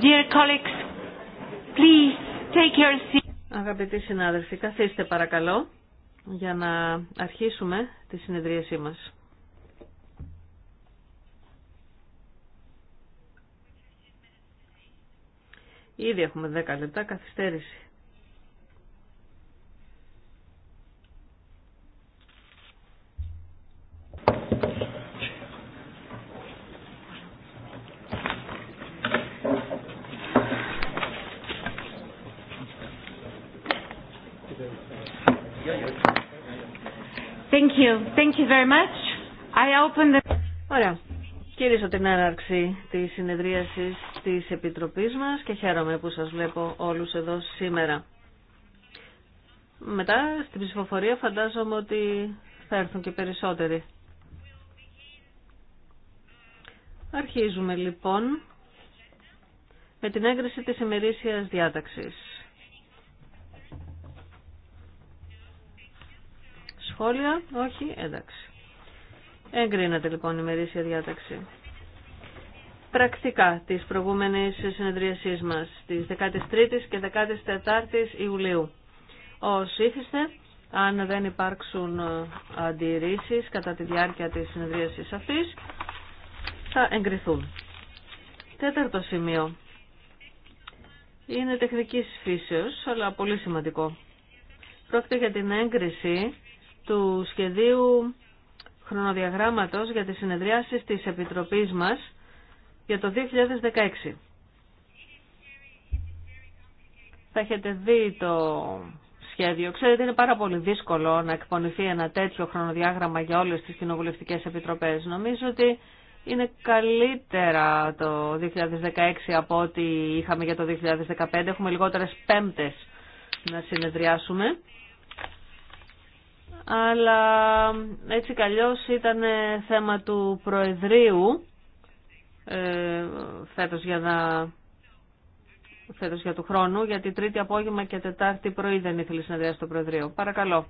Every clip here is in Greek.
Dear colleagues, please take your Αγαπητοί συνάδελφοι, καθίστε παρακαλώ για να αρχίσουμε τη συνεδρίασή μας. Ήδη έχουμε 10 λεπτά καθυστέρηση. you. Thank you very much. I open the... Ωραία. Κυρίσω την έναρξη της συνεδρίασης της Επιτροπής μας και χαίρομαι που σας βλέπω όλους εδώ σήμερα. Μετά στην ψηφοφορία φαντάζομαι ότι θα έρθουν και περισσότεροι. Αρχίζουμε λοιπόν με την έγκριση της ημερήσιας διάταξης. σχόλια. Όχι, εντάξει. Εγκρίνεται λοιπόν η μερίσια διάταξη. Πρακτικά της προηγούμενη συνεδρίασής μας, τη 13 η και 14 η Ιουλίου. Ως ήθιστε, αν δεν υπάρξουν ε, αντιρρήσεις κατά τη διάρκεια της συνεδρίασης αυτής, θα εγκριθούν. Τέταρτο σημείο. Είναι τεχνικής φύσεως, αλλά πολύ σημαντικό. Πρόκειται για την έγκριση του σχεδίου χρονοδιαγράμματος για τις συνεδριάσεις της Επιτροπής μας για το 2016. Θα έχετε δει το σχέδιο. Ξέρετε, είναι πάρα πολύ δύσκολο να εκπονηθεί ένα τέτοιο χρονοδιάγραμμα για όλες τις κοινοβουλευτικέ επιτροπές. Νομίζω ότι είναι καλύτερα το 2016 από ό,τι είχαμε για το 2015. Έχουμε λιγότερες πέμπτες να συνεδριάσουμε αλλά έτσι καλλιώς ήταν θέμα του Προεδρείου ε, φέτος για να για του χρόνου, γιατί τρίτη απόγευμα και τετάρτη πρωί δεν ήθελε συνεδρία στο Προεδρείο. Παρακαλώ.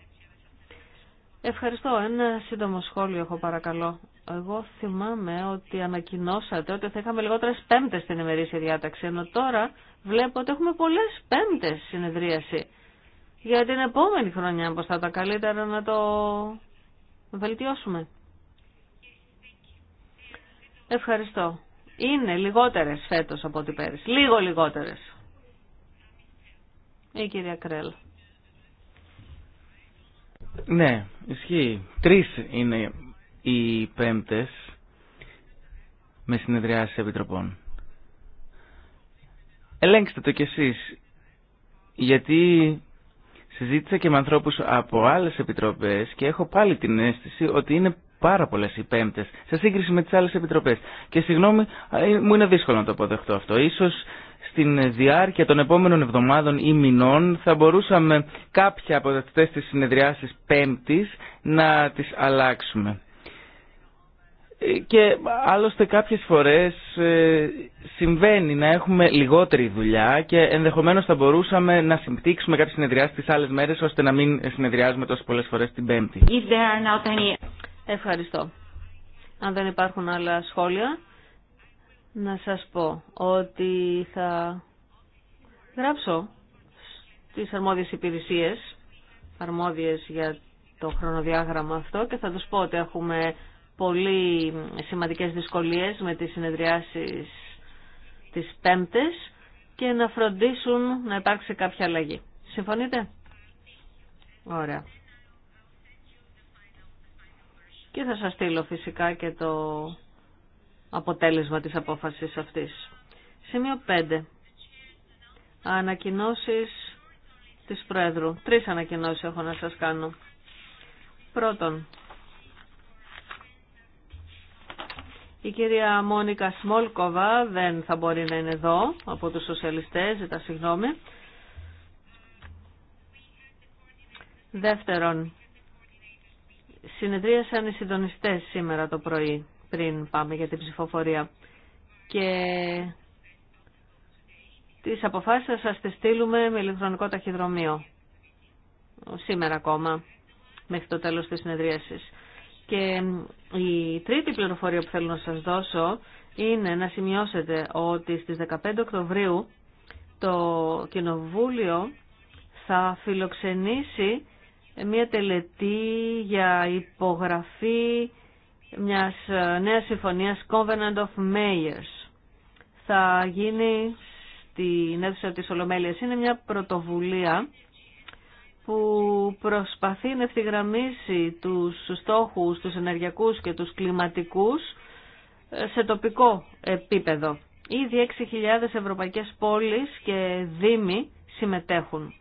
Ευχαριστώ. Ένα σύντομο σχόλιο έχω παρακαλώ. Εγώ θυμάμαι ότι ανακοινώσατε ότι θα είχαμε λιγότερε πέμπτε στην ημερήσια διάταξη, ενώ τώρα βλέπω ότι έχουμε πολλέ πέμπτε συνεδρίαση για την επόμενη χρονιά πως θα τα καλύτερα να το βελτιώσουμε. Ευχαριστώ. Είναι λιγότερες φέτος από ό,τι πέρυσι. Λίγο λιγότερες. Η κυρία Κρέλ. Ναι, ισχύει. Τρεις είναι οι πέμπτες με συνεδριάσεις επιτροπών. Ελέγξτε το κι εσείς, γιατί Συζήτησα και με ανθρώπους από άλλες επιτροπές και έχω πάλι την αίσθηση ότι είναι πάρα πολλές οι πέμπτες σε σύγκριση με τις άλλες επιτροπές. Και συγγνώμη, ε, μου είναι δύσκολο να το αποδεχτώ αυτό. Ίσως στην διάρκεια των επόμενων εβδομάδων ή μηνών θα μπορούσαμε κάποια από αυτές τις συνεδριάσεις πέμπτης να τις αλλάξουμε και άλλωστε κάποιες φορές ε, συμβαίνει να έχουμε λιγότερη δουλειά και ενδεχομένως θα μπορούσαμε να συμπτύξουμε κάποιες συνεδριάσεις τις άλλες μέρες ώστε να μην συνεδριάζουμε τόσο πολλές φορές την Πέμπτη. Ευχαριστώ. Αν δεν υπάρχουν άλλα σχόλια, να σας πω ότι θα γράψω στις αρμόδιες υπηρεσίες, αρμόδιες για το χρονοδιάγραμμα αυτό και θα τους πω ότι έχουμε πολύ σημαντικές δυσκολίες με τις συνεδριάσεις της Πέμπτης και να φροντίσουν να υπάρξει κάποια αλλαγή. Συμφωνείτε? Ωραία. Και θα σας στείλω φυσικά και το αποτέλεσμα της απόφασης αυτής. Σημείο 5. Ανακοινώσεις της Πρόεδρου. Τρεις ανακοινώσεις έχω να σας κάνω. Πρώτον, Η κυρία Μόνικα Σμόλκοβα δεν θα μπορεί να είναι εδώ από τους σοσιαλιστές, ζητά συγγνώμη. Δεύτερον, συνεδρίασαν οι συντονιστές σήμερα το πρωί πριν πάμε για την ψηφοφορία και τις αποφάσεις σα σας τις στείλουμε με ηλεκτρονικό ταχυδρομείο σήμερα ακόμα μέχρι το τέλος της συνεδρίασης. Και η τρίτη πληροφορία που θέλω να σας δώσω είναι να σημειώσετε ότι στις 15 Οκτωβρίου το Κοινοβούλιο θα φιλοξενήσει μια τελετή για υπογραφή μιας ε, νέας συμφωνίας Covenant of Mayors. Θα γίνει στην αίθουσα της Ολομέλειας. Είναι μια πρωτοβουλία που προσπαθεί να ευθυγραμμίσει τους στόχους, τους ενεργειακούς και τους κλιματικούς ε, σε τοπικό επίπεδο. Ήδη 6.000 ευρωπαϊκές πόλεις και δήμοι συμμετέχουν.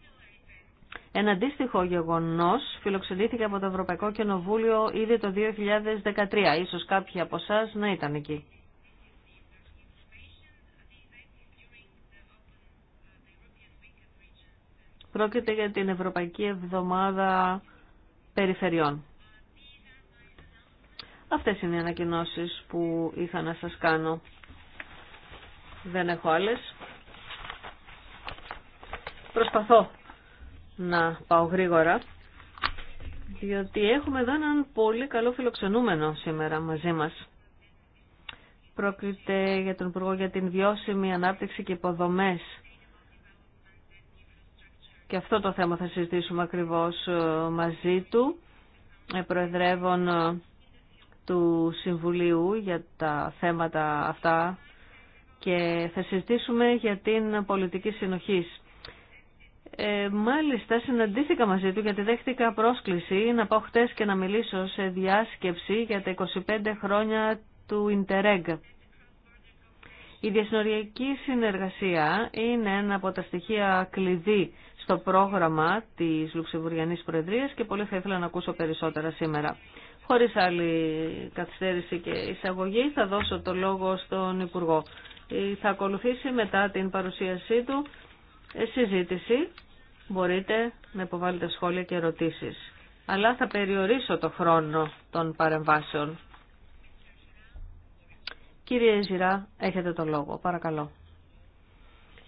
Ένα αντίστοιχο γεγονός φιλοξενήθηκε από το Ευρωπαϊκό Κοινοβούλιο ήδη το 2013. Ίσως κάποιοι από εσά να ήταν εκεί. Πρόκειται για την Ευρωπαϊκή Εβδομάδα Περιφερειών. Αυτές είναι οι ανακοινώσεις που είχα να σας κάνω. Δεν έχω άλλες. Προσπαθώ να πάω γρήγορα, διότι έχουμε εδώ έναν πολύ καλό φιλοξενούμενο σήμερα μαζί μας. Πρόκειται για τον Υπουργό για την Βιώσιμη Ανάπτυξη και Υποδομές και αυτό το θέμα θα συζητήσουμε ακριβώς ε, μαζί του, ε, προεδρεύων ε, του Συμβουλίου για τα θέματα αυτά και θα συζητήσουμε για την πολιτική συνοχής. Ε, μάλιστα συναντήθηκα μαζί του γιατί δέχτηκα πρόσκληση να πάω χτες και να μιλήσω σε διάσκεψη για τα 25 χρόνια του Ιντερέγκ. Η διασυνοριακή συνεργασία είναι ένα από τα στοιχεία κλειδί στο πρόγραμμα της Λουξεμβουργιανή Προεδρίας και πολύ θα ήθελα να ακούσω περισσότερα σήμερα. Χωρίς άλλη καθυστέρηση και εισαγωγή θα δώσω το λόγο στον Υπουργό. Ε, θα ακολουθήσει μετά την παρουσίασή του ε, συζήτηση. Μπορείτε να υποβάλλετε σχόλια και ερωτήσεις. Αλλά θα περιορίσω το χρόνο των παρεμβάσεων. Κύριε Ζηρά, έχετε το λόγο. Παρακαλώ.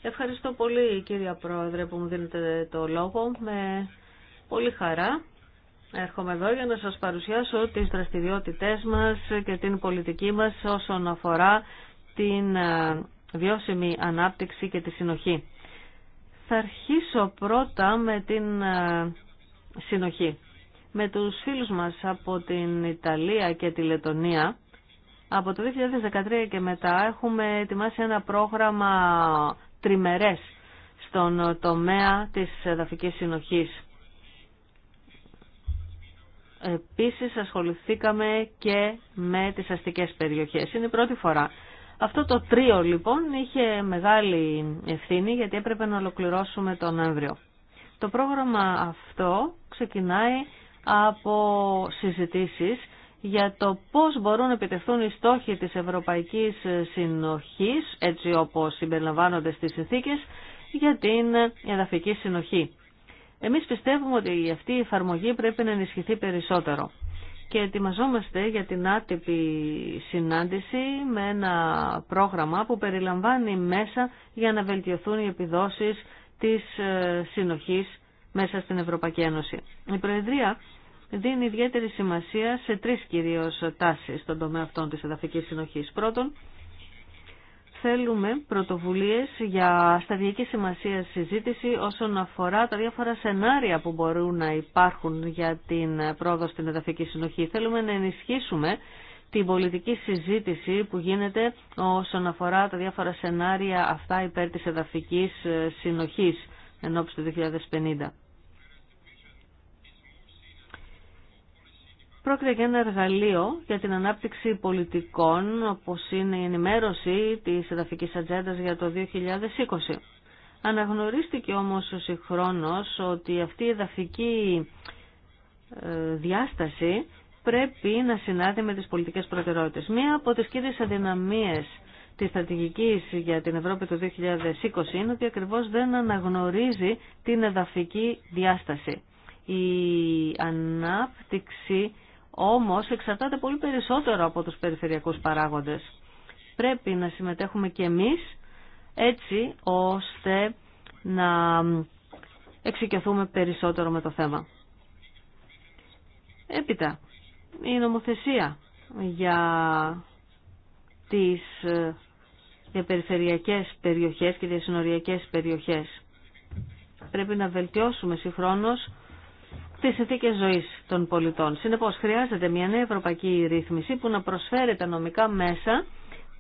Ευχαριστώ πολύ κύριε Πρόεδρε που μου δίνετε το λόγο. Με πολύ χαρά έρχομαι εδώ για να σας παρουσιάσω τις δραστηριότητές μας και την πολιτική μας όσον αφορά την ε, βιώσιμη ανάπτυξη και τη συνοχή. Θα αρχίσω πρώτα με την ε, συνοχή. Με τους φίλους μας από την Ιταλία και τη Λετωνία, από το 2013 και μετά έχουμε ετοιμάσει ένα πρόγραμμα τριμερές στον τομέα της εδαφικής συνοχής. Επίσης ασχοληθήκαμε και με τις αστικές περιοχές. Είναι η πρώτη φορά. Αυτό το τρίο λοιπόν είχε μεγάλη ευθύνη γιατί έπρεπε να ολοκληρώσουμε τον Νοέμβριο. Το πρόγραμμα αυτό ξεκινάει από συζητήσεις για το πώς μπορούν να επιτευχθούν οι στόχοι της Ευρωπαϊκής Συνοχής, έτσι όπως συμπεριλαμβάνονται στις συνθήκε, για την εδαφική συνοχή. Εμείς πιστεύουμε ότι αυτή η εφαρμογή πρέπει να ενισχυθεί περισσότερο και ετοιμαζόμαστε για την άτυπη συνάντηση με ένα πρόγραμμα που περιλαμβάνει μέσα για να βελτιωθούν οι επιδόσεις της ε, συνοχής μέσα στην Ευρωπαϊκή Ένωση. Η Προεδρία δίνει ιδιαίτερη σημασία σε τρεις κυρίως τάσεις στον τομέα αυτών της εδαφικής συνοχής. Πρώτον, θέλουμε πρωτοβουλίες για σταδιακή σημασία συζήτηση όσον αφορά τα διάφορα σενάρια που μπορούν να υπάρχουν για την πρόοδο στην εδαφική συνοχή. Θέλουμε να ενισχύσουμε την πολιτική συζήτηση που γίνεται όσον αφορά τα διάφορα σενάρια αυτά υπέρ της εδαφικής συνοχής ενώπιση του 2050. Πρόκειται για ένα εργαλείο για την ανάπτυξη πολιτικών, όπως είναι η ενημέρωση της εδαφική ατζέντα για το 2020. Αναγνωρίστηκε όμω ο συγχρόνος ότι αυτή η εδαφική ε, διάσταση πρέπει να συνάδει με τις πολιτικές προτεραιότητες. Μία από τις κύριες αδυναμίες τη στρατηγική για την Ευρώπη το 2020 είναι ότι ακριβώ δεν αναγνωρίζει την εδαφική διάσταση. Η ανάπτυξη όμως εξαρτάται πολύ περισσότερο από τους περιφερειακούς παράγοντες. Πρέπει να συμμετέχουμε και εμείς έτσι ώστε να εξοικειωθούμε περισσότερο με το θέμα. Έπειτα, η νομοθεσία για τις ε, για περιφερειακές περιοχές και διασυνοριακές περιοχές. Πρέπει να βελτιώσουμε συγχρόνως τι συνθήκε ζωής των πολιτών. Συνεπώς χρειάζεται μια νέα ευρωπαϊκή ρύθμιση που να προσφέρει τα νομικά μέσα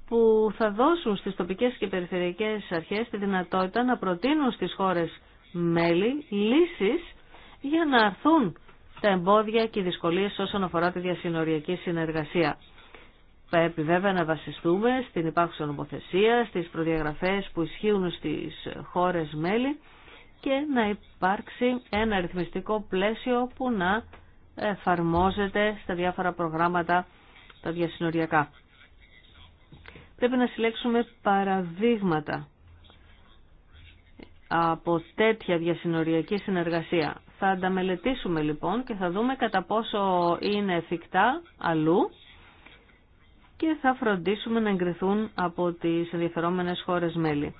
που θα δώσουν στι τοπικέ και περιφερειακέ αρχές τη δυνατότητα να προτείνουν στι χώρες μέλη λύσει για να αρθούν τα εμπόδια και οι δυσκολίες όσον αφορά τη διασυνοριακή συνεργασία. Πρέπει βέβαια να βασιστούμε στην υπάρχουσα νομοθεσία, στις προδιαγραφές που ισχύουν στις χώρες μέλη και να υπάρξει ένα αριθμιστικό πλαίσιο που να εφαρμόζεται στα διάφορα προγράμματα τα διασυνοριακά. Πρέπει να συλλέξουμε παραδείγματα από τέτοια διασυνοριακή συνεργασία. Θα ανταμελετήσουμε λοιπόν και θα δούμε κατά πόσο είναι εφικτά αλλού και θα φροντίσουμε να εγκριθούν από τις ενδιαφερόμενες χώρες μέλη.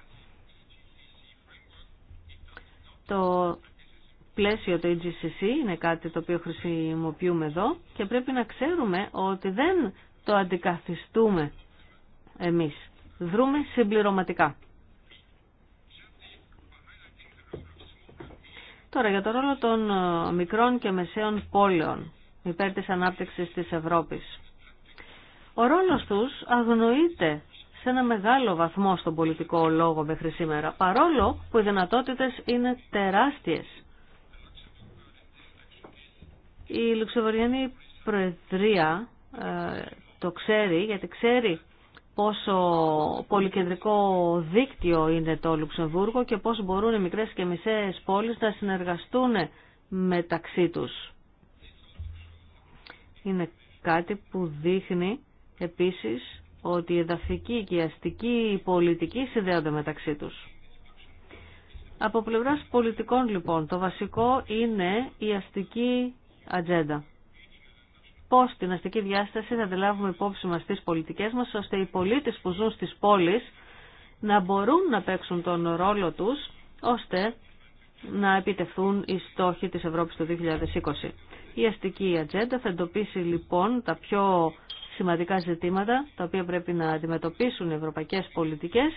Το πλαίσιο του EGCC είναι κάτι το οποίο χρησιμοποιούμε εδώ και πρέπει να ξέρουμε ότι δεν το αντικαθιστούμε εμείς. Δρούμε συμπληρωματικά. Τώρα για το ρόλο των ε, μικρών και μεσαίων πόλεων υπέρ της ανάπτυξης της Ευρώπης. Ο ρόλος τους αγνοείται σε ένα μεγάλο βαθμό στον πολιτικό λόγο μέχρι σήμερα, παρόλο που οι δυνατότητες είναι τεράστιες. Η Λουξεβοριανή Προεδρία ε, το ξέρει, γιατί ξέρει πόσο πολυκεντρικό δίκτυο είναι το Λουξεμβούργο και πώς μπορούν οι μικρές και μισές πόλεις να συνεργαστούν μεταξύ τους. Είναι κάτι που δείχνει επίσης ότι η εδαφική και η αστική πολιτική συνδέονται μεταξύ τους. Από πλευράς πολιτικών λοιπόν, το βασικό είναι η αστική ατζέντα. Πώς την αστική διάσταση θα τη υπόψη μας στις πολιτικές μας, ώστε οι πολίτες που ζουν στις πόλεις να μπορούν να παίξουν τον ρόλο τους, ώστε να επιτεθούν οι στόχοι της Ευρώπης το 2020. Η αστική ατζέντα θα εντοπίσει λοιπόν τα πιο σημαντικά ζητήματα τα οποία πρέπει να αντιμετωπίσουν οι ευρωπαϊκές πολιτικές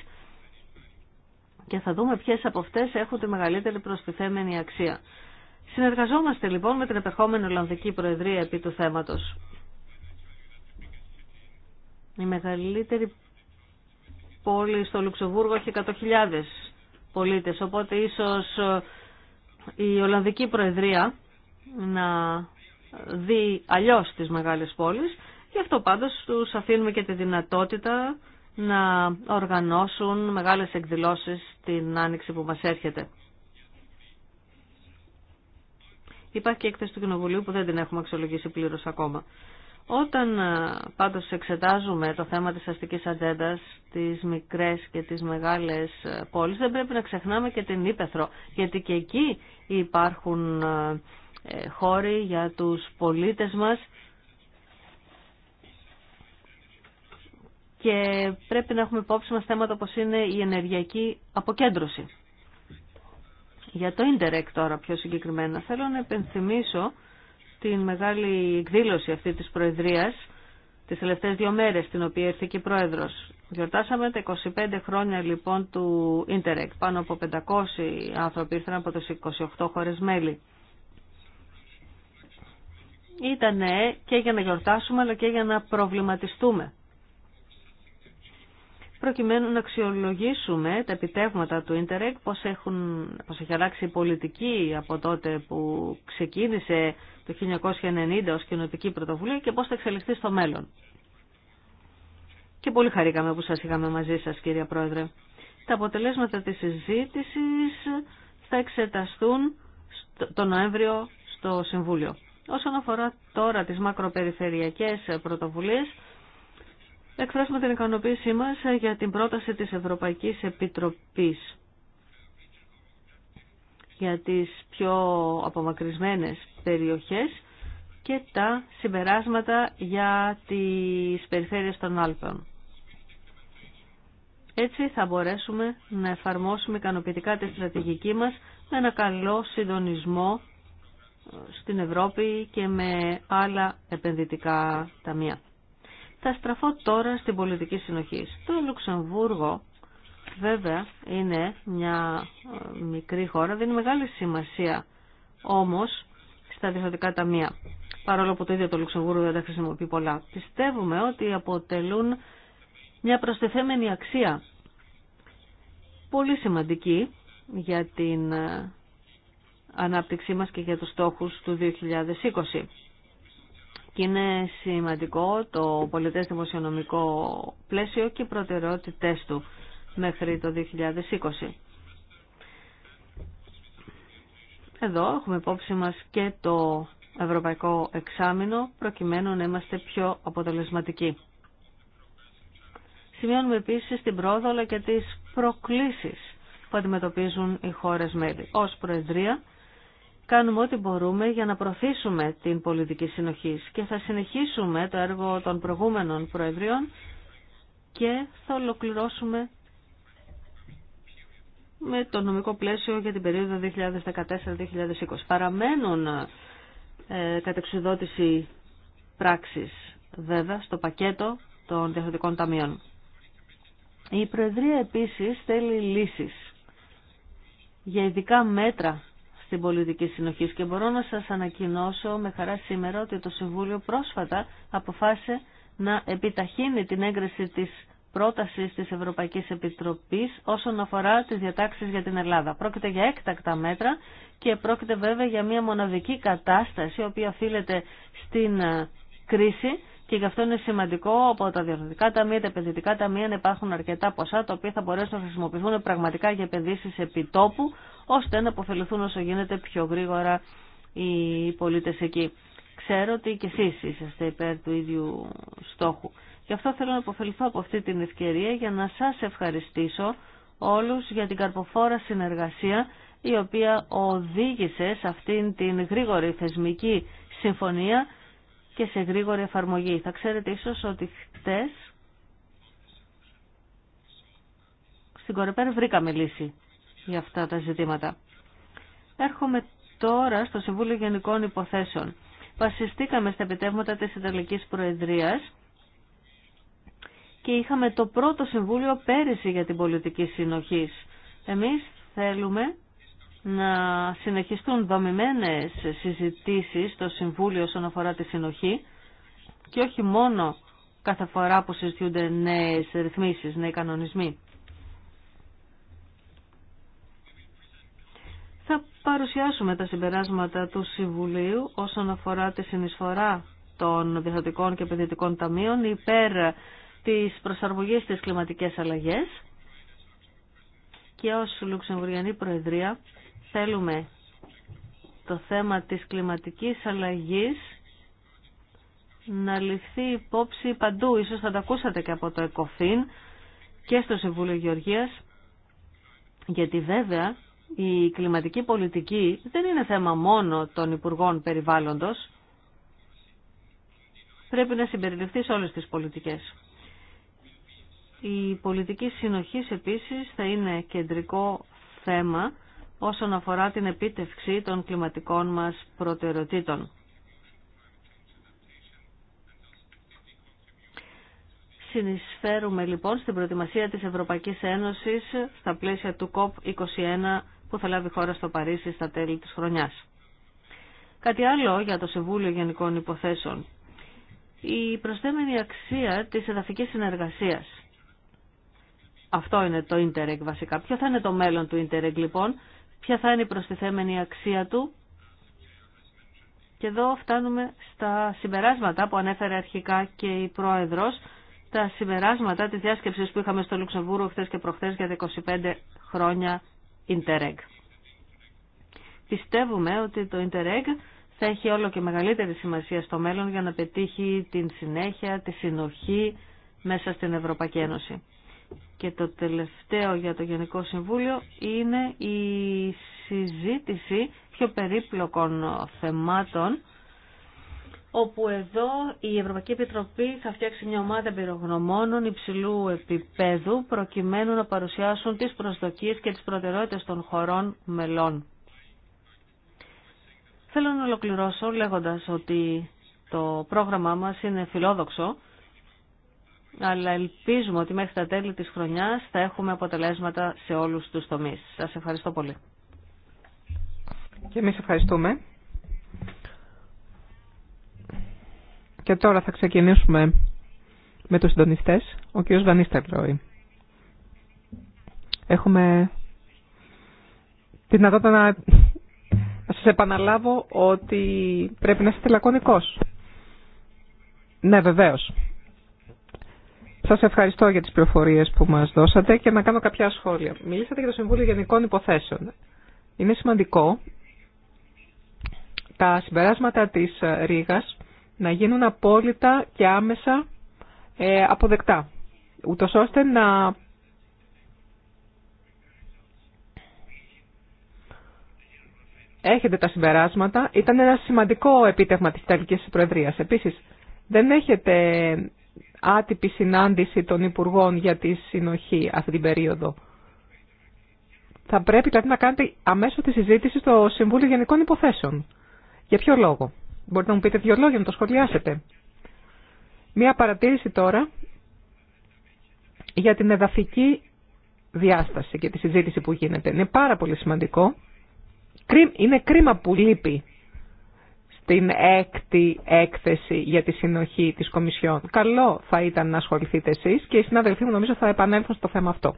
και θα δούμε ποιες από αυτές έχουν τη μεγαλύτερη προσπιθέμενη αξία. Συνεργαζόμαστε λοιπόν με την επερχόμενη Ολλανδική Προεδρία επί του θέματος. Η μεγαλύτερη πόλη στο Λουξεμβούργο έχει 100.000 πολίτες, οπότε ίσως ε, η Ολλανδική Προεδρία να δει αλλιώς τις μεγάλες πόλεις Γι' αυτό πάντως τους αφήνουμε και τη δυνατότητα να οργανώσουν μεγάλες εκδηλώσεις την άνοιξη που μας έρχεται. Υπάρχει και έκθεση του Κοινοβουλίου που δεν την έχουμε αξιολογήσει πλήρως ακόμα. Όταν ε, πάντως εξετάζουμε το θέμα της αστικής ατζέντα, τις μικρές και τις μεγάλες ε, πόλεις, δεν πρέπει να ξεχνάμε και την Ήπεθρο, γιατί και εκεί υπάρχουν ε, χώροι για τους πολίτες μας και πρέπει να έχουμε υπόψη μας θέματα όπως είναι η ενεργειακή αποκέντρωση. Για το Ιντερεκ τώρα πιο συγκεκριμένα θέλω να επενθυμίσω την μεγάλη εκδήλωση αυτή της Προεδρίας τις τελευταίες δύο μέρες την οποία ήρθε και η Πρόεδρος. Γιορτάσαμε τα 25 χρόνια λοιπόν του Ιντερεκ. Πάνω από 500 άνθρωποι ήρθαν από τις 28 χώρες μέλη. Ήτανε και για να γιορτάσουμε αλλά και για να προβληματιστούμε προκειμένου να αξιολογήσουμε τα επιτεύγματα του Ιντερεκ, πώς, έχουν, πώς έχει αλλάξει η πολιτική από τότε που ξεκίνησε το 1990 ως κοινοτική πρωτοβουλία και πώς θα εξελιχθεί στο μέλλον. Και πολύ χαρήκαμε που σας είχαμε μαζί σας κύριε Πρόεδρε. Τα αποτελέσματα της συζήτησης θα εξεταστούν τον Νοέμβριο στο Συμβούλιο. Όσον αφορά τώρα τις μακροπεριφερειακές πρωτοβουλίες, εκφράσουμε την ικανοποίησή μας ε, για την πρόταση της Ευρωπαϊκής Επιτροπής για τις πιο απομακρυσμένες περιοχές και τα συμπεράσματα για τις περιφέρειες των Άλπων. Έτσι θα μπορέσουμε να εφαρμόσουμε ικανοποιητικά τη στρατηγική μας με ένα καλό συντονισμό ε, στην Ευρώπη και με άλλα επενδυτικά ταμεία. Θα στραφώ τώρα στην πολιτική συνοχή. Το Λουξεμβούργο βέβαια είναι μια ε, μικρή χώρα, δεν είναι μεγάλη σημασία όμως στα διευθυντικά ταμεία. Παρόλο που το ίδιο το Λουξεμβούργο δεν τα χρησιμοποιεί πολλά. Πιστεύουμε ότι αποτελούν μια προστεθέμενη αξία πολύ σημαντική για την ε, ανάπτυξή μας και για τους στόχους του 2020. Και είναι σημαντικό το πολιτές δημοσιονομικό πλαίσιο και οι προτεραιότητές του μέχρι το 2020. Εδώ έχουμε υπόψη μας και το ευρωπαϊκό εξάμεινο προκειμένου να είμαστε πιο αποτελεσματικοί. Σημειώνουμε επίσης την πρόοδο αλλά και τις προκλήσεις που αντιμετωπίζουν οι χώρες μέλη. Ως Προεδρία κάνουμε ό,τι μπορούμε για να προωθήσουμε την πολιτική συνοχή και θα συνεχίσουμε το έργο των προηγούμενων προεδρίων και θα ολοκληρώσουμε με το νομικό πλαίσιο για την περίοδο 2014-2020. Παραμένουν ε, κατεξουδότηση πράξης βέβαια στο πακέτο των διαθετικών ταμείων. Η Προεδρία επίσης θέλει λύσεις για ειδικά μέτρα στην πολιτική συνοχή και μπορώ να σας ανακοινώσω με χαρά σήμερα ότι το Συμβούλιο πρόσφατα αποφάσισε να επιταχύνει την έγκριση της πρότασης της Ευρωπαϊκής Επιτροπής όσον αφορά τις διατάξεις για την Ελλάδα. Πρόκειται για έκτακτα μέτρα και πρόκειται βέβαια για μια μοναδική κατάσταση η οποία οφείλεται στην ε, κρίση και γι' αυτό είναι σημαντικό από τα διορθωτικά ταμεία, τα επενδυτικά ταμεία να υπάρχουν αρκετά ποσά τα οποία θα μπορέσουν να χρησιμοποιηθούν πραγματικά για επενδύσει επιτόπου, ώστε να αποφεληθούν όσο γίνεται πιο γρήγορα οι πολίτε εκεί. Ξέρω ότι και εσεί είσαστε υπέρ του ίδιου στόχου. Γι' αυτό θέλω να αποφεληθώ από αυτή την ευκαιρία για να σα ευχαριστήσω όλου για την καρποφόρα συνεργασία η οποία οδήγησε σε αυτήν την γρήγορη θεσμική συμφωνία και σε γρήγορη εφαρμογή. Θα ξέρετε ίσως ότι χτες στην Κορεπέρ βρήκαμε λύση για αυτά τα ζητήματα. Έρχομαι τώρα στο Συμβούλιο Γενικών Υποθέσεων. Βασιστήκαμε στα επιτεύγματα της Ιταλικής Προεδρίας και είχαμε το πρώτο Συμβούλιο πέρυσι για την πολιτική συνοχής. Εμείς θέλουμε να συνεχιστούν δομημένες συζητήσεις στο Συμβούλιο όσον αφορά τη συνοχή και όχι μόνο κάθε φορά που συζητούνται νέες ρυθμίσεις, νέοι κανονισμοί. Θα παρουσιάσουμε τα συμπεράσματα του Συμβουλίου όσον αφορά τη συνεισφορά των διεθντικών και επενδυτικών ταμείων υπέρ της προσαρμογής στις κλιματικές αλλαγές και ως Λουξεμβουριανή Προεδρία θέλουμε το θέμα της κλιματικής αλλαγής να ληφθεί υπόψη παντού. Ίσως θα τα ακούσατε και από το ΕΚΟΦΗΝ και στο Συμβούλιο Γεωργίας, γιατί βέβαια η κλιματική πολιτική δεν είναι θέμα μόνο των Υπουργών Περιβάλλοντος. Πρέπει να συμπεριληφθεί σε όλες τις πολιτικές. Η πολιτική συνοχής επίσης θα είναι κεντρικό θέμα όσον αφορά την επίτευξη των κλιματικών μας προτεραιοτήτων. Συνεισφέρουμε λοιπόν στην προετοιμασία της Ευρωπαϊκής Ένωσης στα πλαίσια του COP21 που θα λάβει χώρα στο Παρίσι στα τέλη της χρονιάς. Κάτι άλλο για το Σεβούλιο Γενικών Υποθέσεων. Η προσθέμενη αξία της εδαφικής συνεργασίας. Αυτό είναι το Ίντερεγκ βασικά. Ποιο θα είναι το μέλλον του Ίντερεγκ λοιπόν ποια θα είναι η προστιθέμενη αξία του. Και εδώ φτάνουμε στα συμπεράσματα που ανέφερε αρχικά και η Πρόεδρος, τα συμπεράσματα της διάσκεψης που είχαμε στο Λουξεμβούργο χθες και προχθές για 25 χρόνια Interreg. Πιστεύουμε ότι το Interreg θα έχει όλο και μεγαλύτερη σημασία στο μέλλον για να πετύχει την συνέχεια, τη συνοχή μέσα στην Ευρωπαϊκή Ένωση. Και το τελευταίο για το Γενικό Συμβούλιο είναι η συζήτηση πιο περίπλοκων θεμάτων όπου εδώ η Ευρωπαϊκή Επιτροπή θα φτιάξει μια ομάδα εμπειρογνωμόνων υψηλού επίπεδου προκειμένου να παρουσιάσουν τις προσδοκίες και τις προτεραιότητες των χωρών μελών. Θέλω να ολοκληρώσω λέγοντας ότι το πρόγραμμά μας είναι φιλόδοξο αλλά ελπίζουμε ότι μέχρι τα τέλη της χρονιάς θα έχουμε αποτελέσματα σε όλους τους τομείς. Σας ευχαριστώ πολύ. Και εμείς ευχαριστούμε. Και τώρα θα ξεκινήσουμε με τους συντονιστές, ο κ. Βανίστερλόι. Έχουμε τη δυνατότητα να... να σας επαναλάβω ότι πρέπει να είστε λακωνικός. Ναι, βεβαίως. Σα ευχαριστώ για τις πληροφορίες που μας δώσατε και να κάνω κάποια σχόλια. Μιλήσατε για το Συμβούλιο Γενικών Υποθέσεων. Είναι σημαντικό τα συμπεράσματα της ρήγα να γίνουν απόλυτα και άμεσα ε, αποδεκτά, Ούτω ώστε να έχετε τα συμπεράσματα. Ήταν ένα σημαντικό επίτευγμα της Ιταλικής Προεδρίας. Επίσης, δεν έχετε άτυπη συνάντηση των Υπουργών για τη συνοχή αυτή την περίοδο. Θα πρέπει δηλαδή να κάνετε αμέσω τη συζήτηση στο Συμβούλιο Γενικών Υποθέσεων. Για ποιο λόγο. Μπορείτε να μου πείτε δύο λόγια να το σχολιάσετε. Μία παρατήρηση τώρα για την εδαφική διάσταση και τη συζήτηση που γίνεται. Είναι πάρα πολύ σημαντικό. Είναι κρίμα που λείπει την έκτη έκθεση για τη συνοχή της Κομισιόν. Καλό θα ήταν να ασχοληθείτε εσείς και οι συνάδελφοί μου νομίζω θα επανέλθουν στο θέμα αυτό.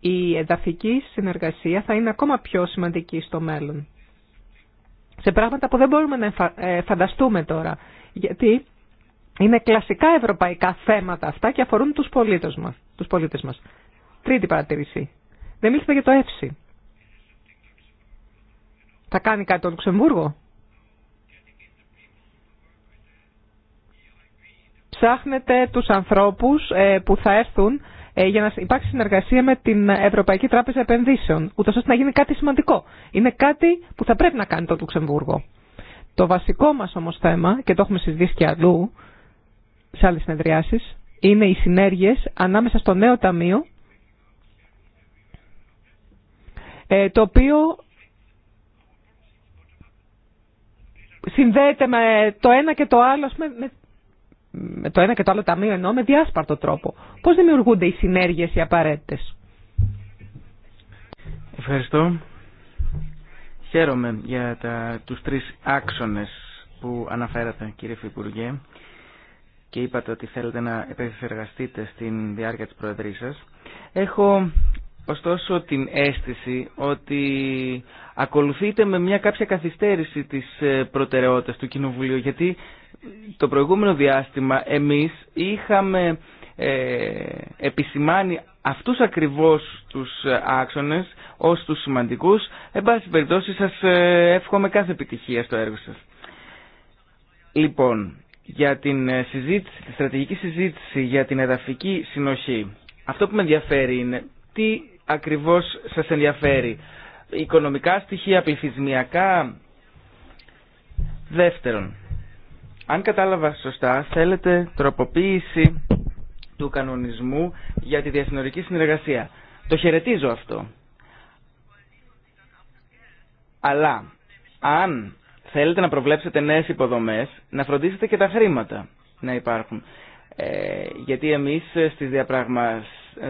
Η εδαφική συνεργασία θα είναι ακόμα πιο σημαντική στο μέλλον. Σε πράγματα που δεν μπορούμε να ε, φανταστούμε τώρα, γιατί είναι κλασικά ευρωπαϊκά θέματα αυτά και αφορούν τους πολίτες μας. Τους μας. Τρίτη παρατηρήση. Δεν μίλησα για το ΕΦΣΥ. Θα κάνει κάτι το Λουξεμβούργο. Ψάχνετε τους ανθρώπους ε, που θα έρθουν ε, για να υπάρξει συνεργασία με την Ευρωπαϊκή Τράπεζα Επενδύσεων, ούτως ώστε να γίνει κάτι σημαντικό. Είναι κάτι που θα πρέπει να κάνει το Λουξεμβούργο. Το βασικό μας όμως θέμα, και το έχουμε συζητήσει και αλλού, σε άλλες συνεδριάσεις, είναι οι συνέργειες ανάμεσα στο νέο ταμείο, ε, το οποίο συνδέεται με το ένα και το άλλο, με, με το ένα και το άλλο ταμείο εννοώ, με διάσπαρτο τρόπο. Πώς δημιουργούνται οι συνέργειες οι απαραίτητες. Ευχαριστώ. Χαίρομαι για τα, τους τρεις άξονες που αναφέρατε κύριε Φυπουργέ και είπατε ότι θέλετε να επεξεργαστείτε στην διάρκεια της προεδρής σας. Έχω ωστόσο την αίσθηση ότι Ακολουθείτε με μια κάποια καθυστέρηση της ε, προτεραιότητας του Κοινοβουλίου γιατί το προηγούμενο διάστημα εμείς είχαμε ε, επισημάνει αυτούς ακριβώς τους ε, άξονες ως τους σημαντικούς. Εν πάση περιπτώσει σας εύχομαι κάθε επιτυχία στο έργο σας. Λοιπόν, για την συζήτηση, τη στρατηγική συζήτηση για την εδαφική συνοχή. Αυτό που με ενδιαφέρει είναι τι ακριβώς σας ενδιαφέρει οικονομικά στοιχεία, πληθυσμιακά. Δεύτερον, αν κατάλαβα σωστά, θέλετε τροποποίηση του κανονισμού για τη διασυνορική συνεργασία. Το χαιρετίζω αυτό. Αλλά, αν θέλετε να προβλέψετε νέες υποδομές, να φροντίσετε και τα χρήματα να υπάρχουν. Ε, γιατί εμείς στις διαπραγμα...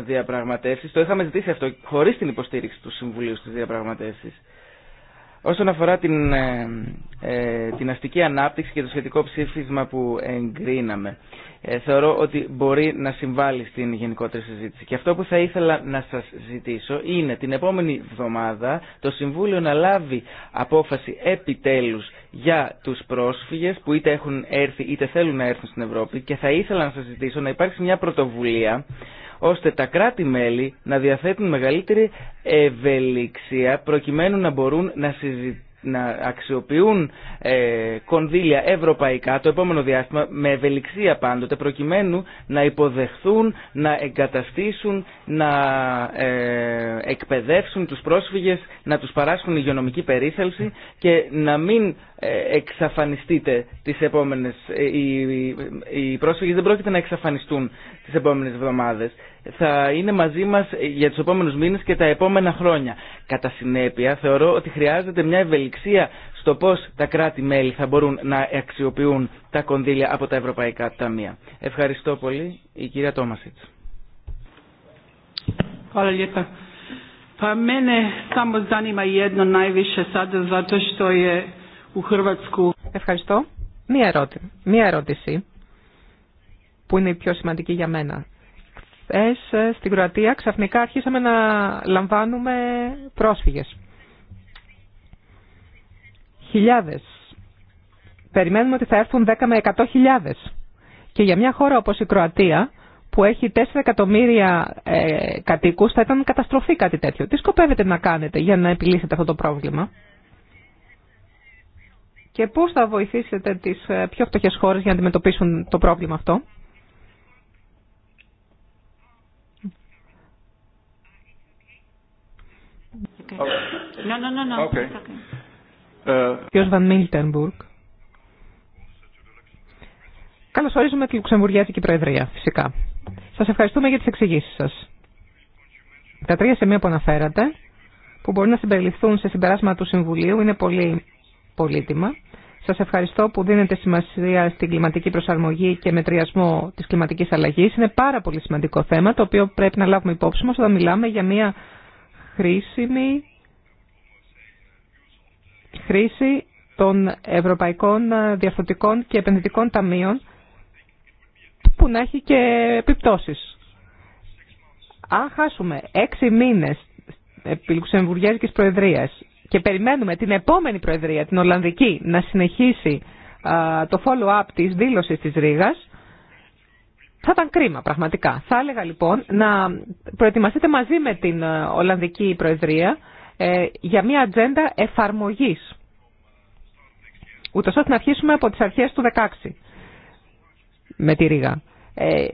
διαπραγματεύσεις, το είχαμε ζητήσει αυτό χωρίς την υποστήριξη του Συμβουλίου στις διαπραγματεύσεις, Όσον αφορά την, ε, ε, την αστική ανάπτυξη και το σχετικό ψήφισμα που εγκρίναμε, ε, θεωρώ ότι μπορεί να συμβάλλει στην γενικότερη συζήτηση. Και αυτό που θα ήθελα να σας ζητήσω είναι την επόμενη εβδομάδα το Συμβούλιο να λάβει απόφαση επιτέλους για τους πρόσφυγες που είτε έχουν έρθει είτε θέλουν να έρθουν στην Ευρώπη και θα ήθελα να σας ζητήσω να υπάρξει μια πρωτοβουλία ώστε τα κράτη-μέλη να διαθέτουν μεγαλύτερη ευελιξία προκειμένου να μπορούν να αξιοποιούν ε, κονδύλια ευρωπαϊκά το επόμενο διάστημα με ευελιξία πάντοτε προκειμένου να υποδεχθούν, να εγκαταστήσουν, να ε, εκπαιδεύσουν τους πρόσφυγες, να τους παράσχουν υγειονομική περίθαλψη και να μην ε, εξαφανιστείτε τις επόμενες... Ε, οι, οι πρόσφυγες δεν πρόκειται να εξαφανιστούν τις επόμενες εβδομάδες. Θα είναι μαζί μας για τους επόμενους μήνες και τα επόμενα χρόνια. Κατά συνέπεια θεωρώ ότι χρειάζεται μια ευελιξία στο πώς τα κράτη-μέλη θα μπορούν να αξιοποιούν τα κονδύλια από τα Ευρωπαϊκά Ταμεία. Ευχαριστώ πολύ η κυρία Τόμασιτς. samo zanima jedno najviše sada Ευχαριστώ. Μία ερώτηση. Μία ερώτηση που είναι η πιο σημαντική για μένα. Χθε ε, στην Κροατία ξαφνικά αρχίσαμε να λαμβάνουμε πρόσφυγες. Χιλιάδες. Περιμένουμε ότι θα έρθουν 10 με 100 χιλιάδες. Και για μια χώρα όπως η Κροατία που έχει 4 εκατομμύρια ε, κατοίκους θα ήταν καταστροφή κάτι τέτοιο. Τι σκοπεύετε να κάνετε για να επιλύσετε αυτό το πρόβλημα και πώς θα βοηθήσετε τις ε, πιο φτωχές χώρες για να αντιμετωπίσουν το πρόβλημα αυτό. Ποιος uh, Βαν Καλώς ορίζουμε τη Λουξεμβουργιάτικη Προεδρία, φυσικά. Σας ευχαριστούμε για τις εξηγήσεις σας. Τα τρία σημεία που αναφέρατε, που μπορεί να συμπεριληφθούν σε συμπεράσματα του Συμβουλίου, είναι πολύ πολύτιμα. Σας ευχαριστώ που δίνετε σημασία στην κλιματική προσαρμογή και μετριασμό της κλιματικής αλλαγής. Είναι πάρα πολύ σημαντικό θέμα το οποίο πρέπει να λάβουμε υπόψη μας όταν μιλάμε για μια χρήσιμη χρήση των ευρωπαϊκών διαρθωτικών και επενδυτικών ταμείων που να έχει και επιπτώσεις. Αν χάσουμε έξι μήνες επί Λουξεμβουργιάζικης Προεδρίας και περιμένουμε την επόμενη Προεδρία, την Ολλανδική, να συνεχίσει το follow-up της δήλωσης της Ρήγας, θα ήταν κρίμα πραγματικά. Θα έλεγα λοιπόν να προετοιμαστείτε μαζί με την Ολλανδική Προεδρία ε, για μια ατζέντα εφαρμογής, ούτως ώστε να αρχίσουμε από τις αρχές του 16 με τη Ρήγα. Ε,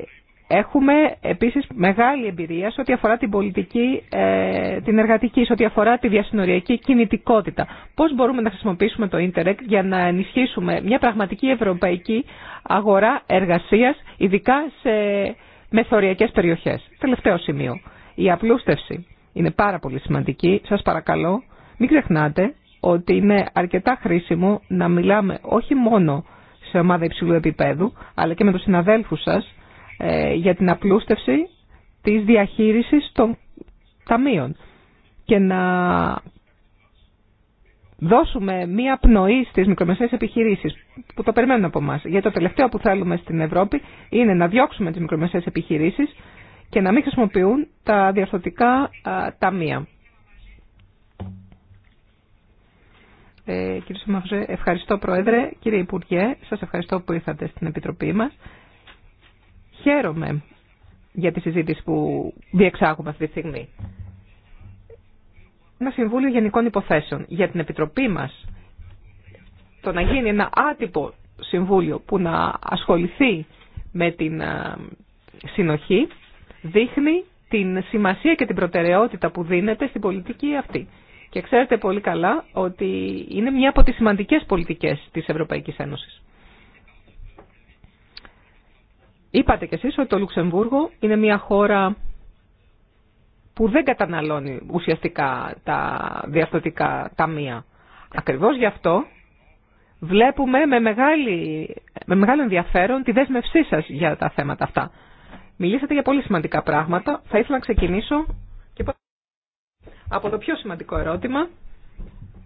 Έχουμε επίσης μεγάλη εμπειρία σε ό,τι αφορά την πολιτική, ε, την εργατική, σε ό,τι αφορά τη διασυνοριακή κινητικότητα. Πώς μπορούμε να χρησιμοποιήσουμε το ίντερνετ για να ενισχύσουμε μια πραγματική ευρωπαϊκή αγορά εργασίας, ειδικά σε μεθοριακές περιοχές. Τελευταίο σημείο. Η απλούστευση είναι πάρα πολύ σημαντική. Σας παρακαλώ, μην ξεχνάτε ότι είναι αρκετά χρήσιμο να μιλάμε όχι μόνο σε ομάδα υψηλού επίπεδου, αλλά και με του συναδέλφου σας, ε, για την απλούστευση της διαχείρισης των ταμείων και να δώσουμε μία πνοή στις μικρομεσαίες επιχειρήσεις που το περιμένουν από μας. Γιατί το τελευταίο που θέλουμε στην Ευρώπη είναι να διώξουμε τις μικρομεσαίες επιχειρήσεις και να μην χρησιμοποιούν τα διαφθορτικά ταμεία. Ε, κύριε ευχαριστώ Πρόεδρε. Κύριε Υπουργέ, σας ευχαριστώ που ήρθατε στην Επιτροπή μας. Χαίρομαι για τη συζήτηση που διεξάγουμε αυτή τη στιγμή. Ένα Συμβούλιο Γενικών Υποθέσεων για την Επιτροπή μας το να γίνει ένα άτυπο Συμβούλιο που να ασχοληθεί με την ε, συνοχή δείχνει την σημασία και την προτεραιότητα που δίνεται στην πολιτική αυτή. Και ξέρετε πολύ καλά ότι είναι μια από τις σημαντικές πολιτικές της Ευρωπαϊκής Ένωσης. Είπατε κι εσείς ότι το Λουξεμβούργο είναι μια χώρα που δεν καταναλώνει ουσιαστικά τα διαστοτικά ταμεία. Ακριβώς γι' αυτό βλέπουμε με, μεγάλη, με μεγάλο ενδιαφέρον τη δέσμευσή σας για τα θέματα αυτά. Μιλήσατε για πολύ σημαντικά πράγματα. Θα ήθελα να ξεκινήσω και από το πιο σημαντικό ερώτημα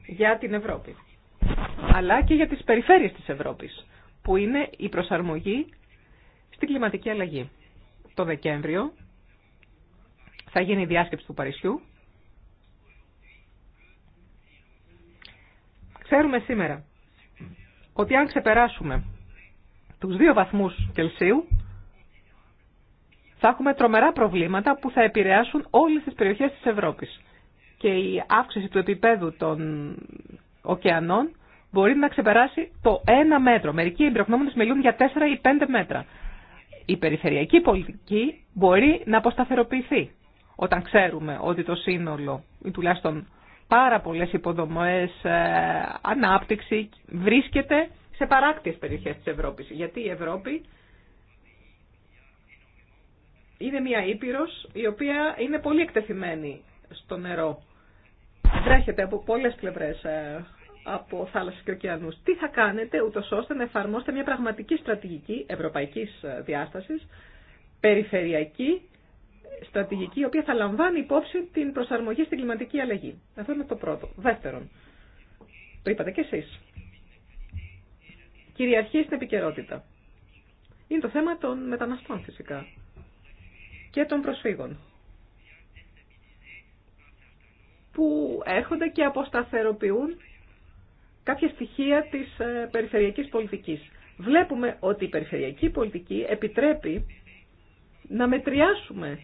για την Ευρώπη. Αλλά και για τις περιφέρειες της Ευρώπης, που είναι η προσαρμογή στην κλιματική αλλαγή. Το Δεκέμβριο θα γίνει η διάσκεψη του Παρισιού. Ξέρουμε σήμερα ότι αν ξεπεράσουμε τους δύο βαθμούς Κελσίου, θα έχουμε τρομερά προβλήματα που θα επηρεάσουν όλες τις περιοχές της Ευρώπης. Και η αύξηση του επίπεδου των ωκεανών μπορεί να ξεπεράσει το ένα μέτρο. Μερικοί εμπειρογνώμονες μιλούν για τέσσερα ή πέντε μέτρα η περιφερειακή πολιτική μπορεί να αποσταθεροποιηθεί όταν ξέρουμε ότι το σύνολο ή τουλάχιστον πάρα πολλές υποδομές, ε, ανάπτυξη βρίσκεται σε παράκτιες περιοχές της Ευρώπης. Γιατί η Ευρώπη είναι μια ήπειρος η οποία είναι πολύ εκτεθειμένη στο νερό. Βρέχεται από πολλές πλευρές ε, από θάλασσες και ωκεανούς. Τι θα κάνετε ούτως ώστε να εφαρμόσετε μια πραγματική στρατηγική ευρωπαϊκής ε, διάστασης, περιφερειακή στρατηγική, η οποία θα λαμβάνει υπόψη την προσαρμογή στην κλιματική αλλαγή. Αυτό είναι το πρώτο. Δεύτερον, το είπατε και εσείς, κυριαρχεί στην επικαιρότητα. Είναι το θέμα των μεταναστών φυσικά και των προσφύγων που έρχονται και αποσταθεροποιούν κάποια στοιχεία της ε, περιφερειακής πολιτικής. Βλέπουμε ότι η περιφερειακή πολιτική επιτρέπει να μετριάσουμε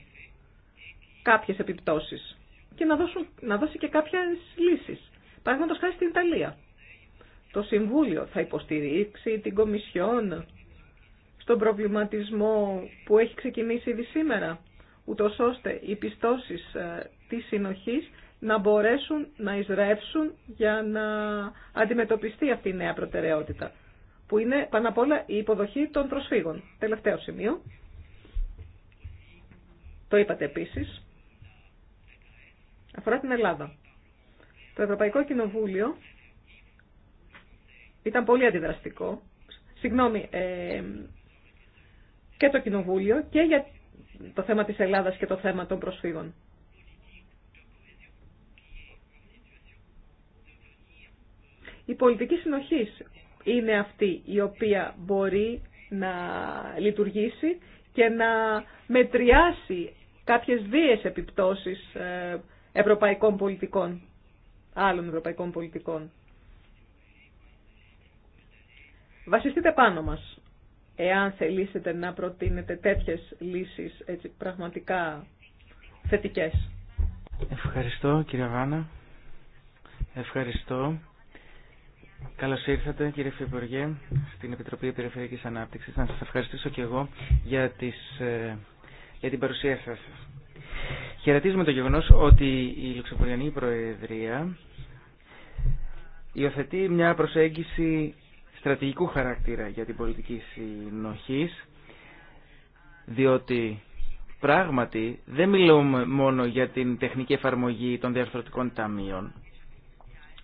κάποιες επιπτώσεις και να, δώσουν, να δώσει και κάποιες λύσεις. Παραδείγματο χάρη στην Ιταλία. Το Συμβούλιο θα υποστηρίξει την Κομισιόν στον προβληματισμό που έχει ξεκινήσει ήδη σήμερα, ούτω ώστε οι πιστώσεις ε, της συνοχής να μπορέσουν να εισρεύσουν για να αντιμετωπιστεί αυτή η νέα προτεραιότητα, που είναι πάνω απ' όλα η υποδοχή των προσφύγων. Τελευταίο σημείο, το είπατε επίσης, αφορά την Ελλάδα. Το Ευρωπαϊκό Κοινοβούλιο ήταν πολύ αντιδραστικό, συγγνώμη, ε, και το Κοινοβούλιο και για το θέμα της Ελλάδας και το θέμα των προσφύγων. Η πολιτική συνοχής είναι αυτή η οποία μπορεί να λειτουργήσει και να μετριάσει κάποιες βίες επιπτώσεις ε, ευρωπαϊκών πολιτικών, άλλων ευρωπαϊκών πολιτικών. Βασιστείτε πάνω μας, εάν θελήσετε να προτείνετε τέτοιες λύσεις έτσι, πραγματικά θετικές. Ευχαριστώ κύριε Βάνα. Ευχαριστώ Καλώς ήρθατε κύριε Φιβουργέ στην Επιτροπή Περιφερειακής Ανάπτυξης. Να σας ευχαριστήσω και εγώ για, τις, ε, για την παρουσία σας. Χαιρετίζουμε το γεγονός ότι η Λουξεμβουργιανή Προεδρία υιοθετεί μια προσέγγιση στρατηγικού χαρακτήρα για την πολιτική συνοχής, διότι πράγματι δεν μιλούμε μόνο για την τεχνική εφαρμογή των διαρθρωτικών ταμείων,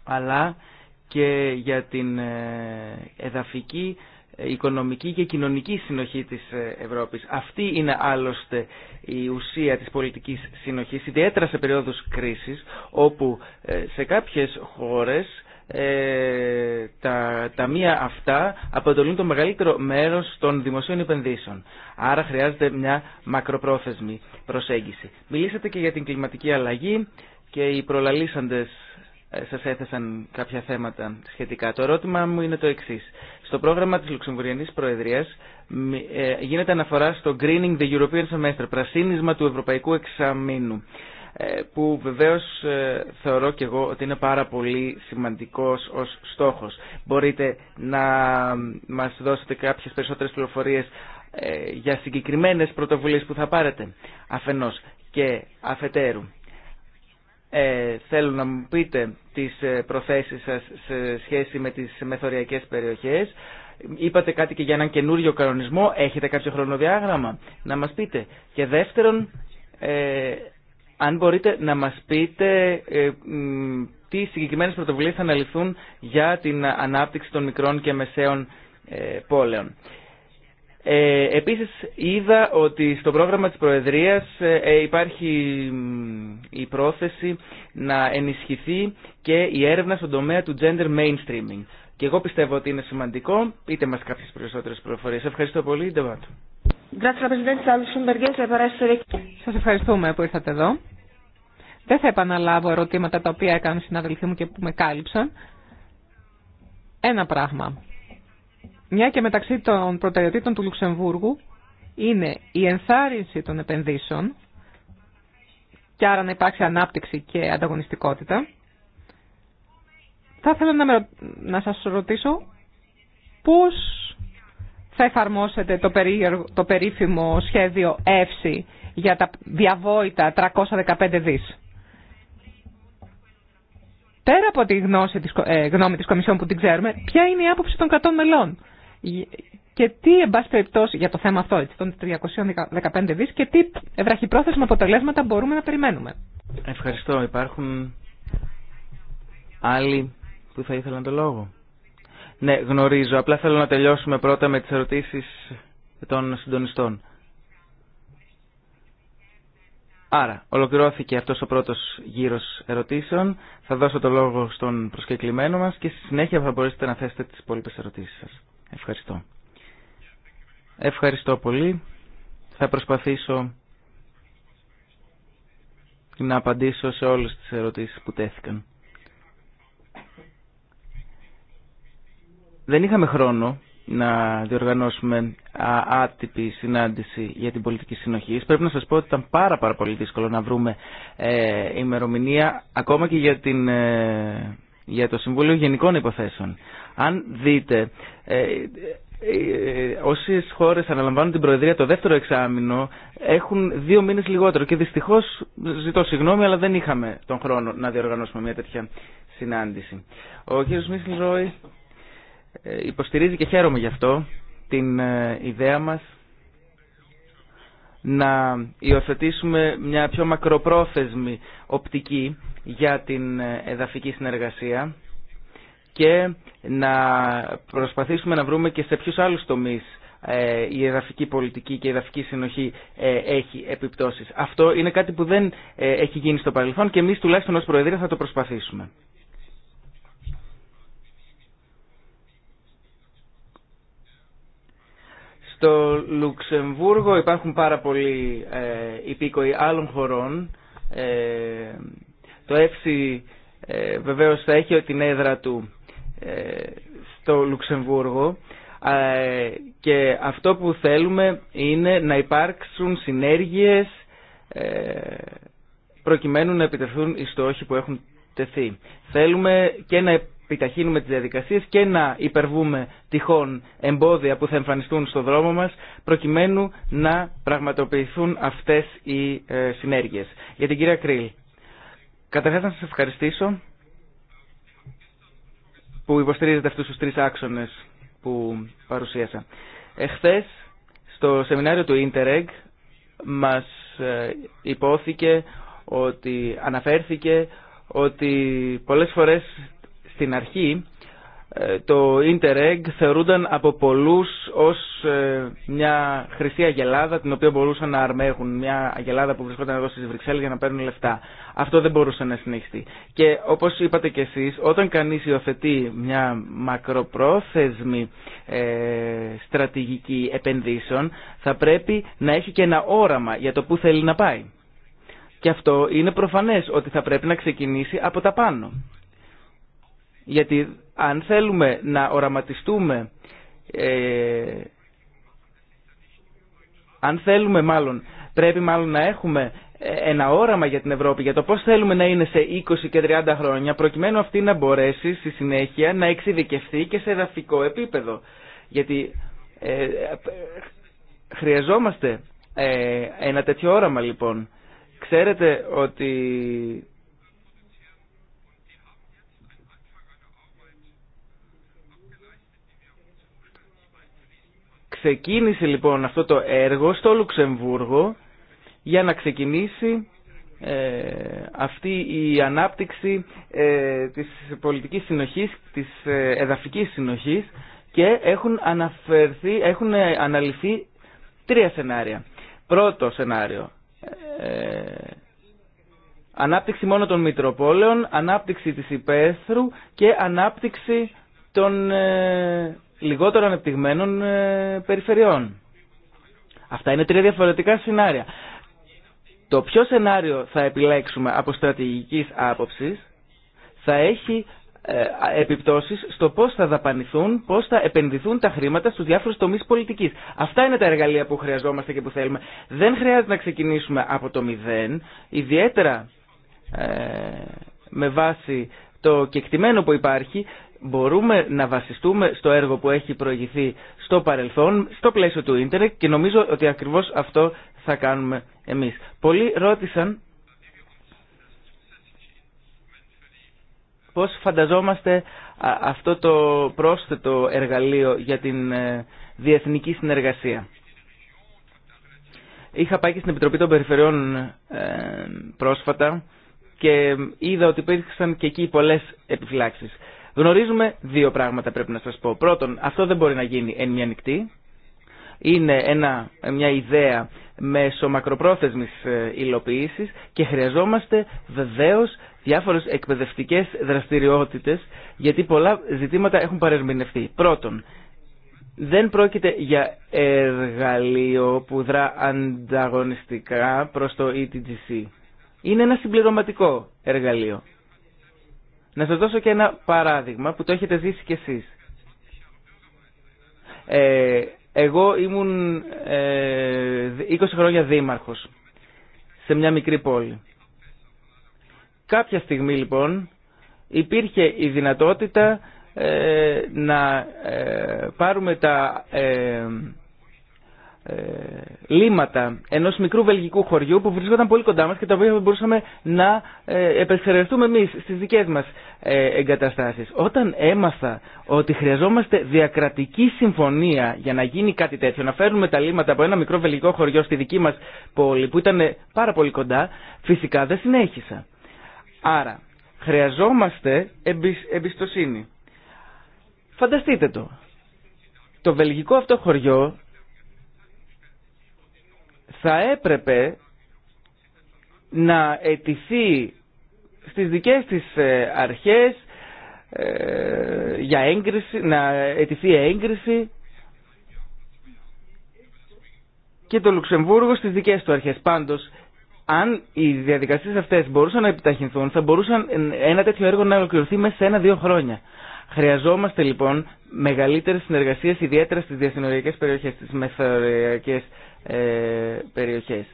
αλλά και για την ε, εδαφική, ε, οικονομική και κοινωνική συνοχή της ε, Ευρώπης. Αυτή είναι άλλωστε η ουσία της πολιτικής συνοχής, ιδιαίτερα σε περίοδους κρίσης, όπου σε κάποιες χώρες ε, τα μια αυτά αποτελούν το μεγαλύτερο μέρος των δημοσίων επενδύσεων. Άρα χρειάζεται μια μακροπρόθεσμη προσέγγιση. Μιλήσατε και για την κλιματική αλλαγή και οι προλαλήσαντες ε, σας έθεσαν κάποια θέματα σχετικά. Το ερώτημα μου είναι το εξής. Στο πρόγραμμα της Λουξεμβουριανής Προεδρίας ε, γίνεται αναφορά στο Greening the European Semester, πρασίνισμα του Ευρωπαϊκού Εξαμήνου ε, που βεβαίως θεωρώ και εγώ ότι είναι πάρα πολύ σημαντικός ως στόχος. Μπορείτε να μας δώσετε κάποιες περισσότερες πληροφορίες για συγκεκριμένες πρωτοβουλίες που θα πάρετε αφενός και αφετέρου ε, θέλω να μου πείτε τις ε, προθέσεις σας σε σχέση με τις μεθοριακές περιοχές. Είπατε κάτι και για έναν καινούριο κανονισμό. Έχετε κάποιο χρονοδιάγραμμα να μας πείτε. Και δεύτερον, ε, αν μπορείτε να μας πείτε ε, τι συγκεκριμένες πρωτοβουλίες θα αναλυθούν για την ανάπτυξη των μικρών και μεσαίων ε, πόλεων. Ε, επίσης είδα ότι στο πρόγραμμα της Προεδρίας ε, ε, υπάρχει η πρόθεση να ενισχυθεί και η έρευνα στον τομέα του gender mainstreaming. Και εγώ πιστεύω ότι είναι σημαντικό. Πείτε μας κάποιες περισσότερες πληροφορίες. Ευχαριστώ πολύ. Σας ευχαριστούμε που ήρθατε εδώ. Δεν θα επαναλάβω ερωτήματα τα οποία έκαναν συναδελφοί μου και που με κάλυψαν. Ένα πράγμα μια και μεταξύ των προτεραιοτήτων του Λουξεμβούργου είναι η ενθάρρυνση των επενδύσεων και άρα να υπάρξει ανάπτυξη και ανταγωνιστικότητα. Θα ήθελα να, σας ρωτήσω πώς θα εφαρμόσετε το, περί, το περίφημο σχέδιο ΕΦΣΙ για τα διαβόητα 315 δις. Πέρα από τη γνώση της, ε, γνώμη της Κομισιόν που την ξέρουμε, ποια είναι η άποψη των 100 μελών και τι, εν πάση περιπτώσει, για το θέμα αυτό, έτσι, των 315 δις και τι ευραχυπρόθεσμα αποτελέσματα μπορούμε να περιμένουμε. Ευχαριστώ. Υπάρχουν άλλοι που θα ήθελαν το λόγο. Ναι, γνωρίζω. Απλά θέλω να τελειώσουμε πρώτα με τις ερωτήσεις των συντονιστών. Άρα, ολοκληρώθηκε αυτός ο πρώτος γύρος ερωτήσεων. Θα δώσω το λόγο στον προσκεκλημένο μας και στη συνέχεια θα μπορέσετε να θέσετε τις υπόλοιπες ερωτήσεις σας. Ευχαριστώ. Ευχαριστώ πολύ. Θα προσπαθήσω να απαντήσω σε όλες τις ερωτήσεις που τέθηκαν. Δεν είχαμε χρόνο να διοργανώσουμε άτυπη συνάντηση για την πολιτική συνοχή. Πρέπει να σας πω ότι ήταν πάρα, πάρα πολύ δύσκολο να βρούμε ε, ημερομηνία ακόμα και για, την, ε, για το Συμβούλιο Γενικών Υποθέσεων. Αν δείτε, ε, ε, ε, όσε χώρε αναλαμβάνουν την Προεδρία το δεύτερο εξάμεινο έχουν δύο μήνε λιγότερο και δυστυχώ ζητώ συγγνώμη αλλά δεν είχαμε τον χρόνο να διοργανώσουμε μια τέτοια συνάντηση. Ο κ. Μίσλ Ρόι υποστηρίζει και χαίρομαι γι' αυτό την ιδέα μα να υιοθετήσουμε μια πιο μακροπρόθεσμη οπτική για την εδαφική συνεργασία και να προσπαθήσουμε να βρούμε και σε ποιους άλλους τομείς ε, η εδαφική πολιτική και η εδαφική συνοχή ε, έχει επιπτώσεις. Αυτό είναι κάτι που δεν ε, έχει γίνει στο παρελθόν και εμείς τουλάχιστον ως Προεδρία θα το προσπαθήσουμε. Στο Λουξεμβούργο υπάρχουν πάρα πολλοί υπήκοοι άλλων χωρών. Το έξι βεβαίως θα έχει την έδρα του στο Λουξεμβούργο ε, και αυτό που θέλουμε είναι να υπάρξουν συνέργειες ε, προκειμένου να επιτεθούν οι στόχοι που έχουν τεθεί. Θέλουμε και να επιταχύνουμε τις διαδικασίες και να υπερβούμε τυχόν εμπόδια που θα εμφανιστούν στο δρόμο μας προκειμένου να πραγματοποιηθούν αυτές οι ε, συνέργειες. Για την κυρία Κρυλ καταρχάς να σας ευχαριστήσω που υποστηρίζεται αυτούς τους τρεις άξονες που παρουσίασα. Εχθές στο σεμινάριο του Ίντερεγ μας ε, υπόθηκε ότι αναφέρθηκε ότι πολλές φορές στην αρχή ε, το Interreg θεωρούνταν από πολλούς ως ε, μια χρυσή αγελάδα την οποία μπορούσαν να αρμέγουν. Μια αγελάδα που βρισκόταν εδώ στις Βρυξέλλες για να παίρνουν λεφτά. Αυτό δεν μπορούσε να συνεχιστεί. Και όπως είπατε και εσείς, όταν κανείς υιοθετεί μια μακροπρόθεσμη ε, στρατηγική επενδύσεων θα πρέπει να έχει και ένα όραμα για το που θέλει να πάει. Και αυτό είναι προφανές ότι θα πρέπει να ξεκινήσει από τα πάνω. Γιατί αν θέλουμε να οραματιστούμε, ε, αν θέλουμε μάλλον, πρέπει μάλλον να έχουμε ε, ένα όραμα για την Ευρώπη, για το πώς θέλουμε να είναι σε 20 και 30 χρόνια, προκειμένου αυτή να μπορέσει στη συνέχεια να εξειδικευθεί και σε εδαφικό επίπεδο. Γιατί ε, χρειαζόμαστε ε, ένα τέτοιο όραμα λοιπόν. Ξέρετε ότι ξεκίνησε λοιπόν αυτό το έργο στο Λουξεμβούργο για να ξεκινήσει ε, αυτή η ανάπτυξη ε, της πολιτικής συνοχής, της ε, εδαφικής συνοχής και έχουν, αναφερθεί, έχουν αναλυθεί τρία σενάρια. Πρώτο σενάριο, ε, ανάπτυξη μόνο των Μητροπόλεων, ανάπτυξη της υπαίθρου και ανάπτυξη των ε, λιγότερο ανεπτυγμένων ε, περιφερειών. Αυτά είναι τρία διαφορετικά σενάρια. Το ποιο σενάριο θα επιλέξουμε από στρατηγικής άποψης θα έχει ε, επιπτώσεις στο πώς θα δαπανηθούν, πώς θα επενδυθούν τα χρήματα στους διάφορους τομείς πολιτικής. Αυτά είναι τα εργαλεία που χρειαζόμαστε και που θέλουμε. Δεν χρειάζεται να ξεκινήσουμε από το μηδέν, ιδιαίτερα ε, με βάση το κεκτημένο που υπάρχει μπορούμε να βασιστούμε στο έργο που έχει προηγηθεί στο παρελθόν, στο πλαίσιο του ίντερνετ και νομίζω ότι ακριβώς αυτό θα κάνουμε εμείς. Πολλοί ρώτησαν πώς φανταζόμαστε αυτό το πρόσθετο εργαλείο για την ε, διεθνική συνεργασία. Είχα πάει και στην Επιτροπή των Περιφερειών ε, πρόσφατα και είδα ότι υπήρξαν και εκεί πολλές επιφυλάξεις. Γνωρίζουμε δύο πράγματα πρέπει να σας πω. Πρώτον, αυτό δεν μπορεί να γίνει εν μια νυχτή. Είναι ένα, μια ιδέα μέσω μακροπρόθεσμης ε, υλοποίησης και χρειαζόμαστε βεβαίως διάφορες εκπαιδευτικές δραστηριότητες γιατί πολλά ζητήματα έχουν παρερμηνευτεί. Πρώτον, δεν πρόκειται για εργαλείο που δρά ανταγωνιστικά προς το ETGC. Είναι ένα συμπληρωματικό εργαλείο. Να σας δώσω και ένα παράδειγμα που το έχετε ζήσει κι εσείς. Ε, εγώ ήμουν ε, 20 χρόνια δήμαρχος σε μια μικρή πόλη. Κάποια στιγμή λοιπόν υπήρχε η δυνατότητα ε, να ε, πάρουμε τα ε, ε, λίματα ενός μικρού βελγικού χωριού που βρισκόταν πολύ κοντά μας και τα οποία μπορούσαμε να ε, επεξεργαστούμε εμείς στις δικές μας ε, εγκαταστάσεις. Όταν έμαθα ότι χρειαζόμαστε διακρατική συμφωνία για να γίνει κάτι τέτοιο, να φέρνουμε τα λίματα από ένα μικρό βελγικό χωριό στη δική μας πόλη που ήταν πάρα πολύ κοντά, φυσικά δεν συνέχισα. Άρα, χρειαζόμαστε εμπιστοσύνη. Φανταστείτε το. Το βελγικό αυτό χωριό θα έπρεπε να αιτηθεί στις δικές της ε, αρχές ε, για έγκριση, να αιτηθεί έγκριση και το Λουξεμβούργο στις δικές του αρχές. Πάντως, αν οι διαδικασίες αυτές μπορούσαν να επιταχυνθούν, θα μπορούσαν ένα τέτοιο έργο να ολοκληρωθεί μέσα σε ένα-δύο χρόνια. Χρειαζόμαστε λοιπόν μεγαλύτερες συνεργασίες, ιδιαίτερα στι περιοχές, περιοχέ, μεθοριακές περιοχές ε, περιοχές.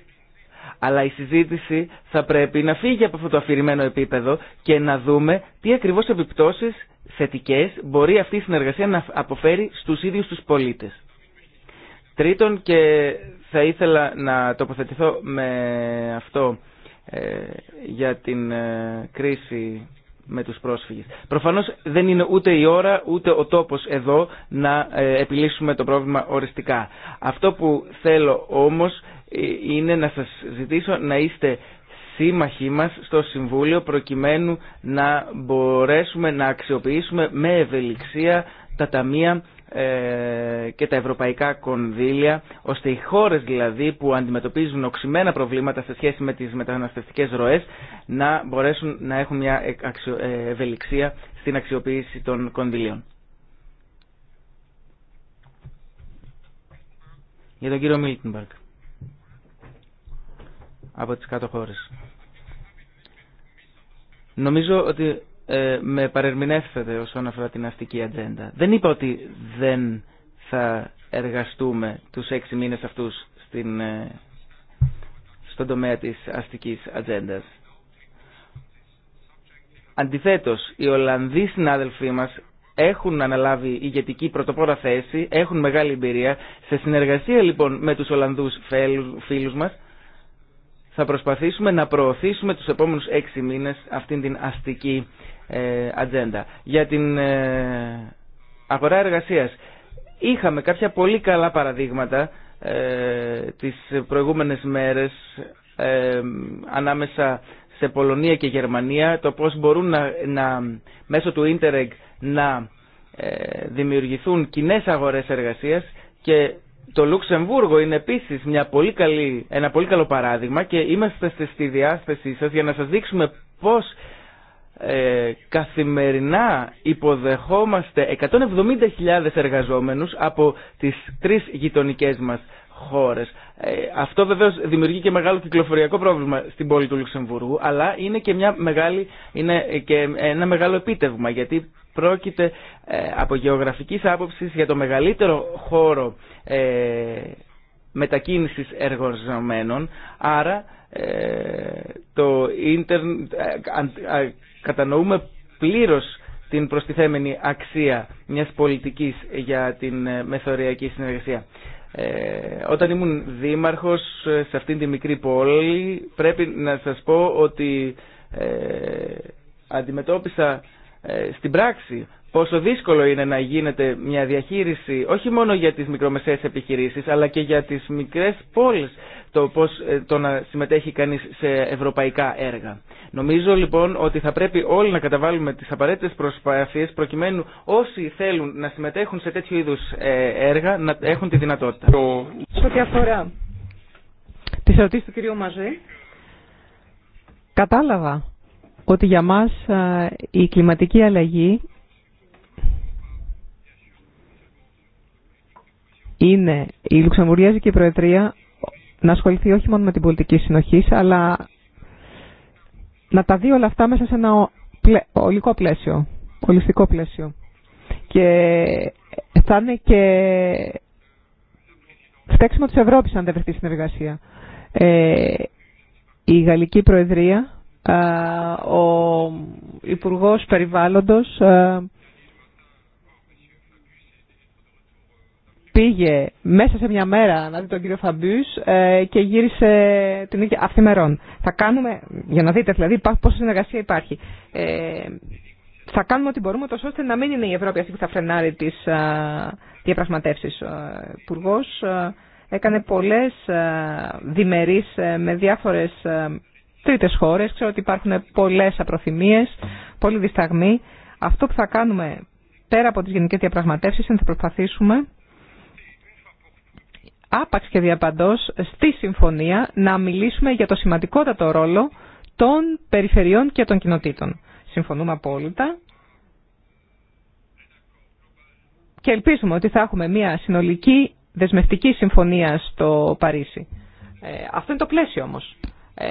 Αλλά η συζήτηση θα πρέπει να φύγει από αυτό το αφηρημένο επίπεδο και να δούμε τι ακριβώς επιπτώσεις θετικές μπορεί αυτή η συνεργασία να αποφέρει στους ίδιους τους πολίτες. Τρίτον και θα ήθελα να τοποθετηθώ με αυτό ε, για την ε, κρίση με τους πρόσφυγες. Προφανώς δεν είναι ούτε η ώρα ούτε ο τόπος εδώ να ε, επιλύσουμε το πρόβλημα οριστικά. Αυτό που θέλω όμως ε, είναι να σας ζητήσω να είστε σύμμαχοί μας στο Συμβούλιο προκειμένου να μπορέσουμε να αξιοποιήσουμε με ευελιξία τα ταμεία ε, και τα ευρωπαϊκά κονδύλια, ώστε οι χώρες δηλαδή που αντιμετωπίζουν οξυμένα προβλήματα σε σχέση με τις μεταναστευτικές ροές να μπορέσουν να έχουν μια ε, ευελιξία στην αξιοποίηση των κονδυλίων. Για τον κύριο Μίλτινμπαρκ. από τις κάτω χώρες. Νομίζω ότι ε, με παρερμηνεύσετε όσον αφορά την αστική ατζέντα. Δεν είπα ότι δεν θα εργαστούμε τους έξι μήνες αυτούς στην, ε, στον τομέα της αστικής ατζέντα. Αντιθέτως, οι Ολλανδοί συνάδελφοί μας έχουν αναλάβει ηγετική πρωτοπόρα θέση, έχουν μεγάλη εμπειρία. Σε συνεργασία λοιπόν με τους Ολλανδούς φίλους μας, θα προσπαθήσουμε να προωθήσουμε τους επόμενους έξι μήνες αυτήν την αστική ε, ατζέντα. Για την ε, αγορά εργασίας. Είχαμε κάποια πολύ καλά παραδείγματα ε, τις προηγούμενες μέρες ανάμεσα σε Πολωνία και Γερμανία το πώς μπορούν να, μέσω του Ίντερεγ να δημιουργηθούν κοινέ αγορές εργασίας και το Λουξεμβούργο είναι επίσης μια πολύ καλή, ένα πολύ καλό παράδειγμα και είμαστε στη διάθεσή σας για να σας δείξουμε πώς ε, καθημερινά υποδεχόμαστε 170.000 εργαζόμενους από τις τρεις γειτονικές μας χώρες. Ε, αυτό βεβαίως δημιουργεί και μεγάλο κυκλοφοριακό πρόβλημα στην πόλη του Λουξεμβούργου, αλλά είναι και, μια μεγάλη, είναι και ένα μεγάλο επίτευγμα, γιατί πρόκειται ε, από γεωγραφικής άποψης για το μεγαλύτερο χώρο ε, μετακίνησης εργαζομένων, άρα το κατανοούμε πλήρως την προστιθέμενη αξία μιας πολιτικής για την ε, μεθοριακή συνεργασία. Ε, όταν ήμουν δήμαρχος ε, σε αυτήν τη μικρή πόλη πρέπει να σας πω ότι ε, αντιμετώπισα στην πράξη πόσο δύσκολο είναι να γίνεται μια διαχείριση όχι μόνο για τις μικρομεσαίες επιχειρήσεις αλλά και για τις μικρές πόλεις το, πώς, ε, το να συμμετέχει κανείς σε ευρωπαϊκά έργα. Νομίζω λοιπόν ότι θα πρέπει όλοι να καταβάλουμε τις απαραίτητες προσπάθειες προκειμένου όσοι θέλουν να συμμετέχουν σε τέτοιου είδους ε, έργα να έχουν τη δυνατότητα. Σε ό,τι αφορά τις ερωτήσεις του κυρίου Μαζέ, κατάλαβα ότι για μας ε, η κλιματική αλλαγή είναι η Λουξεμβουργιαζική Προεδρία να ασχοληθεί όχι μόνο με την πολιτική συνοχή, αλλά να τα δει όλα αυτά μέσα σε ένα ολικό πλαίσιο, ολιστικό πλαίσιο. Και θα είναι και φταίξιμο της Ευρώπης αν δεν βρεθεί συνεργασία. Ε, η Γαλλική Προεδρία, ε, ο Υπουργός Περιβάλλοντος ε, πήγε μέσα σε μια μέρα να δει τον κύριο Φαμπιούς ε, και γύρισε την ίδια αυθημερών. Θα κάνουμε, για να δείτε δηλαδή πόση συνεργασία υπάρχει, ε, θα κάνουμε ό,τι μπορούμε τόσο ώστε να μην είναι η Ευρώπη αυτή που θα φρενάρει τις ε, διαπραγματεύσεις. Ο υπουργό έκανε πολλές διμερείς με διάφορες τρίτε χώρες. Ξέρω ότι υπάρχουν πολλές απροθυμίες, πολλοί δισταγμοί. Αυτό που θα κάνουμε πέρα από τις γενικές διαπραγματεύσεις είναι θα προσπαθήσουμε άπαξ και διαπαντός στη συμφωνία να μιλήσουμε για το σημαντικότατο ρόλο των περιφερειών και των κοινοτήτων. Συμφωνούμε απόλυτα και ελπίζουμε ότι θα έχουμε μια συνολική δεσμευτική συμφωνία στο Παρίσι. Ε, αυτό είναι το πλαίσιο όμως. Ε,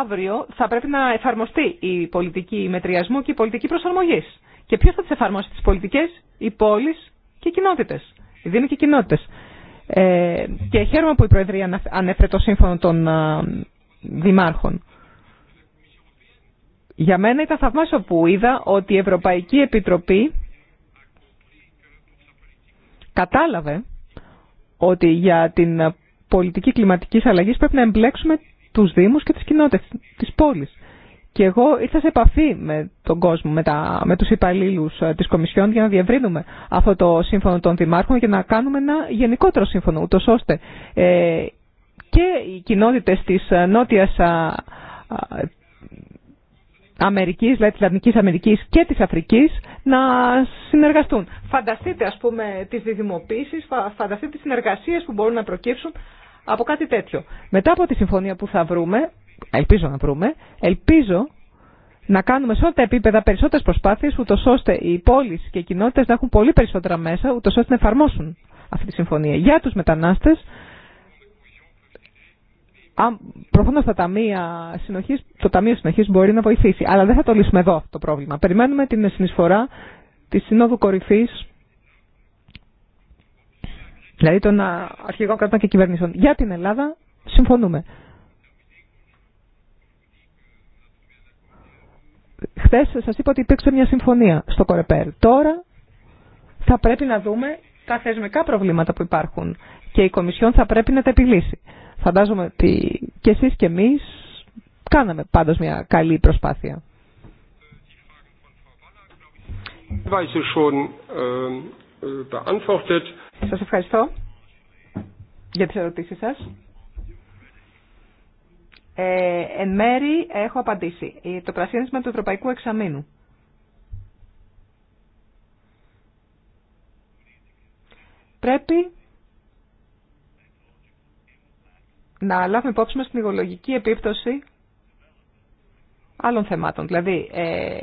αύριο θα πρέπει να εφαρμοστεί η πολιτική μετριασμού και η πολιτική προσαρμογής. Και ποιος θα τις εφαρμόσει τις πολιτικές, οι πόλεις και οι κοινότητες. Οι δήμοι και οι κοινότητες. Ε, και χαίρομαι που η Προεδρία ανέφερε το σύμφωνο των ε, δημάρχων. Για μένα ήταν θαυμάσιο που είδα ότι η Ευρωπαϊκή Επιτροπή κατάλαβε ότι για την πολιτική κλιματικής αλλαγής πρέπει να εμπλέξουμε τους Δήμους και τις κοινότητες της πόλης. Και εγώ ήρθα σε επαφή με τον κόσμο, με, τα, με τους υπαλλήλους ε, της Κομισιόν για να διευρύνουμε αυτό το σύμφωνο των δημάρχων και να κάνουμε ένα γενικότερο σύμφωνο, ούτως ώστε ε, και οι κοινότητες της ε, Νότιας Αμερική, Αμερικής, δηλαδή της Αμερικής και της Αφρικής να συνεργαστούν. Φανταστείτε ας πούμε τις διδημοποίησεις, φανταστείτε τις συνεργασίες που μπορούν να προκύψουν από κάτι τέτοιο. Μετά από τη συμφωνία που θα βρούμε, ελπίζω να βρούμε, ελπίζω να κάνουμε σε όλα τα επίπεδα περισσότερε προσπάθειε, ούτω ώστε οι πόλεις και οι κοινότητες να έχουν πολύ περισσότερα μέσα, ούτω ώστε να εφαρμόσουν αυτή τη συμφωνία. Για τους μετανάστες, προφανώ το Ταμείο Συνοχής μπορεί να βοηθήσει. Αλλά δεν θα το λύσουμε εδώ το πρόβλημα. Περιμένουμε την συνεισφορά τη Συνόδου Κορυφή, δηλαδή των αρχηγών κρατών και κυβερνήσεων. Για την Ελλάδα συμφωνούμε. Χθε σα είπα ότι υπήρξε μια συμφωνία στο Κορεπέρ. Τώρα θα πρέπει να δούμε τα θεσμικά προβλήματα που υπάρχουν και η Κομισιόν θα πρέπει να τα επιλύσει. Φαντάζομαι ότι και εσείς και εμείς κάναμε πάντως μια καλή προσπάθεια. Ähm, äh, σα ευχαριστώ για τι ερωτήσει σα. Ε, εν μέρη έχω απαντήσει. Το πρασίνισμα του Ευρωπαϊκού Εξαμήνου. Πρέπει να λάβουμε υπόψη μας την οικολογική επίπτωση άλλων θεμάτων. Δηλαδή, ε,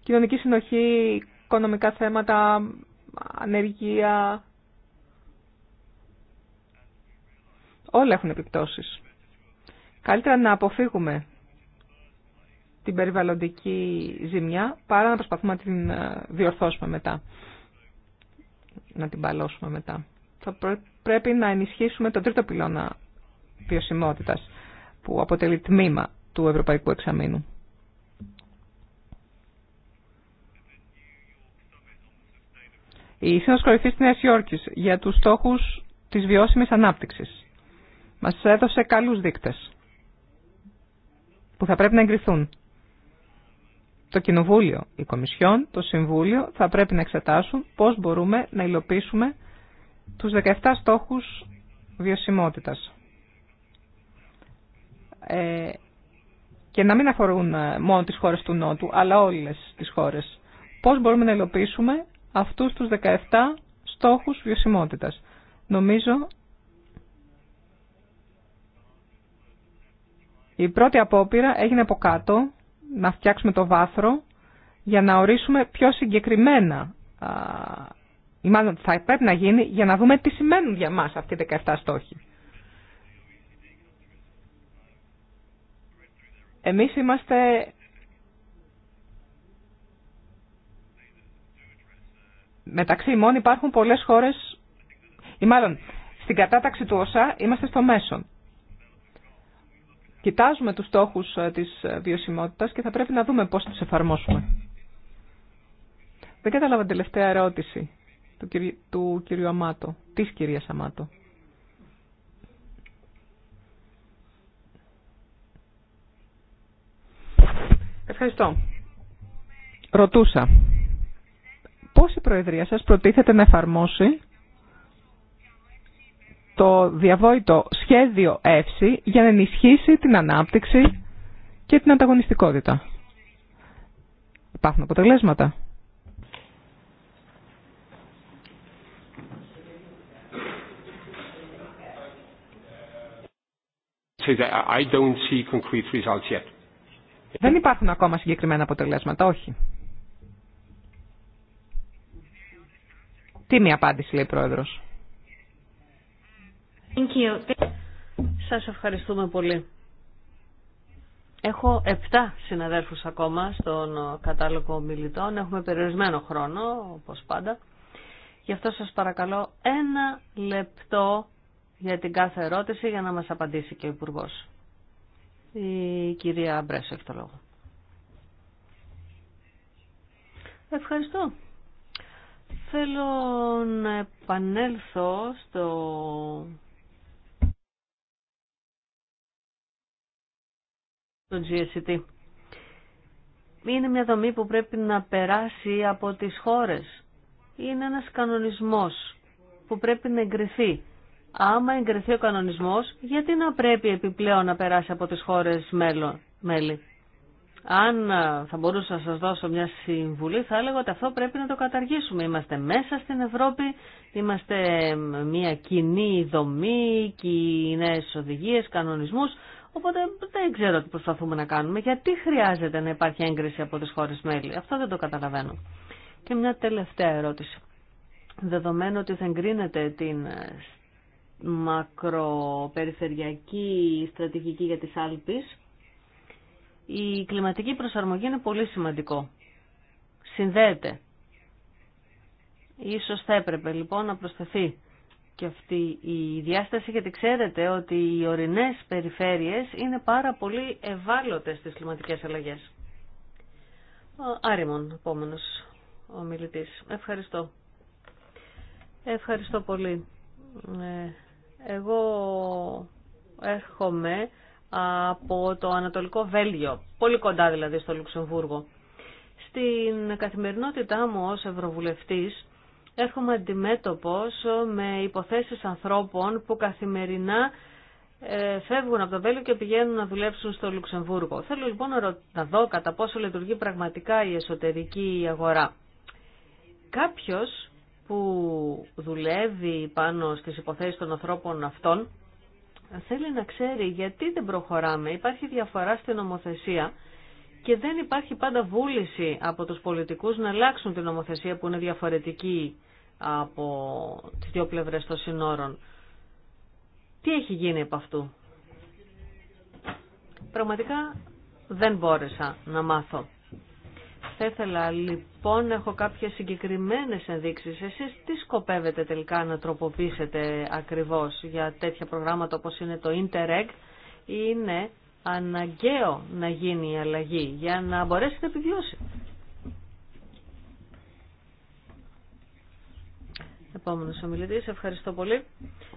κοινωνική συνοχή, οικονομικά θέματα, ανεργία. Όλα έχουν επιπτώσεις. Καλύτερα να αποφύγουμε την περιβαλλοντική ζημιά παρά να προσπαθούμε να την ε, διορθώσουμε μετά, να την παλώσουμε μετά. Θα πρέπει να ενισχύσουμε τον τρίτο πυλώνα βιωσιμότητας που αποτελεί τμήμα του Ευρωπαϊκού Εξαμήνου. Η Σύνος Κορυφής της Νέας για τους στόχους της βιώσιμης ανάπτυξης μας έδωσε καλούς δείκτες που θα πρέπει να εγκριθούν. Το Κοινοβούλιο, η Κομισιόν, το Συμβούλιο θα πρέπει να εξετάσουν πώς μπορούμε να υλοποιήσουμε τους 17 στόχους βιωσιμότητας. Ε, και να μην αφορούν ε, μόνο τις χώρες του Νότου, αλλά όλες τις χώρες. Πώς μπορούμε να υλοποιήσουμε αυτούς τους 17 στόχους βιωσιμότητας. Νομίζω Η πρώτη απόπειρα έγινε από κάτω, να φτιάξουμε το βάθρο για να ορίσουμε πιο συγκεκριμένα, ή μάλλον θα πρέπει να γίνει, για να δούμε τι σημαίνουν για μας αυτοί οι 17 στόχοι. Εμείς είμαστε μεταξύ ημών υπάρχουν πολλές χώρες, ή μάλλον στην κατάταξη του ΩΣΑ είμαστε στο μέσον κοιτάζουμε τους στόχους ε, της ε, βιωσιμότητας και θα πρέπει να δούμε πώς τους εφαρμόσουμε. Δεν κατάλαβα την τελευταία ερώτηση του, κυρίου, του κυρίου Αμάτο, της κυρίας Αμάτο. Ευχαριστώ. Ρωτούσα. Πώς η Προεδρία σας προτίθεται να εφαρμόσει το διαβόητο σχέδιο ΕΦΣΥ για να ενισχύσει την ανάπτυξη και την ανταγωνιστικότητα. Υπάρχουν αποτελέσματα. Δεν υπάρχουν ακόμα συγκεκριμένα αποτελέσματα, όχι. Τι μία απάντηση λέει ο Πρόεδρος. Thank you. Σας ευχαριστούμε πολύ. Έχω 7 συναδέρφους ακόμα στον κατάλογο μιλητών. Έχουμε περιορισμένο χρόνο, όπως πάντα. Γι' αυτό σας παρακαλώ ένα λεπτό για την κάθε ερώτηση για να μας απαντήσει και ο υπουργό. Η κυρία Μπρέσο έχει το λόγο. Ευχαριστώ. Θέλω να επανέλθω στο στο GST. Είναι μια δομή που πρέπει να περάσει από τις χώρες. Είναι ένας κανονισμός που πρέπει να εγκριθεί. Άμα εγκριθεί ο κανονισμός, γιατί να πρέπει επιπλέον να περάσει από τις χώρες μέλη. Αν θα μπορούσα να σας δώσω μια συμβουλή, θα έλεγα ότι αυτό πρέπει να το καταργήσουμε. Είμαστε μέσα στην Ευρώπη, είμαστε μια κοινή δομή, κοινέ οδηγίες, κανονισμούς. Οπότε δεν ξέρω τι προσπαθούμε να κάνουμε. Γιατί χρειάζεται να υπάρχει έγκριση από τις χώρες μέλη. Αυτό δεν το καταλαβαίνω. Και μια τελευταία ερώτηση. Δεδομένου ότι θα εγκρίνεται την ε, μακροπεριφερειακή στρατηγική για τις Άλπεις, η κλιματική προσαρμογή είναι πολύ σημαντικό. Συνδέεται. Ίσως θα έπρεπε λοιπόν να προσθεθεί και αυτή η διάσταση γιατί ξέρετε ότι οι ορεινές περιφέρειες είναι πάρα πολύ ευάλωτες στις κλιματικές αλλαγές. Άρημον, επόμενος ο μιλητής. Ευχαριστώ. Ευχαριστώ πολύ. Ε, εγώ έρχομαι από το Ανατολικό Βέλγιο, πολύ κοντά δηλαδή στο Λουξεμβούργο. Στην καθημερινότητά μου ως Ευρωβουλευτής έρχομαι αντιμέτωπος με υποθέσεις ανθρώπων που καθημερινά ε, φεύγουν από το Βέλιο και πηγαίνουν να δουλέψουν στο Λουξεμβούργο. Θέλω λοιπόν να δω κατά πόσο λειτουργεί πραγματικά η εσωτερική αγορά. Κάποιος που δουλεύει πάνω στις υποθέσεις των ανθρώπων αυτών θέλει να ξέρει γιατί δεν προχωράμε. Υπάρχει διαφορά στην νομοθεσία και δεν υπάρχει πάντα βούληση από τους πολιτικούς να αλλάξουν την νομοθεσία που είναι διαφορετική από τις δύο πλευρές των συνόρων. Τι έχει γίνει από αυτού. Πραγματικά δεν μπόρεσα να μάθω. Θα ήθελα λοιπόν να έχω κάποιες συγκεκριμένες ενδείξεις. Εσείς τι σκοπεύετε τελικά να τροποποιήσετε ακριβώς για τέτοια προγράμματα όπως είναι το Interreg. Είναι αναγκαίο να γίνει η αλλαγή για να μπορέσει να επιβιώσει. Επόμενος ομιλητής, ευχαριστώ πολύ.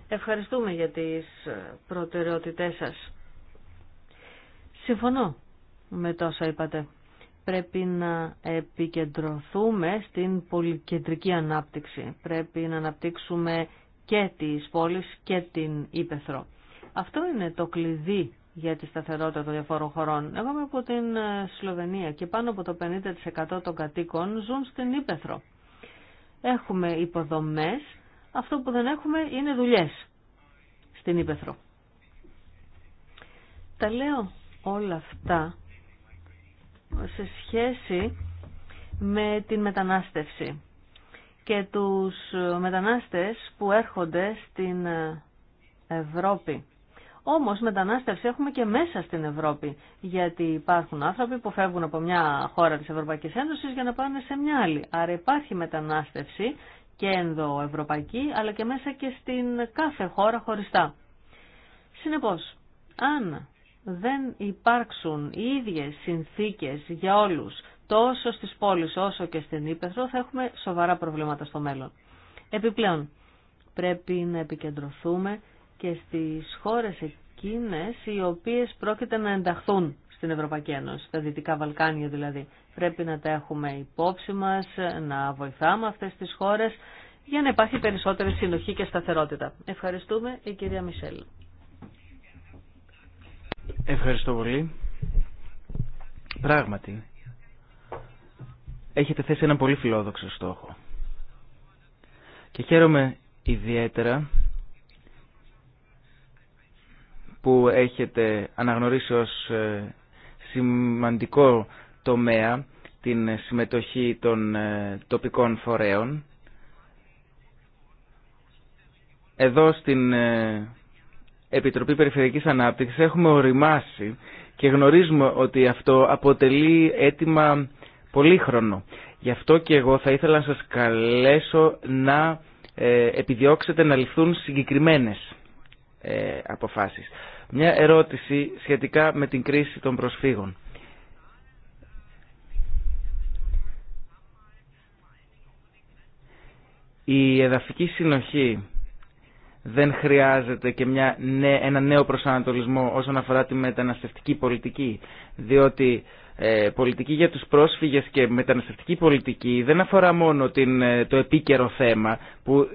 Ευχαριστούμε για τις ε, προτεραιότητές σας. Συμφωνώ με τόσα είπατε. Πρέπει να επικεντρωθούμε στην πολυκεντρική ανάπτυξη. Πρέπει να αναπτύξουμε και τις πόλεις και την Ήπεθρο. Αυτό είναι το κλειδί για τη σταθερότητα των διαφόρων χωρών. Εγώ είμαι από την ε, Σλοβενία και πάνω από το 50% των κατοίκων ζουν στην Ήπεθρο. Έχουμε υποδομές, αυτό που δεν έχουμε είναι δουλειές στην Ήπεθρο. Τα λέω όλα αυτά σε σχέση με την μετανάστευση και τους μετανάστες που έρχονται στην ε, Ευρώπη. Όμως μετανάστευση έχουμε και μέσα στην Ευρώπη, γιατί υπάρχουν άνθρωποι που φεύγουν από μια χώρα της Ευρωπαϊκής Ένωσης για να πάνε σε μια άλλη. Άρα υπάρχει μετανάστευση και ενδοευρωπαϊκή, αλλά και μέσα και στην κάθε χώρα χωριστά. Συνεπώς, αν δεν υπάρξουν οι ίδιες συνθήκες για όλους, τόσο στις πόλεις όσο και στην Ήπεθρο, θα έχουμε σοβαρά προβλήματα στο μέλλον. Επιπλέον, πρέπει να επικεντρωθούμε και στις χώρες εκείνες οι οποίες πρόκειται να ενταχθούν στην Ευρωπαϊκή Ένωση, τα Δυτικά Βαλκάνια δηλαδή. Πρέπει να τα έχουμε υπόψη μας, να βοηθάμε αυτές τις χώρες για να υπάρχει περισσότερη συνοχή και σταθερότητα. Ευχαριστούμε η κυρία Μισελ. Ευχαριστώ πολύ. Πράγματι, έχετε θέσει ένα πολύ φιλόδοξο στόχο. Και χαίρομαι ιδιαίτερα που έχετε αναγνωρίσει ως ε, σημαντικό τομέα την συμμετοχή των ε, τοπικών φορέων. Εδώ στην ε, Επιτροπή Περιφερειακής Ανάπτυξης έχουμε οριμάσει και γνωρίζουμε ότι αυτό αποτελεί αίτημα πολύχρονο. Γι' αυτό και εγώ θα ήθελα να σας καλέσω να επιδιώξετε να ληφθούν συγκεκριμένες αποφάσεις μια ερώτηση σχετικά με την κρίση των προσφύγων. Η εδαφική συνοχή δεν χρειάζεται και μια, ένα νέο προσανατολισμό όσον αφορά τη μεταναστευτική πολιτική. Διότι ε, πολιτική για τους πρόσφυγες και μεταναστευτική πολιτική δεν αφορά μόνο την, ε, το επίκαιρο θέμα που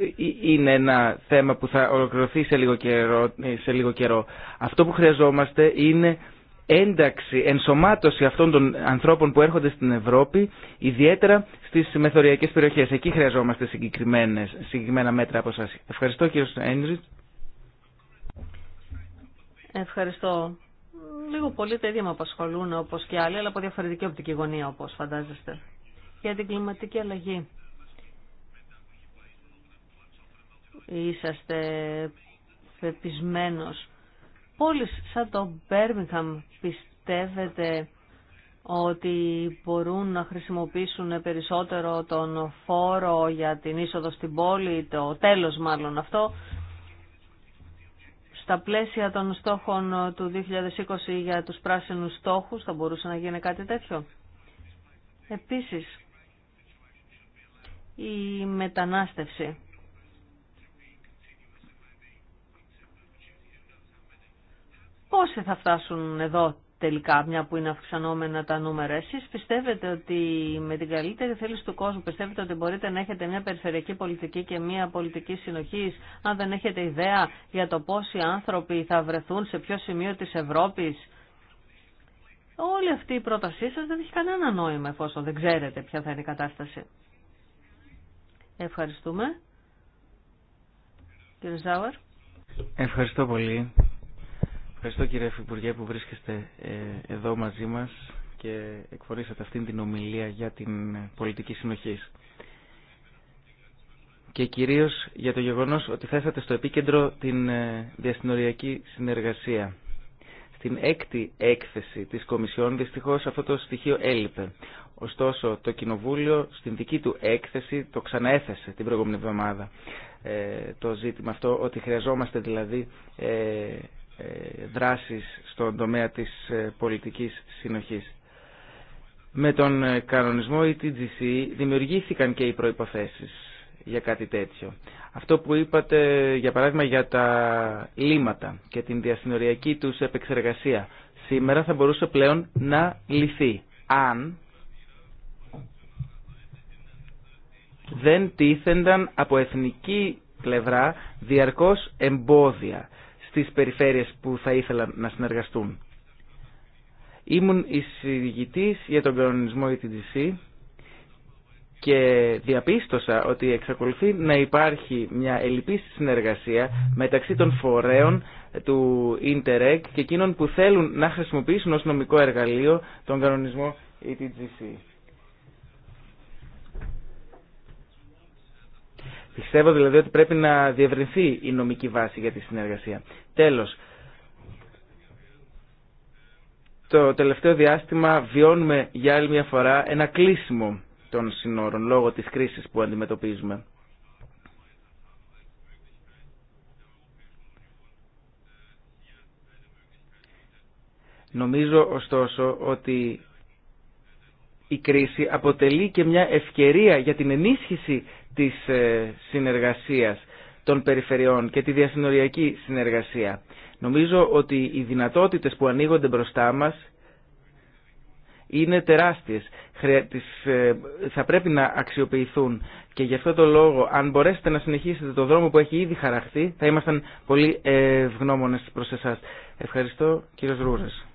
είναι ένα θέμα που θα ολοκληρωθεί σε λίγο, καιρό, ε, σε λίγο καιρό. Αυτό που χρειαζόμαστε είναι ένταξη, ενσωμάτωση αυτών των ανθρώπων που έρχονται στην Ευρώπη, ιδιαίτερα στις μεθοριακέ περιοχές. Εκεί χρειαζόμαστε συγκεκριμένες, συγκεκριμένα μέτρα από εσά. Ευχαριστώ κύριο Έντριτ. Ευχαριστώ. Λίγο πολύ τα ίδια με απασχολούν όπως και άλλοι, αλλά από διαφορετική οπτική γωνία όπως φαντάζεστε. Για την κλιματική αλλαγή. Είσαστε πεπισμένος πόλεις σαν το Μπέρμιχαμ πιστεύετε ότι μπορούν να χρησιμοποιήσουν περισσότερο τον φόρο για την είσοδο στην πόλη, το τέλος μάλλον αυτό, στα πλαίσια των στόχων του 2020 για τους πράσινους στόχους θα μπορούσε να γίνει κάτι τέτοιο. Επίσης, η μετανάστευση. Πόσοι θα φτάσουν εδώ τελικά, μια που είναι αυξανόμενα τα νούμερα. Εσεί, πιστεύετε ότι με την καλύτερη θέληση του κόσμου, πιστεύετε ότι μπορείτε να έχετε μια περιφερειακή πολιτική και μια πολιτική συνοχή, αν δεν έχετε ιδέα για το πόσοι άνθρωποι θα βρεθούν σε ποιο σημείο τη Ευρώπη, Όλη αυτή η πρότασή σα δεν έχει κανένα νόημα εφόσον δεν ξέρετε ποια θα είναι η κατάσταση. Ευχαριστούμε. Κύριε Ζάουερ. Ευχαριστώ πολύ. Ευχαριστώ κύριε Φυπουργέ που βρίσκεστε ε, εδώ μαζί μας και εκφορήσατε αυτήν την ομιλία για την πολιτική συνοχή. Και κυρίως για το γεγονός ότι θέσατε στο επίκεντρο την ε, διαστηνοριακή συνεργασία. Στην έκτη έκθεση της Κομισιόν δυστυχώς αυτό το στοιχείο έλειπε. Ωστόσο το Κοινοβούλιο στην δική του έκθεση το ξαναέθεσε την προηγούμενη εβδομάδα ε, το ζήτημα αυτό, ότι χρειαζόμαστε δηλαδή ε, δράσεις στον τομέα της ε, πολιτικής συνοχής. Με τον ε, κανονισμό ETGC δημιουργήθηκαν και οι προϋποθέσεις για κάτι τέτοιο. Αυτό που είπατε για παράδειγμα για τα λίματα και την διασυνοριακή τους επεξεργασία σήμερα θα μπορούσε πλέον να λυθεί αν δεν τίθενταν από εθνική πλευρά διαρκώς εμπόδια στις περιφέρειες που θα ήθελαν να συνεργαστούν. Ήμουν εισηγητής για τον κανονισμό ETDC ε και διαπίστωσα ότι εξακολουθεί να υπάρχει μια ελλειπή συνεργασία μεταξύ των φορέων του Interreg και εκείνων που θέλουν να χρησιμοποιήσουν ως νομικό εργαλείο τον κανονισμό ETGC. Ε Πιστεύω δηλαδή ότι πρέπει να διευρυνθεί η νομική βάση για τη συνεργασία. Τέλος, το τελευταίο διάστημα βιώνουμε για άλλη μια φορά ένα κλείσιμο των συνόρων λόγω της κρίσης που αντιμετωπίζουμε. Νομίζω ωστόσο ότι η κρίση αποτελεί και μια ευκαιρία για την ενίσχυση της ε, συνεργασίας των περιφερειών και τη διασυνοριακή συνεργασία. Νομίζω ότι οι δυνατότητες που ανοίγονται μπροστά μας είναι τεράστιες. Ε, θα πρέπει να αξιοποιηθούν και γι' αυτό το λόγο αν μπορέσετε να συνεχίσετε το δρόμο που έχει ήδη χαραχθεί θα ήμασταν πολύ ευγνώμονες προς εσάς. Ευχαριστώ κύριος Ρούρας.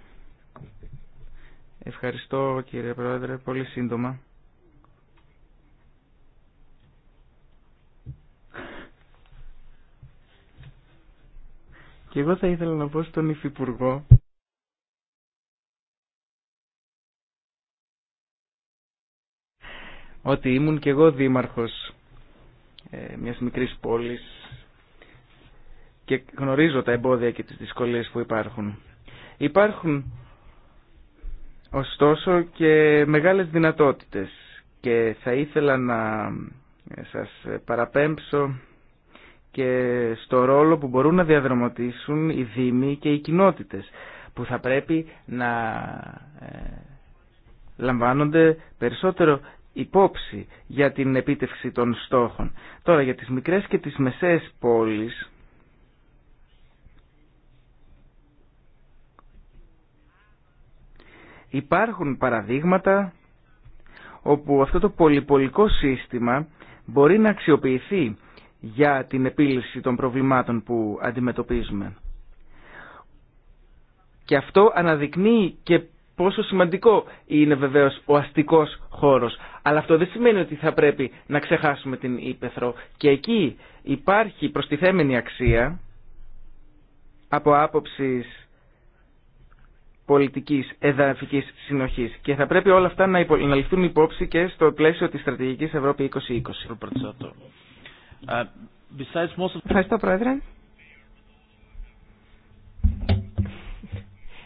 Ευχαριστώ κύριε Πρόεδρε. Πολύ σύντομα. Και εγώ θα ήθελα να πω στον Υφυπουργό ότι ήμουν και εγώ δήμαρχος ε, μιας μικρής πόλης και γνωρίζω τα εμπόδια και τις δυσκολίες που υπάρχουν. Υπάρχουν ωστόσο και μεγάλες δυνατότητες και θα ήθελα να σας παραπέμψω και στο ρόλο που μπορούν να διαδραματίσουν οι δήμοι και οι κοινότητες που θα πρέπει να ε, λαμβάνονται περισσότερο υπόψη για την επίτευξη των στόχων. Τώρα για τις μικρές και τις μεσαίες πόλεις υπάρχουν παραδείγματα όπου αυτό το πολυπολικό σύστημα μπορεί να αξιοποιηθεί για την επίλυση των προβλημάτων που αντιμετωπίζουμε. Και αυτό αναδεικνύει και πόσο σημαντικό είναι βεβαίως ο αστικός χώρος. Αλλά αυτό δεν σημαίνει ότι θα πρέπει να ξεχάσουμε την Ήπεθρο. Και εκεί υπάρχει προστιθέμενη αξία από άποψης πολιτικής εδαφικής συνοχής. Και θα πρέπει όλα αυτά να ληφθούν υπόψη και στο πλαίσιο της στρατηγικής Ευρώπη 2020. Ε, Ευχαριστώ, Πρόεδρε.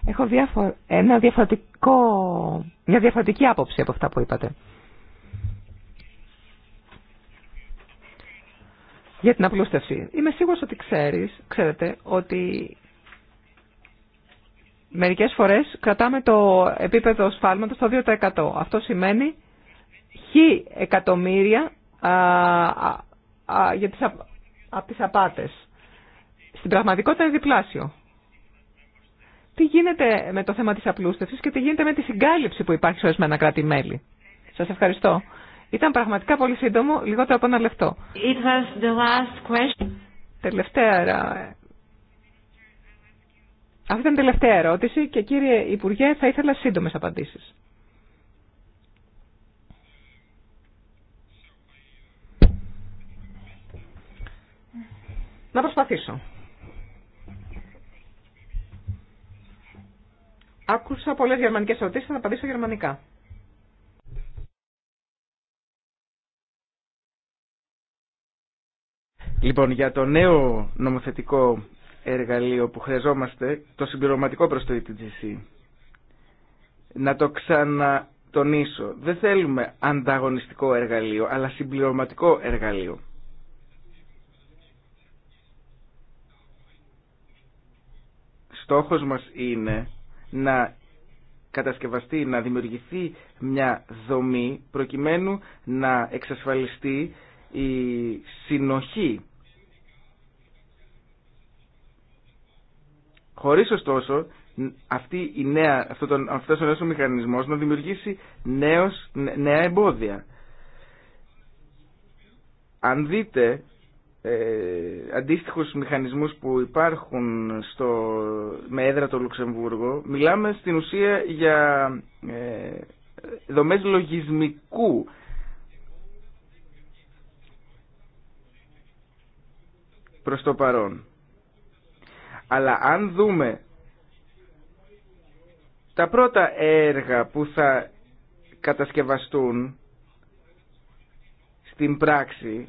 Έχω διάφο... ένα μια διαφορετική άποψη από αυτά που είπατε. Για την απλούστευση. Είμαι σίγουρος ότι ξέρεις, ξέρετε, ότι μερικές φορές κρατάμε το επίπεδο σφάλματος στο 2%. Αυτό σημαίνει χι εκατομμύρια για τις, από τις απάτες. Στην πραγματικότητα είναι διπλάσιο. Τι γίνεται με το θέμα της απλούστευσης και τι γίνεται με τη συγκάλυψη που υπάρχει σε ορισμένα κράτη-μέλη. Σας ευχαριστώ. Ήταν πραγματικά πολύ σύντομο, λιγότερο από ένα λεπτό. Τελευταία. Αυτή ήταν η τελευταία ερώτηση και κύριε Υπουργέ θα ήθελα σύντομες απαντήσεις. Να προσπαθήσω. Άκουσα πολλές γερμανικές ερωτήσεις, θα απαντήσω γερμανικά. Λοιπόν, για το νέο νομοθετικό εργαλείο που χρειαζόμαστε, το συμπληρωματικό προς το ETGC, να το ξανατονίσω. Δεν θέλουμε ανταγωνιστικό εργαλείο, αλλά συμπληρωματικό εργαλείο. Στόχος μας είναι να κατασκευαστεί, να δημιουργηθεί μια δομή προκειμένου να εξασφαλιστεί η συνοχή. Χωρίς ωστόσο αυτή η νέα, αυτό τον, αυτός ο νέος μηχανισμός να δημιουργήσει νέος, νέα εμπόδια. Αν δείτε ε, αντίστοιχους μηχανισμούς που υπάρχουν στο, με έδρα το Λουξεμβούργο, μιλάμε στην ουσία για ε, δομές λογισμικού προς το παρόν. Αλλά αν δούμε τα πρώτα έργα που θα κατασκευαστούν στην πράξη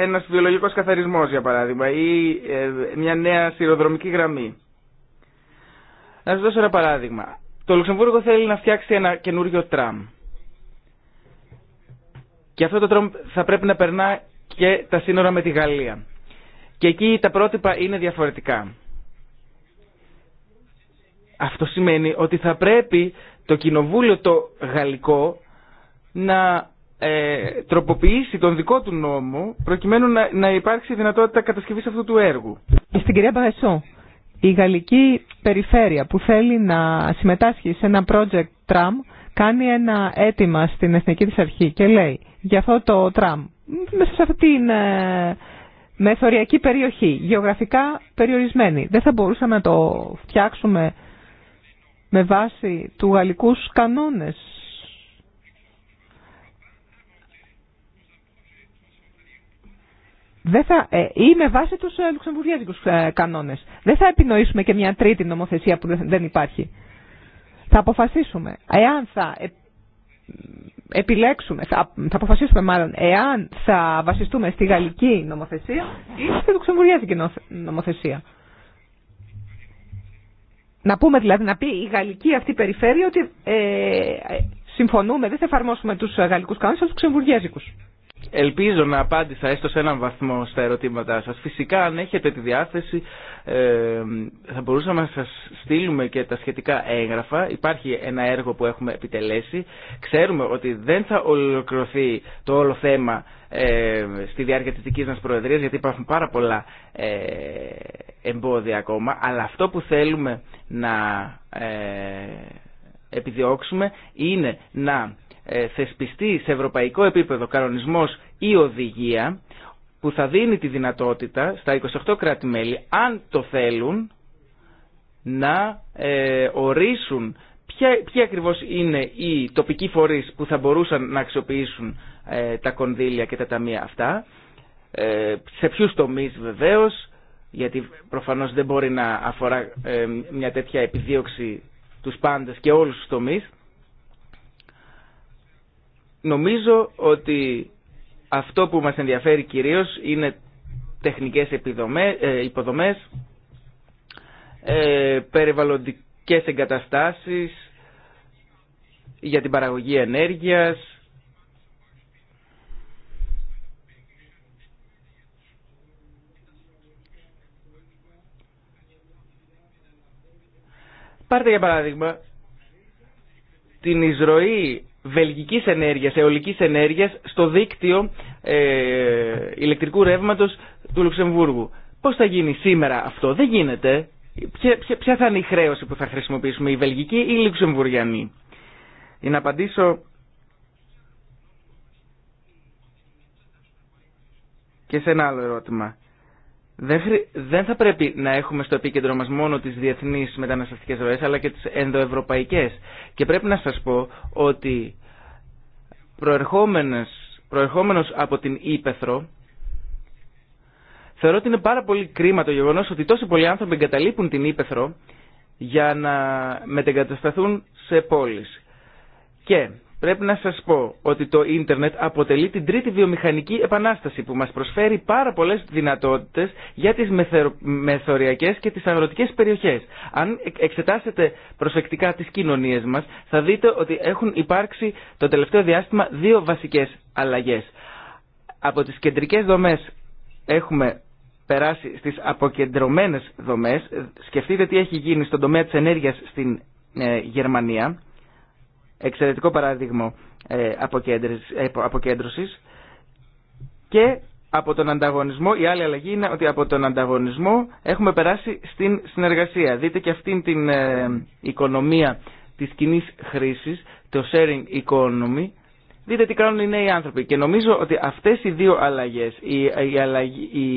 ένας βιολογικός καθαρισμός για παράδειγμα ή ε, μια νέα σειροδρομική γραμμή. Να σας δώσω ένα παράδειγμα. Το Λουξεμβούργο θέλει να φτιάξει ένα καινούριο τραμ. Και αυτό το τραμ θα πρέπει να περνά και τα σύνορα με τη Γαλλία. Και εκεί τα πρότυπα είναι διαφορετικά. Αυτό σημαίνει ότι θα πρέπει το κοινοβούλιο το γαλλικό να ε, τροποποιήσει τον δικό του νόμο προκειμένου να, να υπάρξει δυνατότητα κατασκευής αυτού του έργου. Στην κυρία Μπαγασό, η γαλλική περιφέρεια που θέλει να συμμετάσχει σε ένα project τραμ κάνει ένα αίτημα στην Εθνική της Αρχή και λέει για αυτό το τραμ μέσα σε αυτή την ε, μεθοριακή περιοχή, γεωγραφικά περιορισμένη. Δεν θα μπορούσαμε να το φτιάξουμε με βάση του γαλλικούς κανόνες δεν θα, ε, ή με βάση τους ε, ε, κανόνες. Δεν θα επινοήσουμε και μια τρίτη νομοθεσία που δεν υπάρχει. Θα αποφασίσουμε εάν θα ε, επιλέξουμε, θα, θα αποφασίσουμε μάλλον εάν θα βασιστούμε στη γαλλική νομοθεσία ή στη λουξεμβουργιάζικη νομοθεσία. Να πούμε δηλαδή, να πει η γαλλική αυτή περιφέρεια ότι ε, συμφωνούμε, δεν θα εφαρμόσουμε τους γαλλικούς κανόνες, αλλά τους ξεμβουργέζικους. Ελπίζω να απάντησα έστω σε έναν βαθμό στα ερωτήματά σας. Φυσικά αν έχετε τη διάθεση ε, θα μπορούσαμε να σας στείλουμε και τα σχετικά έγγραφα. Υπάρχει ένα έργο που έχουμε επιτελέσει. Ξέρουμε ότι δεν θα ολοκληρωθεί το όλο θέμα ε, στη διάρκεια της δικής μας προεδρίας γιατί υπάρχουν πάρα πολλά ε, εμπόδια ακόμα. Αλλά αυτό που θέλουμε να επιδιώξουμε είναι να ε, θεσπιστεί σε ευρωπαϊκό επίπεδο κανονισμός ή οδηγία που θα δίνει τη δυνατότητα στα 28 κράτη-μέλη, αν το θέλουν, να ε, ορίσουν ποια, ποια ακριβώς είναι οι τοπικοί φορείς που θα μπορούσαν να αξιοποιήσουν ε, τα κονδύλια και τα ταμεία αυτά, σε ποιους τομείς βεβαίως, γιατί προφανώς δεν μπορεί να αφορά μια τέτοια επιδίωξη τους πάντες και όλους τους τομείς, Νομίζω ότι αυτό που μας ενδιαφέρει κυρίως είναι τεχνικές επιδομές, ε, υποδομές, ε, περιβαλλοντικές εγκαταστάσεις για την παραγωγή ενέργειας, Πάρτε για παράδειγμα την εισρωή βελγικής ενέργειας, αιωλικής ενέργειας στο δίκτυο ε, ηλεκτρικού ρεύματος του Λουξεμβούργου. Πώς θα γίνει σήμερα αυτό, δεν γίνεται. Ποια, ποια θα είναι η χρέωση που θα χρησιμοποιήσουμε, η βελγική ή η λουξεμβουριανή. Για να απαντήσω και σε ένα άλλο ερώτημα δεν θα πρέπει να έχουμε στο επίκεντρο μας μόνο τις διεθνείς μεταναστευτικές ροές αλλά και τις ενδοευρωπαϊκές. Και πρέπει να σας πω ότι προερχόμενος από την Ήπεθρο θεωρώ ότι είναι πάρα πολύ κρίμα το γεγονός ότι τόσοι πολλοί άνθρωποι εγκαταλείπουν την Ήπεθρο για να μετεγκατασταθούν σε πόλεις. Και Πρέπει να σας πω ότι το ίντερνετ αποτελεί την τρίτη βιομηχανική επανάσταση που μας προσφέρει πάρα πολλές δυνατότητες για τις μεθοριακές και τις αγροτικές περιοχές. Αν εξετάσετε προσεκτικά τις κοινωνίες μας θα δείτε ότι έχουν υπάρξει το τελευταίο διάστημα δύο βασικές αλλαγές. Από τις κεντρικές δομές έχουμε περάσει στις αποκεντρωμένες δομές. Σκεφτείτε τι έχει γίνει στον τομέα της ενέργειας στην ε, Γερμανία εξαιρετικό παράδειγμα ε, ε, αποκέντρωσης και από τον ανταγωνισμό, η άλλη αλλαγή είναι ότι από τον ανταγωνισμό έχουμε περάσει στην συνεργασία. Δείτε και αυτήν την ε, οικονομία της κοινή χρήσης, το sharing economy, δείτε τι κάνουν οι νέοι άνθρωποι. Και νομίζω ότι αυτές οι δύο αλλαγές, η,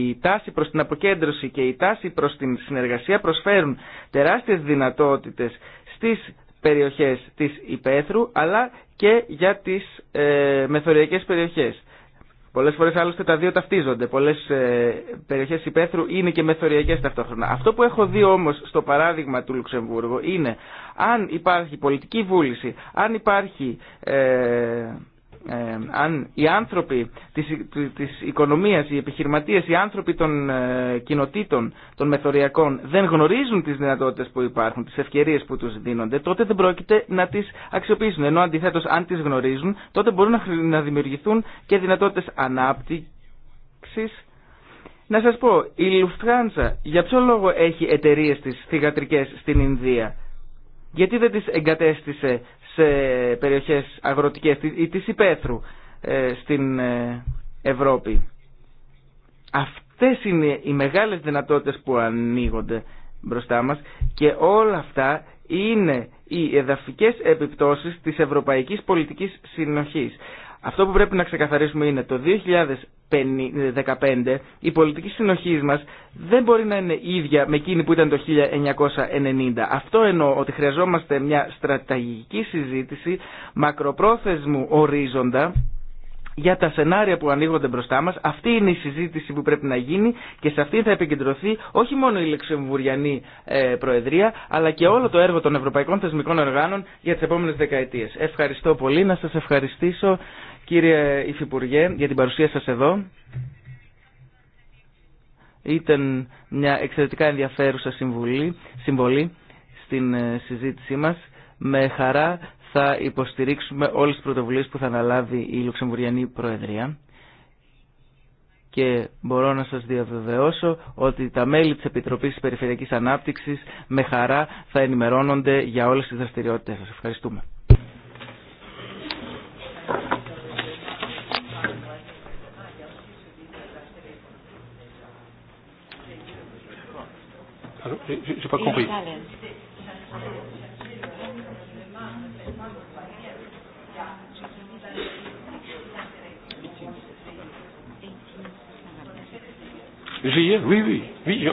η τάση προς την αποκέντρωση και η τάση προς την συνεργασία προσφέρουν τεράστιες δυνατότητες στις περιοχές της υπαίθρου αλλά και για τις ε, μεθοριακές περιοχές. Πολλές φορές άλλωστε τα δύο ταυτίζονται. Πολλές ε, περιοχές υπαίθρου είναι και μεθοριακές ταυτόχρονα. Αυτό που έχω δει όμως στο παράδειγμα του Λουξεμβούργου είναι αν υπάρχει πολιτική βούληση, αν υπάρχει ε, ε, αν οι άνθρωποι της, της οικονομίας, οι επιχειρηματίες, οι άνθρωποι των ε, κοινοτήτων, των μεθοριακών δεν γνωρίζουν τις δυνατότητες που υπάρχουν, τις ευκαιρίες που τους δίνονται, τότε δεν πρόκειται να τις αξιοποιήσουν. Ενώ αντιθέτως αν τις γνωρίζουν, τότε μπορούν να, να δημιουργηθούν και δυνατότητες ανάπτυξης. Να σας πω, η Lufthansa για ποιο λόγο έχει εταιρείε της θηγατρικές στην Ινδία. Γιατί δεν τις εγκατέστησε σε περιοχές αγροτικές ή της υπαίθρου ε, στην ε, Ευρώπη. Αυτές είναι οι μεγάλες δυνατότητες που ανοίγονται μπροστά μας και όλα αυτά είναι οι εδαφικές επιπτώσεις της ευρωπαϊκής πολιτικής συνοχής. Αυτό που πρέπει να ξεκαθαρίσουμε είναι το 2015 η πολιτική συνοχή μα δεν μπορεί να είναι ίδια με εκείνη που ήταν το 1990. Αυτό εννοώ ότι χρειαζόμαστε μια στρατηγική συζήτηση μακροπρόθεσμου ορίζοντα για τα σενάρια που ανοίγονται μπροστά μας. Αυτή είναι η συζήτηση που πρέπει να γίνει και σε αυτή θα επικεντρωθεί όχι μόνο η Λεξεμβουριανή ε, Προεδρία αλλά και όλο το έργο των Ευρωπαϊκών Θεσμικών Οργάνων για τι επόμενε δεκαετίε. Ευχαριστώ πολύ. Να σα ευχαριστήσω κύριε Υφυπουργέ, για την παρουσία σας εδώ. Ήταν μια εξαιρετικά ενδιαφέρουσα συμβολή στην ε, συζήτησή μας. Με χαρά θα υποστηρίξουμε όλες τις πρωτοβουλίες που θα αναλάβει η Λουξεμβουριανή Προεδρία. Και μπορώ να σας διαβεβαιώσω ότι τα μέλη της Επιτροπής της Περιφερειακής Ανάπτυξης με χαρά θα ενημερώνονται για όλες τις δραστηριότητες σας. Ευχαριστούμε. Je J'ai pas compris. Oui, oui, oui.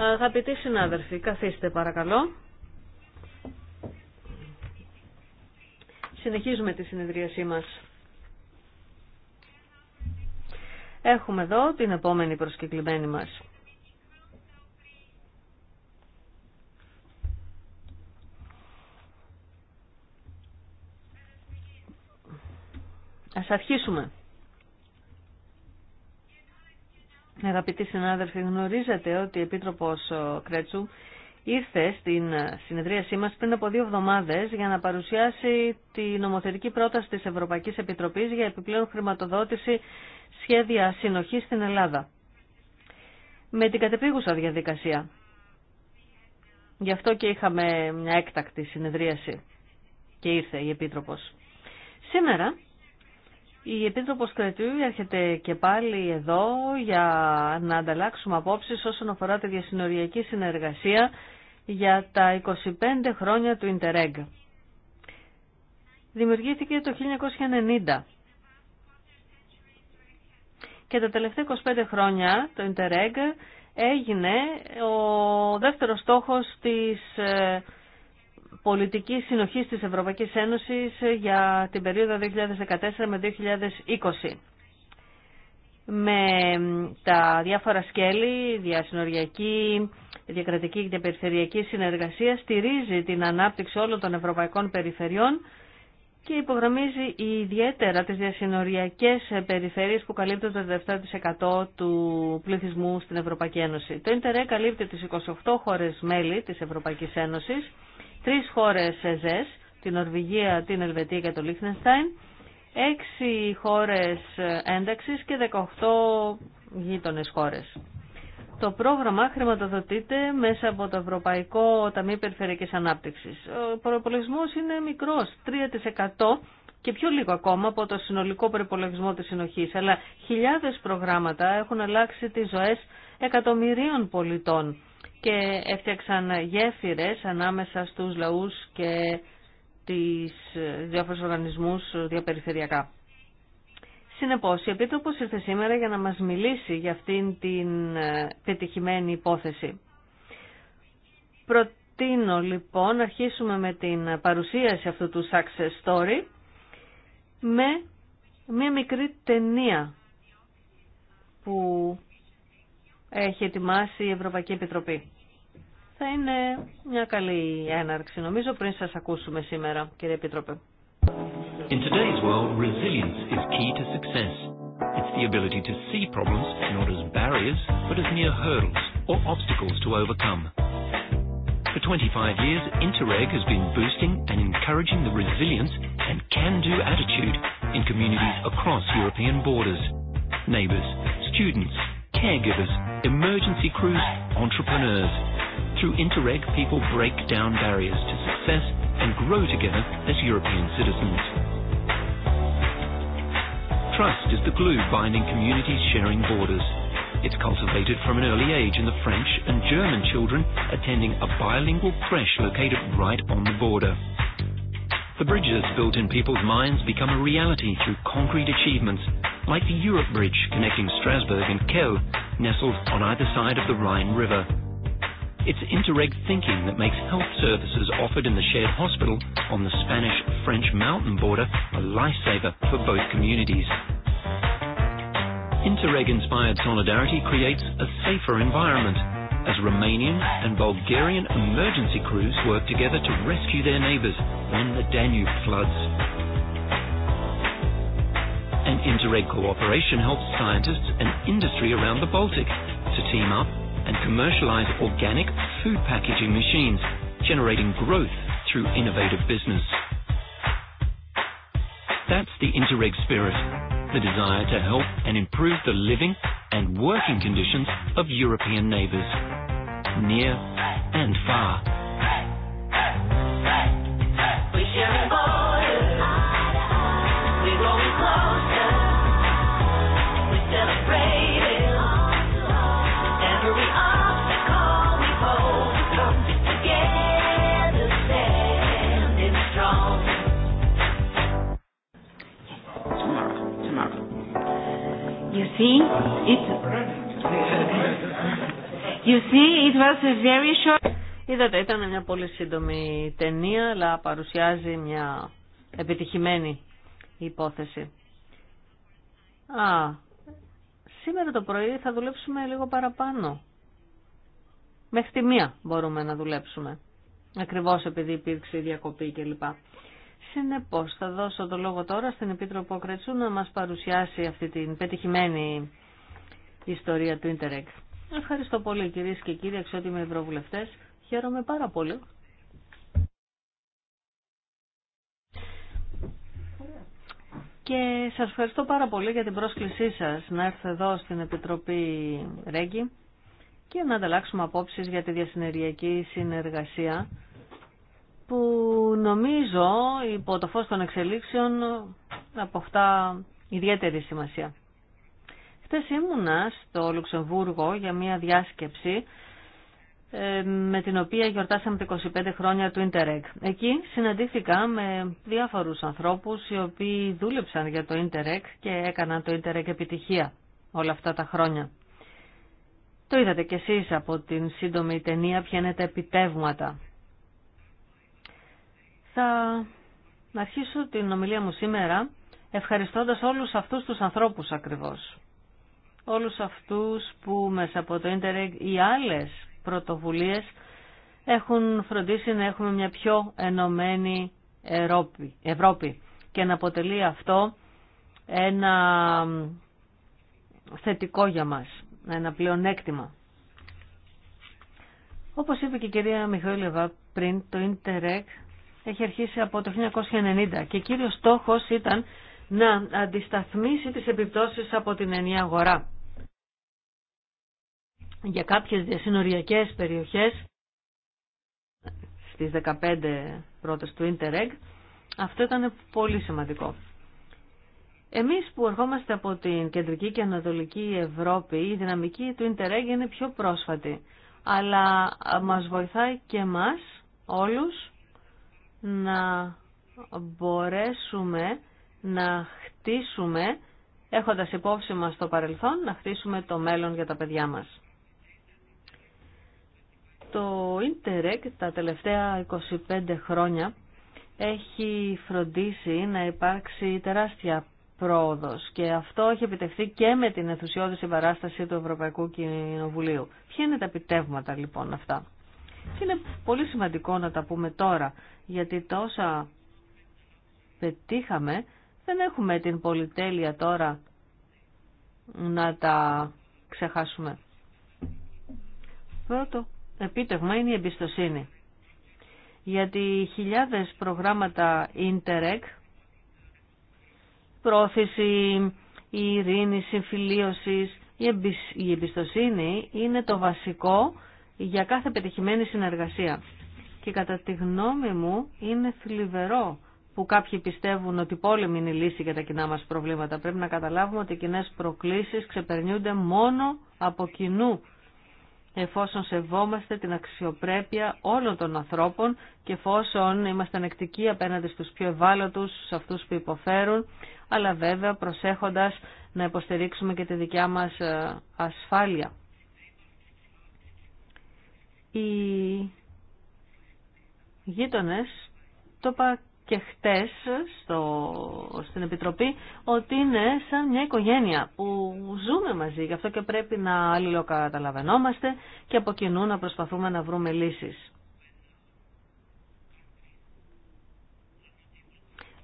Αγαπητοί συνάδελφοι, καθίστε παρακαλώ. Συνεχίζουμε τη συνεδρίασή μας. Έχουμε εδώ την επόμενη προσκεκλημένη μας. Ας αρχίσουμε. Αγαπητοί συνάδελφοι, γνωρίζετε ότι η Επίτροπος Κρέτσου ήρθε στην συνεδρίασή μας πριν από δύο εβδομάδες για να παρουσιάσει τη νομοθετική πρόταση της Ευρωπαϊκής Επιτροπής για επιπλέον χρηματοδότηση σχέδια συνοχής στην Ελλάδα. Με την κατεπίγουσα διαδικασία. Γι' αυτό και είχαμε μια έκτακτη συνεδρίαση και ήρθε η Επίτροπος. Σήμερα η Επίτροπο Κρατιού έρχεται και πάλι εδώ για να ανταλλάξουμε απόψεις όσον αφορά τη διασυνοριακή συνεργασία για τα 25 χρόνια του Ιντερέγ. Δημιουργήθηκε το 1990. Και τα τελευταία 25 χρόνια το Ιντερέγ έγινε ο δεύτερος στόχος της ε, πολιτική συνοχή της Ευρωπαϊκής Ένωσης για την περίοδο 2014 με 2020 με τα διάφορα σκέλη, διασυνοριακή, διακρατική και περιφερειακή συνεργασία, στηρίζει την ανάπτυξη όλων των ευρωπαϊκών περιφερειών και υπογραμμίζει ιδιαίτερα τις διασυνοριακές περιφέρειες που καλύπτουν το 7% του πληθυσμού στην Ευρωπαϊκή Ένωση. Το Ιντερέ καλύπτει τις 28 χώρες μέλη της Ευρωπαϊκής Ένωσης τρεις χώρες ΕΖΕΣ, την Νορβηγία, την Ελβετία και το Λίχνενστάιν, έξι χώρες ένταξης και 18 γείτονες χώρες. Το πρόγραμμα χρηματοδοτείται μέσα από το Ευρωπαϊκό Ταμείο Περιφερειακής Ανάπτυξης. Ο προπολογισμό είναι μικρός, 3% και πιο λίγο ακόμα από το συνολικό προπολογισμό της συνοχής. Αλλά χιλιάδες προγράμματα έχουν αλλάξει τις ζωές εκατομμυρίων πολιτών και έφτιαξαν γέφυρες ανάμεσα στους λαούς και τις ε, διάφορους οργανισμούς διαπεριφερειακά. Συνεπώς, η Επίτροπος ήρθε σήμερα για να μας μιλήσει για αυτήν την ε, πετυχημένη υπόθεση. Προτείνω λοιπόν να αρχίσουμε με την παρουσίαση αυτού του success story με μία μικρή ταινία που έχει ετοιμάσει η Ευρωπαϊκή Επιτροπή. Θα είναι μια καλή έναρξη νομίζω πριν σας ακούσουμε σήμερα κύριε Επίτροπε. In today's world, resilience is key to success. It's the ability to see problems not as barriers, but as mere hurdles or obstacles to overcome. For 25 years, Interreg has been boosting and encouraging the resilience and can-do attitude in communities across European borders. Neighbours, students, caregivers, emergency crews, entrepreneurs. Through Interreg, people break down barriers to success and grow together as European citizens. Trust is the glue binding communities sharing borders. It's cultivated from an early age in the French and German children attending a bilingual creche located right on the border. The bridges built in people's minds become a reality through concrete achievements, like the Europe Bridge connecting Strasbourg and Kiel nestled on either side of the Rhine River. It's Interreg thinking that makes health services offered in the shared hospital on the Spanish-French mountain border a lifesaver for both communities. Interreg-inspired solidarity creates a safer environment as Romanian and Bulgarian emergency crews work together to rescue their neighbors when the Danube floods and Interreg cooperation helps scientists and industry around the Baltic to team up and commercialize organic food packaging machines, generating growth through innovative business. That's the Interreg spirit, the desire to help and improve the living and working conditions of European neighbors, near and far. We share You see, it, you see, it was a very short... Είδατε, ήταν μια πολύ σύντομη ταινία, αλλά παρουσιάζει μια επιτυχημένη υπόθεση. Α, σήμερα το πρωί θα δουλέψουμε λίγο παραπάνω. Μέχρι τη μία μπορούμε να δουλέψουμε. Ακριβώς επειδή υπήρξε διακοπή κλπ πως θα δώσω το λόγο τώρα στην Επίτροπο Κρέτσου να μας παρουσιάσει αυτή την πετυχημένη ιστορία του Ιντερεκ. Ευχαριστώ πολύ κυρίες και κύριοι αξιότιμοι ευρωβουλευτέ. Χαίρομαι πάρα πολύ. Και σας ευχαριστώ πάρα πολύ για την πρόσκλησή σας να έρθω εδώ στην Επιτροπή Ρέγγι και να ανταλλάξουμε απόψεις για τη διασυνεργειακή συνεργασία που νομίζω υπό το φως των εξελίξεων αποκτά ιδιαίτερη σημασία. Χθε ήμουνα στο Λουξεμβούργο για μια διάσκεψη ε, με την οποία γιορτάσαμε 25 χρόνια του Ιντερεκ. Εκεί συναντήθηκα με διάφορους ανθρώπους οι οποίοι δούλεψαν για το Ιντερεκ και έκαναν το Ιντερεκ επιτυχία όλα αυτά τα χρόνια. Το είδατε κι εσείς από την σύντομη ταινία ποια είναι τα επιτεύγματα θα αρχίσω την ομιλία μου σήμερα ευχαριστώντας όλους αυτούς τους ανθρώπους ακριβώς. Όλους αυτούς που μέσα από το Ιντερεγ ή άλλες πρωτοβουλίες έχουν φροντίσει να έχουμε μια πιο ενωμένη Ευρώπη και να αποτελεί αυτό ένα θετικό για μας, ένα πλεονέκτημα. Όπως είπε και η κυρία Μιχαήλ πριν, το Interreg έχει αρχίσει από το 1990 και κύριος στόχος ήταν να αντισταθμίσει τις επιπτώσεις από την ενιαία αγορά. Για κάποιες διασυνοριακές περιοχές, στις 15 πρώτες του Interreg, αυτό ήταν πολύ σημαντικό. Εμείς που ερχόμαστε από την Κεντρική και Ανατολική Ευρώπη, η δυναμική του Interreg είναι πιο πρόσφατη, αλλά μας βοηθάει και μας όλους να μπορέσουμε να χτίσουμε, έχοντας υπόψη μας το παρελθόν, να χτίσουμε το μέλλον για τα παιδιά μας. Το Ιντερεκ τα τελευταία 25 χρόνια έχει φροντίσει να υπάρξει τεράστια πρόοδος και αυτό έχει επιτευχθεί και με την ενθουσιώδη συμπαράσταση του Ευρωπαϊκού Κοινοβουλίου. Ποια είναι τα επιτεύγματα λοιπόν αυτά. Και είναι πολύ σημαντικό να τα πούμε τώρα, γιατί τόσα πετύχαμε, δεν έχουμε την πολυτέλεια τώρα να τα ξεχάσουμε. Πρώτο επίτευγμα είναι η εμπιστοσύνη. Γιατί χιλιάδες προγράμματα Interreg, πρόθεση, η ειρήνη, η συμφιλίωση, η εμπιστοσύνη είναι το βασικό για κάθε πετυχημένη συνεργασία. Και κατά τη γνώμη μου είναι θλιβερό που κάποιοι πιστεύουν ότι πόλεμη είναι η λύση για τα κοινά μας προβλήματα. Πρέπει να καταλάβουμε ότι οι κοινέ προκλήσεις ξεπερνιούνται μόνο από κοινού εφόσον σεβόμαστε την αξιοπρέπεια όλων των ανθρώπων και εφόσον είμαστε ανεκτικοί απέναντι στους πιο ευάλωτους, σε αυτούς που υποφέρουν, αλλά βέβαια προσέχοντας να υποστηρίξουμε και τη δικιά μας ε, ασφάλεια. Οι γείτονες, το είπα και χτες στο, στην Επιτροπή, ότι είναι σαν μια οικογένεια που ζούμε μαζί, γι' αυτό και πρέπει να αλληλοκαταλαβαινόμαστε και από κοινού να προσπαθούμε να βρούμε λύσεις.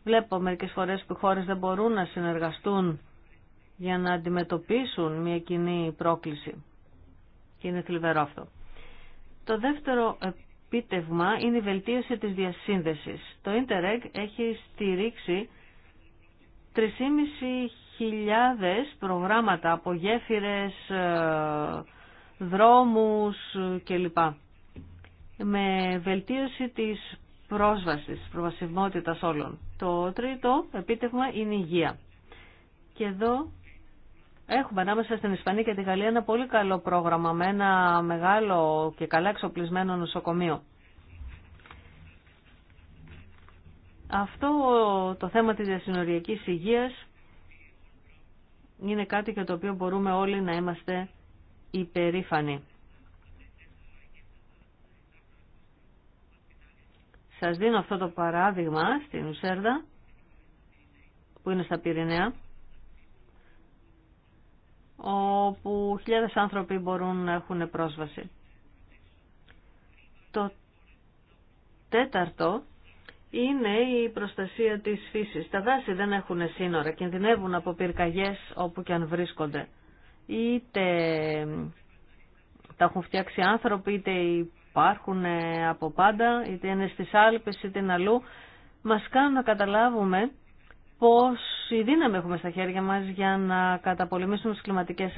Βλέπω μερικές φορές που οι χώρες δεν μπορούν να συνεργαστούν για να αντιμετωπίσουν μια κοινή πρόκληση. Και είναι θλιβερό αυτό. Το δεύτερο επίτευγμα είναι η βελτίωση της διασύνδεσης. Το Interreg έχει στηρίξει 3.500 προγράμματα από γέφυρες, ε, δρόμους κλπ. Με βελτίωση της πρόσβασης, προβασιμότητας όλων. Το τρίτο επίτευγμα είναι η υγεία. Και εδώ Έχουμε ανάμεσα στην Ισπανία και τη Γαλλία ένα πολύ καλό πρόγραμμα με ένα μεγάλο και καλά εξοπλισμένο νοσοκομείο. Αυτό το θέμα της διασυνοριακής υγείας είναι κάτι για το οποίο μπορούμε όλοι να είμαστε υπερήφανοι. Σας δίνω αυτό το παράδειγμα στην Ουσέρδα που είναι στα Πυρηναία όπου χιλιάδες άνθρωποι μπορούν να έχουν πρόσβαση. Το τέταρτο είναι η προστασία της φύσης. Τα δάση δεν έχουν σύνορα, κινδυνεύουν από πυρκαγιές όπου και αν βρίσκονται. Είτε τα έχουν φτιάξει άνθρωποι, είτε υπάρχουν από πάντα, είτε είναι στις Άλπες, είτε είναι αλλού. Μας κάνουν να καταλάβουμε πόση δύναμη έχουμε στα χέρια μας για να καταπολεμήσουμε τις κλιματικές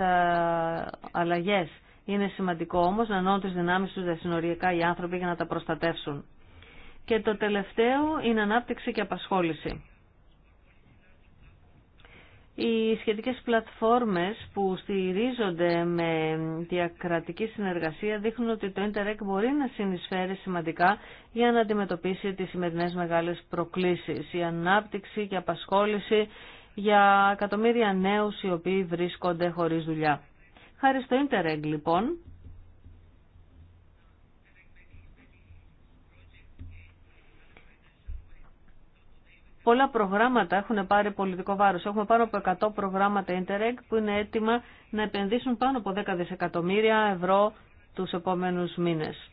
αλλαγές. Είναι σημαντικό όμως να ενώνουν τις δυνάμεις τους δεσυνοριακά οι άνθρωποι για να τα προστατεύσουν. Και το τελευταίο είναι ανάπτυξη και απασχόληση οι σχετικές πλατφόρμες που στηρίζονται με διακρατική συνεργασία δείχνουν ότι το Interreg μπορεί να συνεισφέρει σημαντικά για να αντιμετωπίσει τις σημερινές μεγάλες προκλήσεις, η ανάπτυξη και απασχόληση για εκατομμύρια νέους οι οποίοι βρίσκονται χωρίς δουλειά. Χάρη στο Interreg λοιπόν πολλά προγράμματα έχουν πάρει πολιτικό βάρος. Έχουμε πάνω από 100 προγράμματα Interreg που είναι έτοιμα να επενδύσουν πάνω από 10 δισεκατομμύρια ευρώ τους επόμενους μήνες.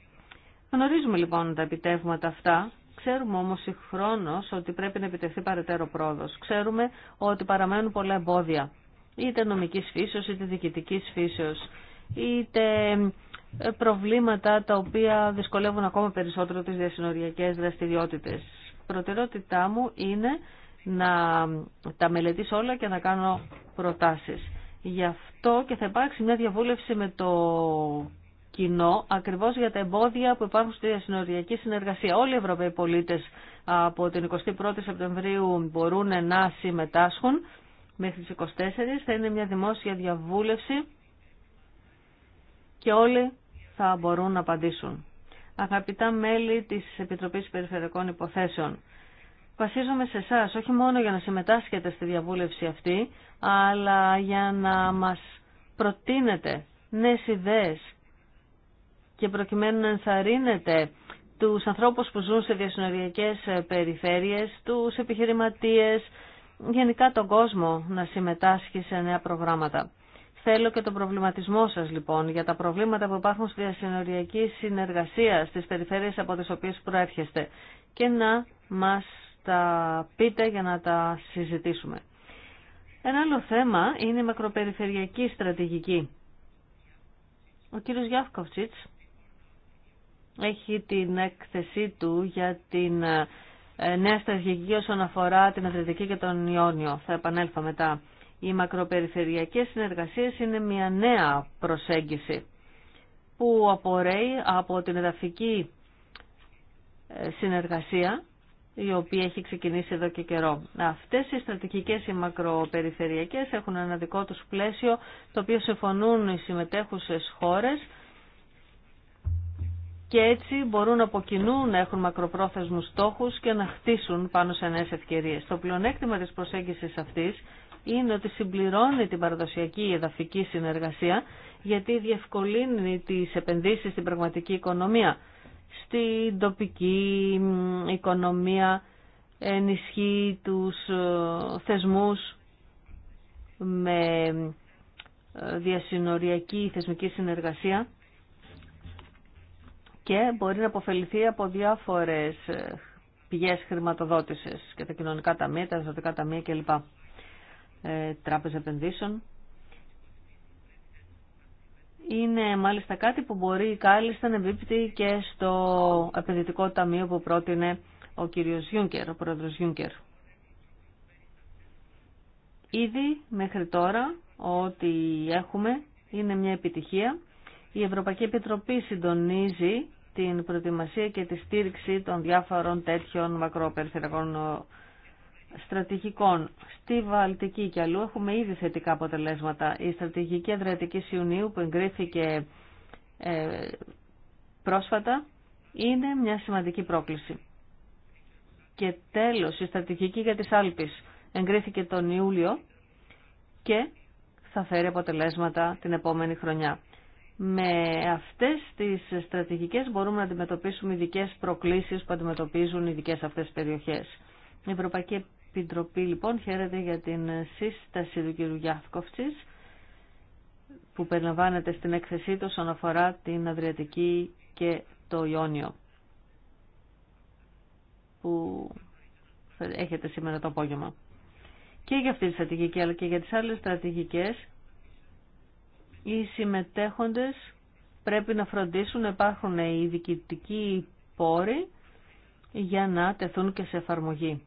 Γνωρίζουμε λοιπόν τα επιτεύγματα αυτά. Ξέρουμε όμως συγχρόνως ότι πρέπει να επιτευχθεί παρετέρω πρόοδος. Ξέρουμε ότι παραμένουν πολλά εμπόδια, είτε νομικής φύσεως, είτε διοικητικής φύσεως, είτε ε, προβλήματα τα οποία δυσκολεύουν ακόμα περισσότερο τις διασυνοριακές δραστηριότητες προτεραιότητά μου είναι να τα μελετήσω όλα και να κάνω προτάσεις. Γι' αυτό και θα υπάρξει μια διαβούλευση με το κοινό ακριβώς για τα εμπόδια που υπάρχουν στη διασυνοριακή συνεργασία. Όλοι οι Ευρωπαίοι πολίτες από την 21η Σεπτεμβρίου μπορούν να συμμετάσχουν μέχρι τις 24. Θα είναι μια δημόσια διαβούλευση και όλοι θα μπορούν να απαντήσουν αγαπητά μέλη της Επιτροπής Περιφερειακών Υποθέσεων. Βασίζομαι σε εσά όχι μόνο για να συμμετάσχετε στη διαβούλευση αυτή, αλλά για να μας προτείνετε νέες ιδέες και προκειμένου να ενθαρρύνετε τους ανθρώπους που ζουν σε διασυνοριακές περιφέρειες, τους επιχειρηματίες, γενικά τον κόσμο να συμμετάσχει σε νέα προγράμματα. Θέλω και τον προβληματισμό σας λοιπόν για τα προβλήματα που υπάρχουν στη διασυνοριακή συνεργασία στι περιφέρειες από τι οποίες προέρχεστε και να μας τα πείτε για να τα συζητήσουμε. Ένα άλλο θέμα είναι η μακροπεριφερειακή στρατηγική. Ο κύριος Γιάφκοφτσιτς έχει την έκθεσή του για την ε, νέα στρατηγική όσον αφορά την Αδρυτική και τον Ιόνιο. Θα επανέλθω μετά. Οι μακροπεριφερειακές συνεργασίες είναι μια νέα προσέγγιση που απορρέει από την εδαφική ε, συνεργασία η οποία έχει ξεκινήσει εδώ και καιρό. Αυτές οι στρατηγικές οι μακροπεριφερειακές έχουν ένα δικό τους πλαίσιο το οποίο συμφωνούν οι συμμετέχουσες χώρες και έτσι μπορούν από κοινού να έχουν μακροπρόθεσμους στόχους και να χτίσουν πάνω σε νέες ευκαιρίες. Το πλεονέκτημα της προσέγγισης αυτής είναι ότι συμπληρώνει την παραδοσιακή εδαφική συνεργασία γιατί διευκολύνει τις επενδύσεις στην πραγματική οικονομία, στην τοπική οικονομία, ενισχύει τους ε, θεσμούς με ε, διασυνοριακή θεσμική συνεργασία και μπορεί να αποφεληθεί από διάφορες ε, πηγές χρηματοδότησης και τα κοινωνικά ταμεία, τα ζωτικά ταμεία κλπ. Ε, Τράπεζα Επενδύσεων. Είναι μάλιστα κάτι που μπορεί κάλλιστα να εμπίπτει και στο επενδυτικό ταμείο που πρότεινε ο κύριος Γιούνκερ, ο πρόεδρος Γιούνκερ. Ήδη μέχρι τώρα ό,τι έχουμε είναι μια επιτυχία. Η Ευρωπαϊκή Επιτροπή συντονίζει την προετοιμασία και τη στήριξη των διάφορων τέτοιων μακροπεριφερειακών στρατηγικών στη Βαλτική και αλλού έχουμε ήδη θετικά αποτελέσματα. Η στρατηγική Αδριατική Ιουνίου που εγκρίθηκε ε, πρόσφατα είναι μια σημαντική πρόκληση. Και τέλος, η στρατηγική για τις Άλπεις εγκρίθηκε τον Ιούλιο και θα φέρει αποτελέσματα την επόμενη χρονιά. Με αυτές τις στρατηγικές μπορούμε να αντιμετωπίσουμε ειδικέ προκλήσεις που αντιμετωπίζουν ειδικέ αυτές περιοχές. Η Ευρωπαϊκή Επιτροπή λοιπόν χαίρεται για την σύσταση του κ. Γιάθκοφτσης που περιλαμβάνεται στην έκθεσή του όσον αφορά την Αδριατική και το Ιόνιο που έχετε σήμερα το απόγευμα. Και για αυτή τη στρατηγική αλλά και για τις άλλες στρατηγικές οι συμμετέχοντες πρέπει να φροντίσουν να υπάρχουν οι διοικητικοί πόροι για να τεθούν και σε εφαρμογή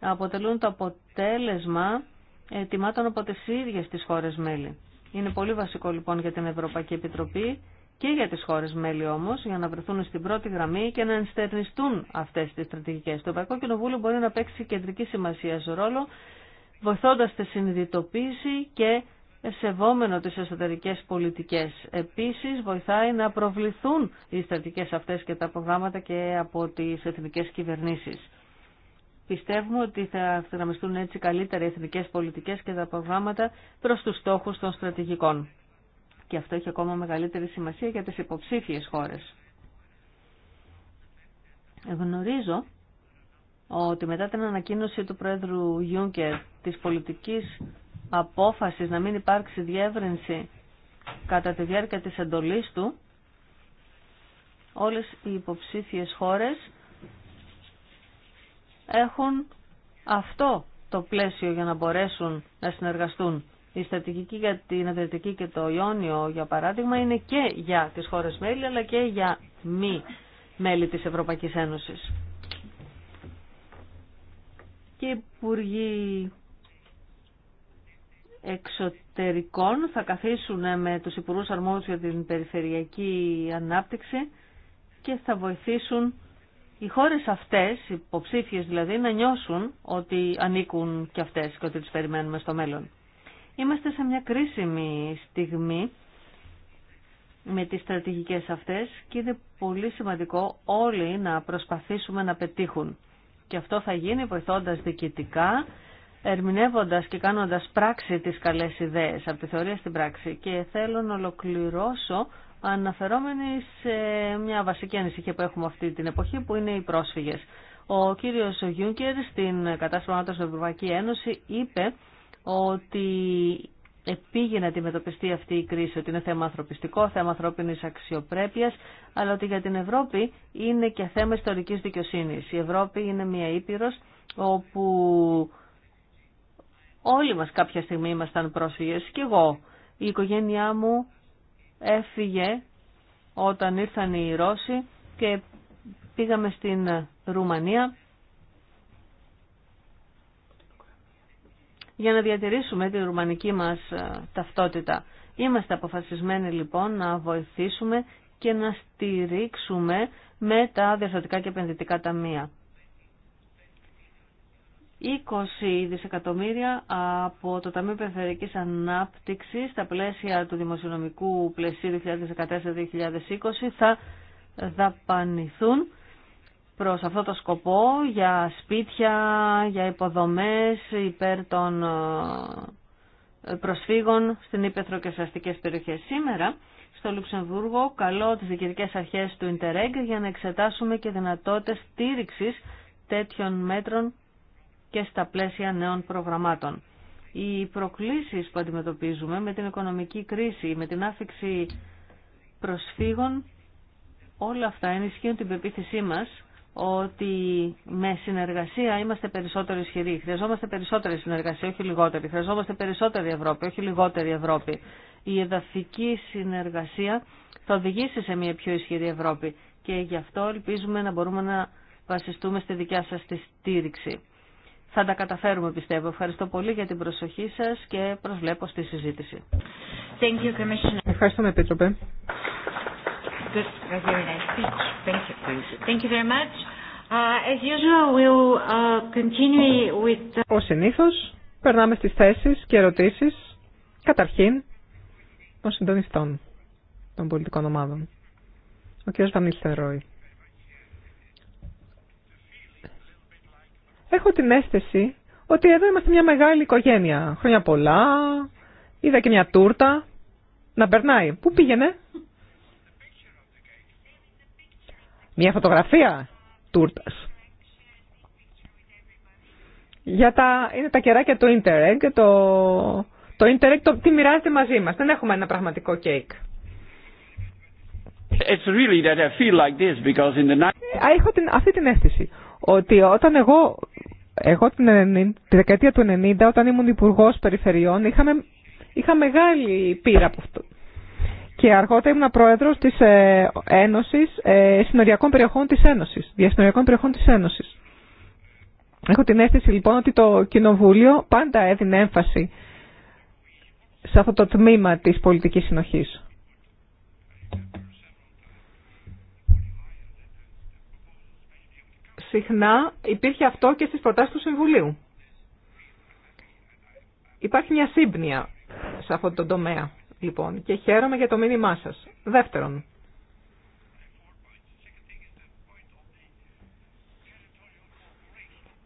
αποτελούν το αποτέλεσμα ετοιμάτων από τις ίδιες τις χώρες μέλη. Είναι πολύ βασικό λοιπόν για την Ευρωπαϊκή Επιτροπή και για τις χώρες μέλη όμως για να βρεθούν στην πρώτη γραμμή και να ενστερνιστούν αυτές τις στρατηγικές. Το Ευρωπαϊκό Κοινοβούλιο μπορεί να παίξει κεντρική σημασία ρόλο βοηθώντας τη συνειδητοποίηση και σεβόμενο τις εσωτερικές πολιτικές. Επίσης βοηθάει να προβληθούν οι στρατηγικές αυτές και τα προγράμματα και από τις εθνικές κυβερνήσεις. Πιστεύουμε ότι θα γραμμιστούν έτσι καλύτερα οι εθνικές πολιτικές και τα προγράμματα προς τους στόχους των στρατηγικών. Και αυτό έχει ακόμα μεγαλύτερη σημασία για τις υποψήφιες χώρες. Γνωρίζω ότι μετά την ανακοίνωση του Πρόεδρου Γιούγκερ της πολιτικής απόφασης να μην υπάρξει διεύρυνση κατά τη διάρκεια της εντολής του, όλες οι υποψήφιες χώρες έχουν αυτό το πλαίσιο για να μπορέσουν να συνεργαστούν. Η στρατηγική για την Αδριατική και το Ιόνιο, για παράδειγμα, είναι και για τις χώρες μέλη, αλλά και για μη μέλη της Ευρωπαϊκής Ένωσης. Και οι Υπουργοί Εξωτερικών θα καθίσουν με τους Υπουργούς Αρμόδιους για την Περιφερειακή Ανάπτυξη και θα βοηθήσουν οι χώρες αυτές, οι υποψήφιες δηλαδή, να νιώσουν ότι ανήκουν και αυτές και ότι τις περιμένουμε στο μέλλον. Είμαστε σε μια κρίσιμη στιγμή με τις στρατηγικές αυτές και είναι πολύ σημαντικό όλοι να προσπαθήσουμε να πετύχουν. Και αυτό θα γίνει βοηθώντας διοικητικά, ερμηνεύοντας και κάνοντας πράξη τις καλές ιδέες από τη θεωρία στην πράξη. Και θέλω να ολοκληρώσω αναφερόμενοι σε μια βασική ανησυχία που έχουμε αυτή την εποχή που είναι οι πρόσφυγες. Ο κύριος Γιούγκερ στην κατάσταση του στην Ευρωπαϊκή Ένωση είπε ότι πήγε να αντιμετωπιστεί αυτή η κρίση, ότι είναι θέμα ανθρωπιστικό, θέμα ανθρώπινη αξιοπρέπεια, αλλά ότι για την Ευρώπη είναι και θέμα ιστορική δικαιοσύνη. Η Ευρώπη είναι μια ήπειρο όπου όλοι μα κάποια στιγμή ήμασταν πρόσφυγε, και εγώ. Η οικογένειά μου έφυγε όταν ήρθαν οι Ρώσοι και πήγαμε στην Ρουμανία για να διατηρήσουμε τη ρουμανική μας ε, ταυτότητα. Είμαστε αποφασισμένοι λοιπόν να βοηθήσουμε και να στηρίξουμε με τα διαστατικά και επενδυτικά ταμεία. 20 δισεκατομμύρια από το Ταμείο Περιφερειακής Ανάπτυξης στα πλαίσια του Δημοσιονομικού Πλαισίου 2014-2020 θα δαπανηθούν προς αυτό το σκοπό για σπίτια, για υποδομές υπέρ των ε, προσφύγων στην Ήπεθρο και στις αστικές περιοχές. Σήμερα στο Λουξεμβούργο καλώ τις διοικητικές αρχές του Ιντερέγκ για να εξετάσουμε και δυνατότητες στήριξης τέτοιων μέτρων και στα πλαίσια νέων προγραμμάτων. Οι προκλήσεις που αντιμετωπίζουμε με την οικονομική κρίση, με την άφηξη προσφύγων, όλα αυτά ενισχύουν την πεποίθησή μας ότι με συνεργασία είμαστε περισσότερο ισχυροί. Χρειαζόμαστε περισσότερη συνεργασία, όχι λιγότερη. Χρειαζόμαστε περισσότερη Ευρώπη, όχι λιγότερη Ευρώπη. Η εδαφική συνεργασία θα οδηγήσει σε μια πιο ισχυρή Ευρώπη και γι' αυτό ελπίζουμε να μπορούμε να βασιστούμε στη δικιά σας τη στήριξη θα τα καταφέρουμε πιστεύω. Ευχαριστώ πολύ για την προσοχή σας και προσβλέπω στη συζήτηση. Thank you, Ευχαριστούμε, Επίτροπε. Ως συνήθως, περνάμε στις θέσεις και ερωτήσεις, καταρχήν, των συντονιστών των πολιτικών ομάδων. Ο κ. Βανίλ Ρόι. έχω την αίσθηση ότι εδώ είμαστε μια μεγάλη οικογένεια. Χρόνια πολλά, είδα και μια τούρτα να περνάει. Πού πήγαινε? Μια φωτογραφία τούρτας. Για τα, είναι τα κεράκια του Interreg, το, το Interreg τι μοιράζεται μαζί μας. Δεν έχουμε ένα πραγματικό κέικ. It's Έχω αυτή την αίσθηση ότι όταν εγώ εγώ την, τη δεκαετία του 90 όταν ήμουν υπουργό περιφερειών είχαμε, είχα μεγάλη πείρα από αυτό. Και αργότερα ήμουν πρόεδρος της ε, Ένωσης ε, Συνοριακών Περιοχών της Ένωσης, Διασυνοριακών Περιοχών της Ένωσης. Έχω την αίσθηση λοιπόν ότι το Κοινοβούλιο πάντα έδινε έμφαση σε αυτό το τμήμα της πολιτικής συνοχής. συχνά υπήρχε αυτό και στις προτάσεις του Συμβουλίου. Υπάρχει μια σύμπνοια σε αυτόν τον τομέα, λοιπόν, και χαίρομαι για το μήνυμά σας. Δεύτερον,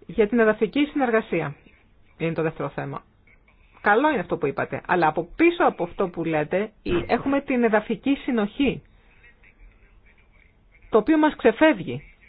για την εδαφική συνεργασία είναι το δεύτερο θέμα. Καλό είναι αυτό που είπατε, αλλά από πίσω από αυτό που λέτε έχουμε την εδαφική συνοχή, το οποίο μας ξεφεύγει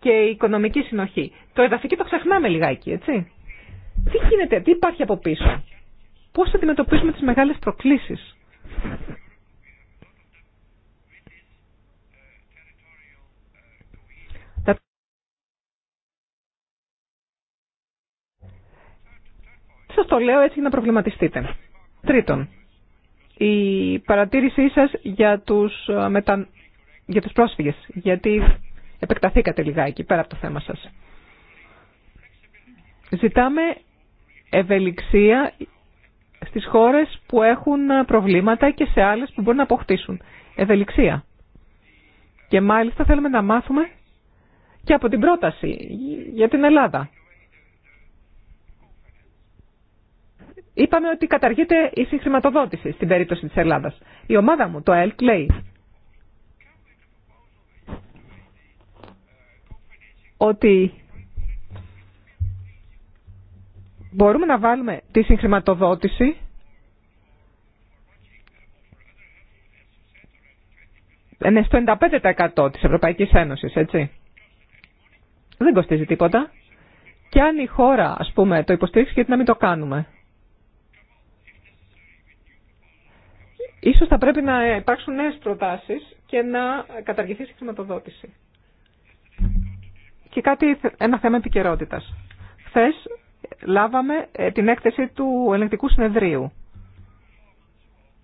και η οικονομική συνοχή. Το εδαφική το ξεχνάμε λιγάκι, έτσι. Τι γίνεται, τι υπάρχει από πίσω. Πώς αντιμετωπίζουμε τις μεγάλες προκλήσεις. Σας το λέω έτσι για να προβληματιστείτε. Τρίτον, η παρατήρησή σας για τους, ε, μετα... για τους πρόσφυγες. Γιατί επεκταθήκατε λιγάκι πέρα από το θέμα σας. Ζητάμε ευελιξία στις χώρες που έχουν προβλήματα και σε άλλες που μπορούν να αποκτήσουν. Ευελιξία. Και μάλιστα θέλουμε να μάθουμε και από την πρόταση για την Ελλάδα. Είπαμε ότι καταργείται η συγχρηματοδότηση στην περίπτωση της Ελλάδας. Η ομάδα μου, το ΕΛΚ, λέει ότι μπορούμε να βάλουμε τη συγχρηματοδότηση είναι στο 95% της Ευρωπαϊκής Ένωσης, έτσι. Δεν κοστίζει τίποτα. Και αν η χώρα, ας πούμε, το υποστήριξει, γιατί να μην το κάνουμε. Ίσως θα πρέπει να υπάρξουν νέες προτάσεις και να καταργηθεί η χρηματοδότηση. Και κάτι, ένα θέμα επικαιρότητα. Χθε λάβαμε ε, την έκθεση του ελεγκτικού συνεδρίου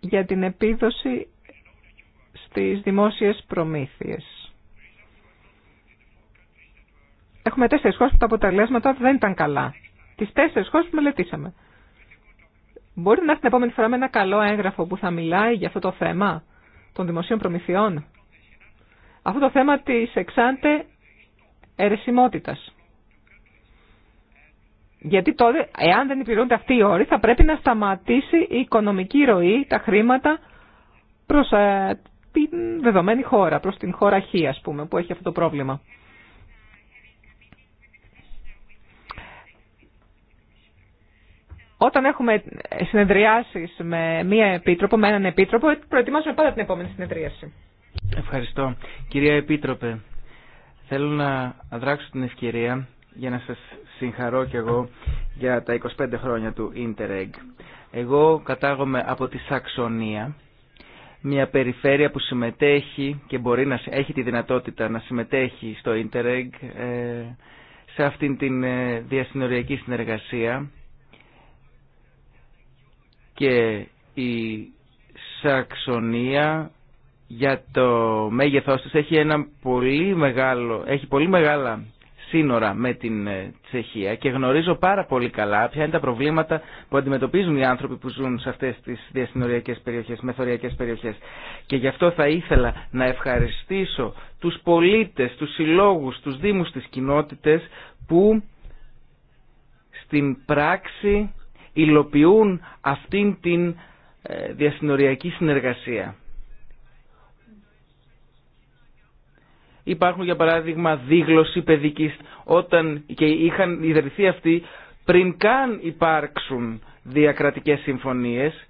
για την επίδοση στις δημόσιες προμήθειες. Έχουμε τέσσερις χώρες που τα αποτελέσματα δεν ήταν καλά. Τις τέσσερις χώρες που μελετήσαμε. Μπορεί να έρθει την επόμενη φορά με ένα καλό έγγραφο που θα μιλάει για αυτό το θέμα των δημοσίων προμηθειών. Αυτό το θέμα της εξάντε ερεσιμότητας. Γιατί τότε, εάν δεν υπηρεούνται αυτοί οι όροι, θα πρέπει να σταματήσει η οικονομική ροή, τα χρήματα προς ε, την δεδομένη χώρα, προς την χώρα Χ, ας πούμε, που έχει αυτό το πρόβλημα. Όταν έχουμε συνεδριάσεις με μία επίτροπο, με έναν επίτροπο, προετοιμάζουμε πάντα την επόμενη συνεδρίαση. Ευχαριστώ. Κυρία Επίτροπε, Θέλω να δράξω την ευκαιρία για να σας συγχαρώ κι εγώ για τα 25 χρόνια του Interreg. Εγώ κατάγομαι από τη Σαξονία, μια περιφέρεια που συμμετέχει και μπορεί να έχει τη δυνατότητα να συμμετέχει στο Interreg ε, σε αυτήν την ε, διασυνοριακή συνεργασία και η Σαξονία για το μέγεθός της έχει, ένα πολύ μεγάλο, έχει πολύ μεγάλα σύνορα με την ε, Τσεχία και γνωρίζω πάρα πολύ καλά ποια είναι τα προβλήματα που αντιμετωπίζουν οι άνθρωποι που ζουν σε αυτές τις διασυνοριακές περιοχές, μεθοριακές περιοχές. Και γι' αυτό θα ήθελα να ευχαριστήσω τους πολίτες, τους συλλόγους, τους δήμους της κοινότητες που στην πράξη υλοποιούν αυτήν την ε, διασυνοριακή συνεργασία. υπάρχουν για παράδειγμα δίγλωση παιδικής όταν και είχαν ιδρυθεί αυτοί πριν καν υπάρξουν διακρατικές συμφωνίες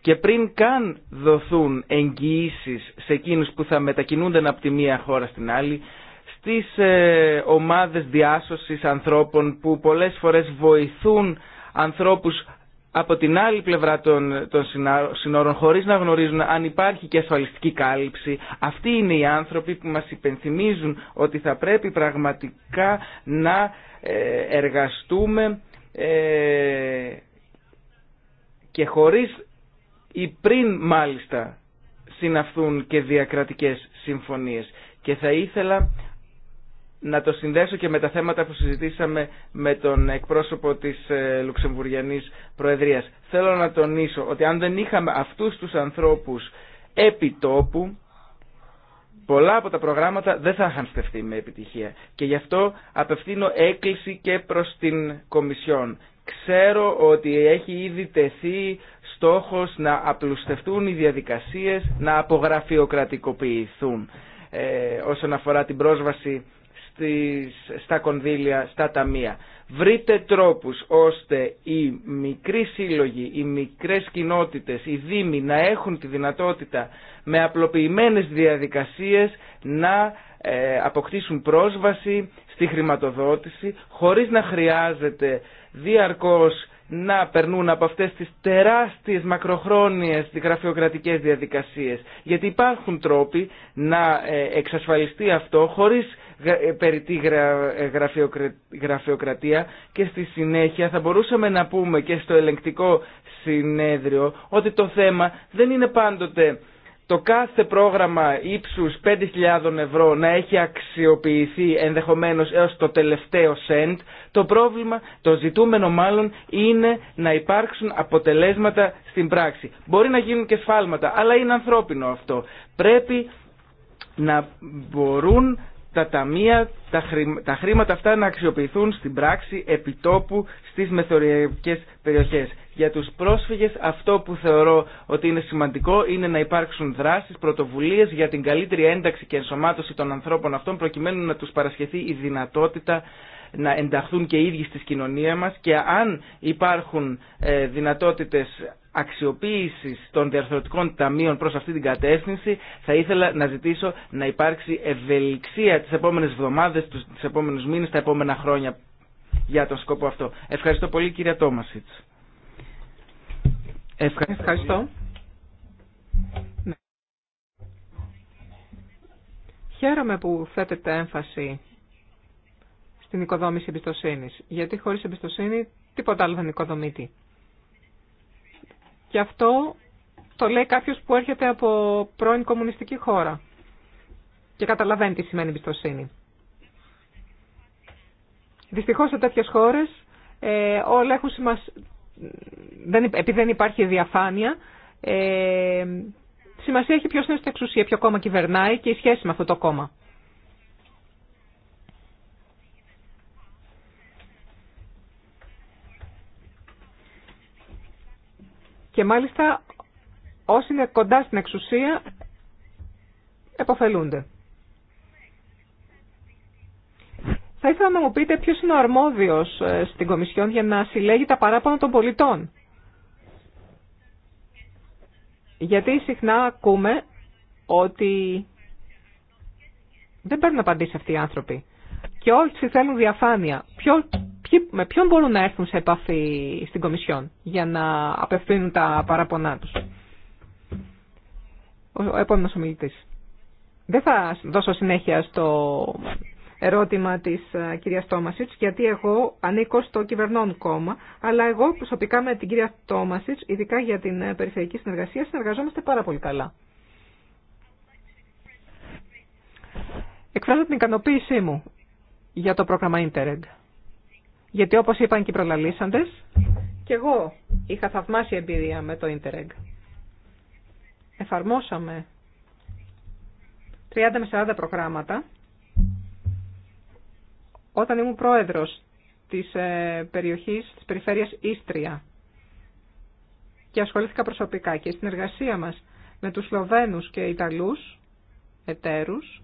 και πριν καν δοθούν εγγυήσει σε εκείνους που θα μετακινούνται από τη μία χώρα στην άλλη, στις ε, ομάδες διάσωσης ανθρώπων που πολλές φορές βοηθούν ανθρώπους από την άλλη πλευρά των, των συνόρων χωρίς να γνωρίζουν αν υπάρχει και ασφαλιστική κάλυψη. Αυτοί είναι οι άνθρωποι που μας υπενθυμίζουν ότι θα πρέπει πραγματικά να ε, εργαστούμε ε, και χωρίς ή πριν μάλιστα συναυθούν και διακρατικές συμφωνίες. Και θα ήθελα να το συνδέσω και με τα θέματα που συζητήσαμε με τον εκπρόσωπο της ε, Λουξεμβουριανής Προεδρίας. Θέλω να τονίσω ότι αν δεν είχαμε αυτούς τους ανθρώπους επί τόπου, πολλά από τα προγράμματα δεν θα είχαν στεφτεί με επιτυχία. Και γι' αυτό απευθύνω έκκληση και προς την Κομισιόν. Ξέρω ότι έχει ήδη τεθεί στόχος να απλουστευτούν οι διαδικασίες, να απογραφειοκρατικοποιηθούν ε, όσον αφορά την πρόσβαση στις, στα κονδύλια, στα ταμεία. Βρείτε τρόπους ώστε οι μικροί σύλλογοι, οι μικρές κοινότητες, οι δήμοι να έχουν τη δυνατότητα με απλοποιημένες διαδικασίες να ε, αποκτήσουν πρόσβαση στη χρηματοδότηση χωρίς να χρειάζεται διαρκώς να περνούν από αυτές τις τεράστιες μακροχρόνιες γραφειοκρατικές διαδικασίες. Γιατί υπάρχουν τρόποι να ε, εξασφαλιστεί αυτό χωρίς ε, περιττή ε, γραφειοκρατία και στη συνέχεια θα μπορούσαμε να πούμε και στο ελεγκτικό συνέδριο ότι το θέμα δεν είναι πάντοτε το κάθε πρόγραμμα ύψους 5.000 ευρώ να έχει αξιοποιηθεί ενδεχομένως έως το τελευταίο σέντ, το πρόβλημα, το ζητούμενο μάλλον, είναι να υπάρξουν αποτελέσματα στην πράξη. Μπορεί να γίνουν και σφάλματα, αλλά είναι ανθρώπινο αυτό. Πρέπει να μπορούν τα ταμεία, τα χρήματα αυτά να αξιοποιηθούν στην πράξη επιτόπου στις μεθοριακές περιοχές. Για τους πρόσφυγες αυτό που θεωρώ ότι είναι σημαντικό είναι να υπάρξουν δράσεις, πρωτοβουλίες για την καλύτερη ένταξη και ενσωμάτωση των ανθρώπων αυτών προκειμένου να τους παρασχεθεί η δυνατότητα να ενταχθούν και οι ίδιοι στη κοινωνία μας και αν υπάρχουν ε, δυνατότητες αξιοποίησης των διαρθρωτικών ταμείων προς αυτή την κατεύθυνση θα ήθελα να ζητήσω να υπάρξει ευελιξία τις επόμενες εβδομάδες, τις επόμενες μήνες, τα επόμενα χρόνια για τον σκοπό αυτό. Ευχαριστώ πολύ κυρία Τόμασιτς. Ευχαριστώ. Ευχαριστώ. Ναι. Χαίρομαι που θέτετε έμφαση την οικοδόμηση εμπιστοσύνης. Γιατί χωρίς εμπιστοσύνη τίποτα άλλο δεν οικοδομείται. Και αυτό το λέει κάποιο που έρχεται από πρώην κομμουνιστική χώρα και καταλαβαίνει τι σημαίνει εμπιστοσύνη. Δυστυχώ σε τέτοιε χώρε ε, όλα έχουν σημασία, επειδή δεν υπάρχει διαφάνεια, ε, σημασία έχει ποιο είναι στην εξουσία, ποιο κόμμα κυβερνάει και η σχέση με αυτό το κόμμα. Και μάλιστα όσοι είναι κοντά στην εξουσία εποφελούνται. Θα ήθελα να μου πείτε ποιος είναι ο αρμόδιος ε, στην Κομισιόν για να συλλέγει τα παράπονα των πολιτών. Γιατί συχνά ακούμε ότι δεν παίρνουν απαντήσει αυτοί οι άνθρωποι. Και όλοι θέλουν διαφάνεια. Ποιο ποιοι, με ποιον μπορούν να έρθουν σε επαφή στην Κομισιόν για να απευθύνουν τα παραπονά τους. Ο επόμενος ομιλητής. Δεν θα δώσω συνέχεια στο ερώτημα της κυρίας Τόμασιτς, γιατί εγώ ανήκω στο κυβερνών κόμμα, αλλά εγώ προσωπικά με την κυρία Τόμασιτς, ειδικά για την ε, περιφερειακή συνεργασία, συνεργαζόμαστε πάρα πολύ καλά. Εκφράζω την ικανοποίησή μου για το πρόγραμμα Interreg. Γιατί όπως είπαν και οι προλαλήσαντε, και εγώ είχα θαυμάσει εμπειρία με το Interreg. Εφαρμόσαμε 30 με 40 προγράμματα. Όταν ήμουν πρόεδρος της ε, περιοχής, της περιφέρειας Ίστρια και ασχολήθηκα προσωπικά και η συνεργασία μας με τους Σλοβαίνους και Ιταλούς εταίρους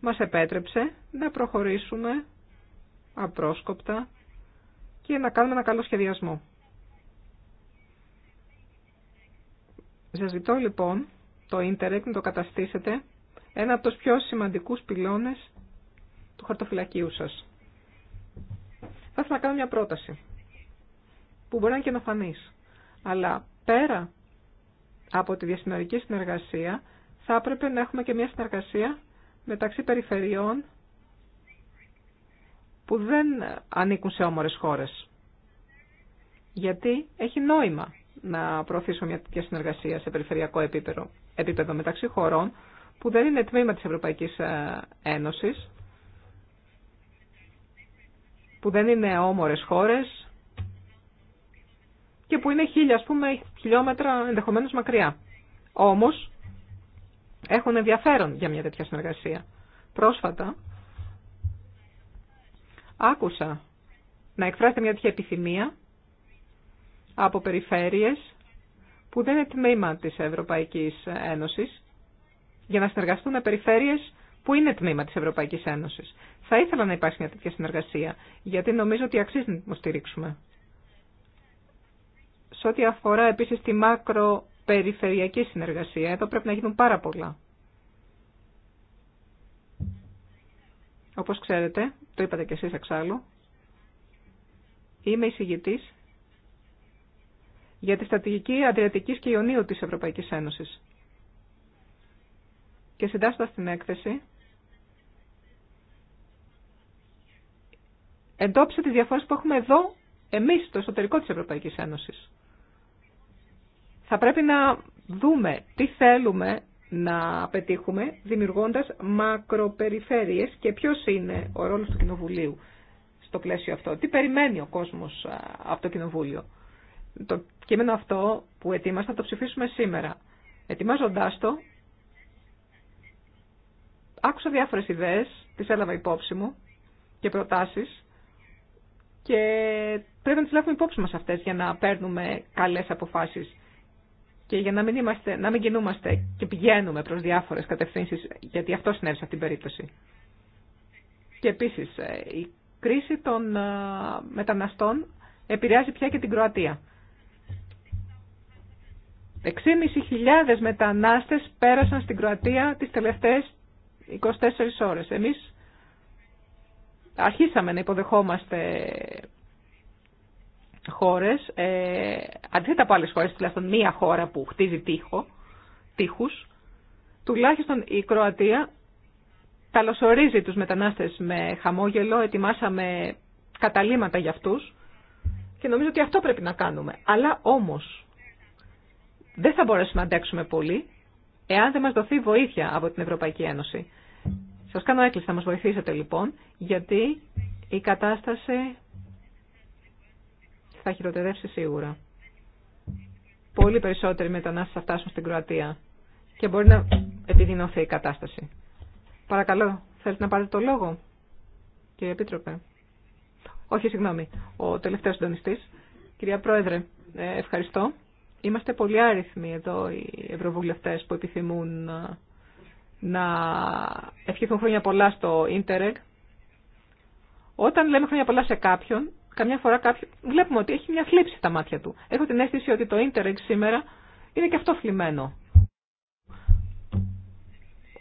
μας επέτρεψε να προχωρήσουμε απρόσκοπτα και να κάνουμε ένα καλό σχεδιασμό. Σας ζητώ λοιπόν το ίντερνετ να το καταστήσετε ένα από τους πιο σημαντικούς πυλώνες του χαρτοφυλακίου σας. Θα ήθελα να κάνω μια πρόταση που μπορεί να είναι καινοφανής, αλλά πέρα από τη διασυνορική συνεργασία θα έπρεπε να έχουμε και μια συνεργασία μεταξύ περιφερειών που δεν ανήκουν σε όμορες χώρες. Γιατί έχει νόημα να προωθήσουμε μια τέτοια συνεργασία σε περιφερειακό επίπεδο, επίπεδο μεταξύ χωρών που δεν είναι τμήμα της Ευρωπαϊκής ε, Ένωσης, που δεν είναι όμορες χώρες και που είναι χίλια, ας πούμε, χιλιόμετρα ενδεχομένως μακριά. Όμως, έχουν ενδιαφέρον για μια τέτοια συνεργασία. Πρόσφατα, άκουσα να εκφράσετε μια τέτοια επιθυμία από περιφέρειες που δεν είναι τμήμα της Ευρωπαϊκής Ένωσης για να συνεργαστούν με περιφέρειες που είναι τμήμα της Ευρωπαϊκής Ένωσης. Θα ήθελα να υπάρξει μια τέτοια συνεργασία, γιατί νομίζω ότι αξίζει να μου στηρίξουμε. Σε ό,τι αφορά επίσης τη μακροπεριφερειακή συνεργασία, εδώ πρέπει να γίνουν πάρα πολλά. Όπως ξέρετε, το είπατε και εσείς εξάλλου, είμαι εισηγητής για τη στρατηγική Αδριατικής και Ιωνίου της Ευρωπαϊκής Ένωσης. Και συντάσσοντας την έκθεση, εντόπισε τις διαφορές που έχουμε εδώ εμείς στο εσωτερικό της Ευρωπαϊκής Ένωσης. Θα πρέπει να δούμε τι θέλουμε να πετύχουμε δημιουργώντας μακροπεριφέρειες και ποιος είναι ο ρόλος του Κοινοβουλίου στο πλαίσιο αυτό. Τι περιμένει ο κόσμος από το Κοινοβούλιο. Το κείμενο αυτό που ετοίμασα να το ψηφίσουμε σήμερα. Ετοιμάζοντάς το, άκουσα διάφορες ιδέες, τις έλαβα υπόψη μου και προτάσεις και πρέπει να τις λάβουμε υπόψη μας αυτές για να παίρνουμε καλές αποφάσεις και για να μην, είμαστε, να μην κινούμαστε και πηγαίνουμε προς διάφορες κατευθύνσεις, γιατί αυτό συνέβη σε αυτήν την περίπτωση. Και επίσης, ε, η κρίση των ε, μεταναστών επηρεάζει πια και την Κροατία. 6.500 μετανάστες πέρασαν στην Κροατία τις τελευταίες 24 ώρες. Εμείς αρχίσαμε να υποδεχόμαστε χώρες, ε, αντίθετα από άλλε χώρε, τουλάχιστον μία χώρα που χτίζει τείχο, τείχους, τουλάχιστον η Κροατία καλωσορίζει τους μετανάστες με χαμόγελο, ετοιμάσαμε καταλήματα για αυτούς και νομίζω ότι αυτό πρέπει να κάνουμε. Αλλά όμως δεν θα μπορέσουμε να αντέξουμε πολύ εάν δεν μας δοθεί βοήθεια από την Ευρωπαϊκή Ένωση. Σας κάνω έκκληση να μα βοηθήσετε λοιπόν, γιατί η κατάσταση θα χειροτερεύσει σίγουρα. Πολύ περισσότεροι μετανάστες θα φτάσουν στην Κροατία και μπορεί να επιδεινωθεί η κατάσταση. Παρακαλώ, θέλετε να πάρετε το λόγο, κύριε Επίτροπε. Όχι, συγγνώμη, ο τελευταίος συντονιστής. Κυρία Πρόεδρε, ε, ευχαριστώ. Είμαστε πολύ άριθμοι εδώ οι ευρωβουλευτές που επιθυμούν ε, να ευχηθούν χρόνια πολλά στο Ίντερεγ. Όταν λέμε χρόνια πολλά σε κάποιον, καμιά φορά κάποιο, βλέπουμε ότι έχει μια θλίψη τα μάτια του. Έχω την αίσθηση ότι το ίντερνετ σήμερα είναι και αυτό θλιμμένο.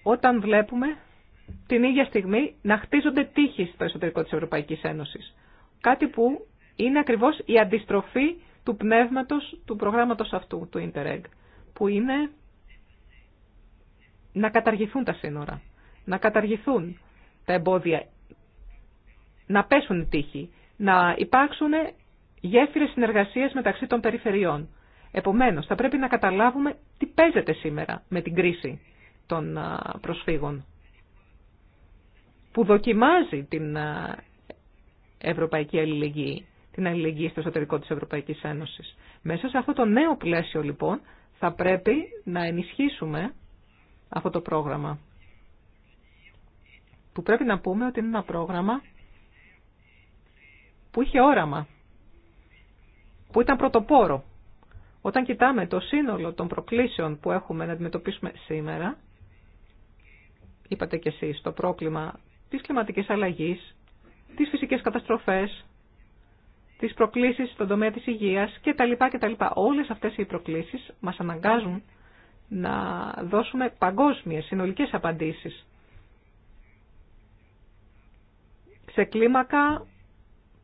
Όταν βλέπουμε την ίδια στιγμή να χτίζονται τείχη στο εσωτερικό της Ευρωπαϊκής Ένωσης. Κάτι που είναι ακριβώς η αντιστροφή του πνεύματος του προγράμματος αυτού, του Interreg, που είναι να καταργηθούν τα σύνορα, να καταργηθούν τα εμπόδια, να πέσουν οι τείχοι, να υπάρξουν γέφυρες συνεργασίας μεταξύ των περιφερειών. Επομένως, θα πρέπει να καταλάβουμε τι παίζεται σήμερα με την κρίση των προσφύγων που δοκιμάζει την ευρωπαϊκή αλληλεγγύη, την αλληλεγγύη στο εσωτερικό της Ευρωπαϊκής Ένωσης. Μέσα σε αυτό το νέο πλαίσιο, λοιπόν, θα πρέπει να ενισχύσουμε αυτό το πρόγραμμα. Που πρέπει να πούμε ότι είναι ένα πρόγραμμα που είχε όραμα, που ήταν πρωτοπόρο. Όταν κοιτάμε το σύνολο των προκλήσεων που έχουμε να αντιμετωπίσουμε σήμερα, είπατε κι εσείς, το πρόκλημα της κλιματικής αλλαγής, τις φυσικές καταστροφές, τις προκλήσεις στον τομέα της υγείας κτλ. λοιπά Όλες αυτές οι προκλήσεις μας αναγκάζουν να δώσουμε παγκόσμιες συνολικές απαντήσεις σε κλίμακα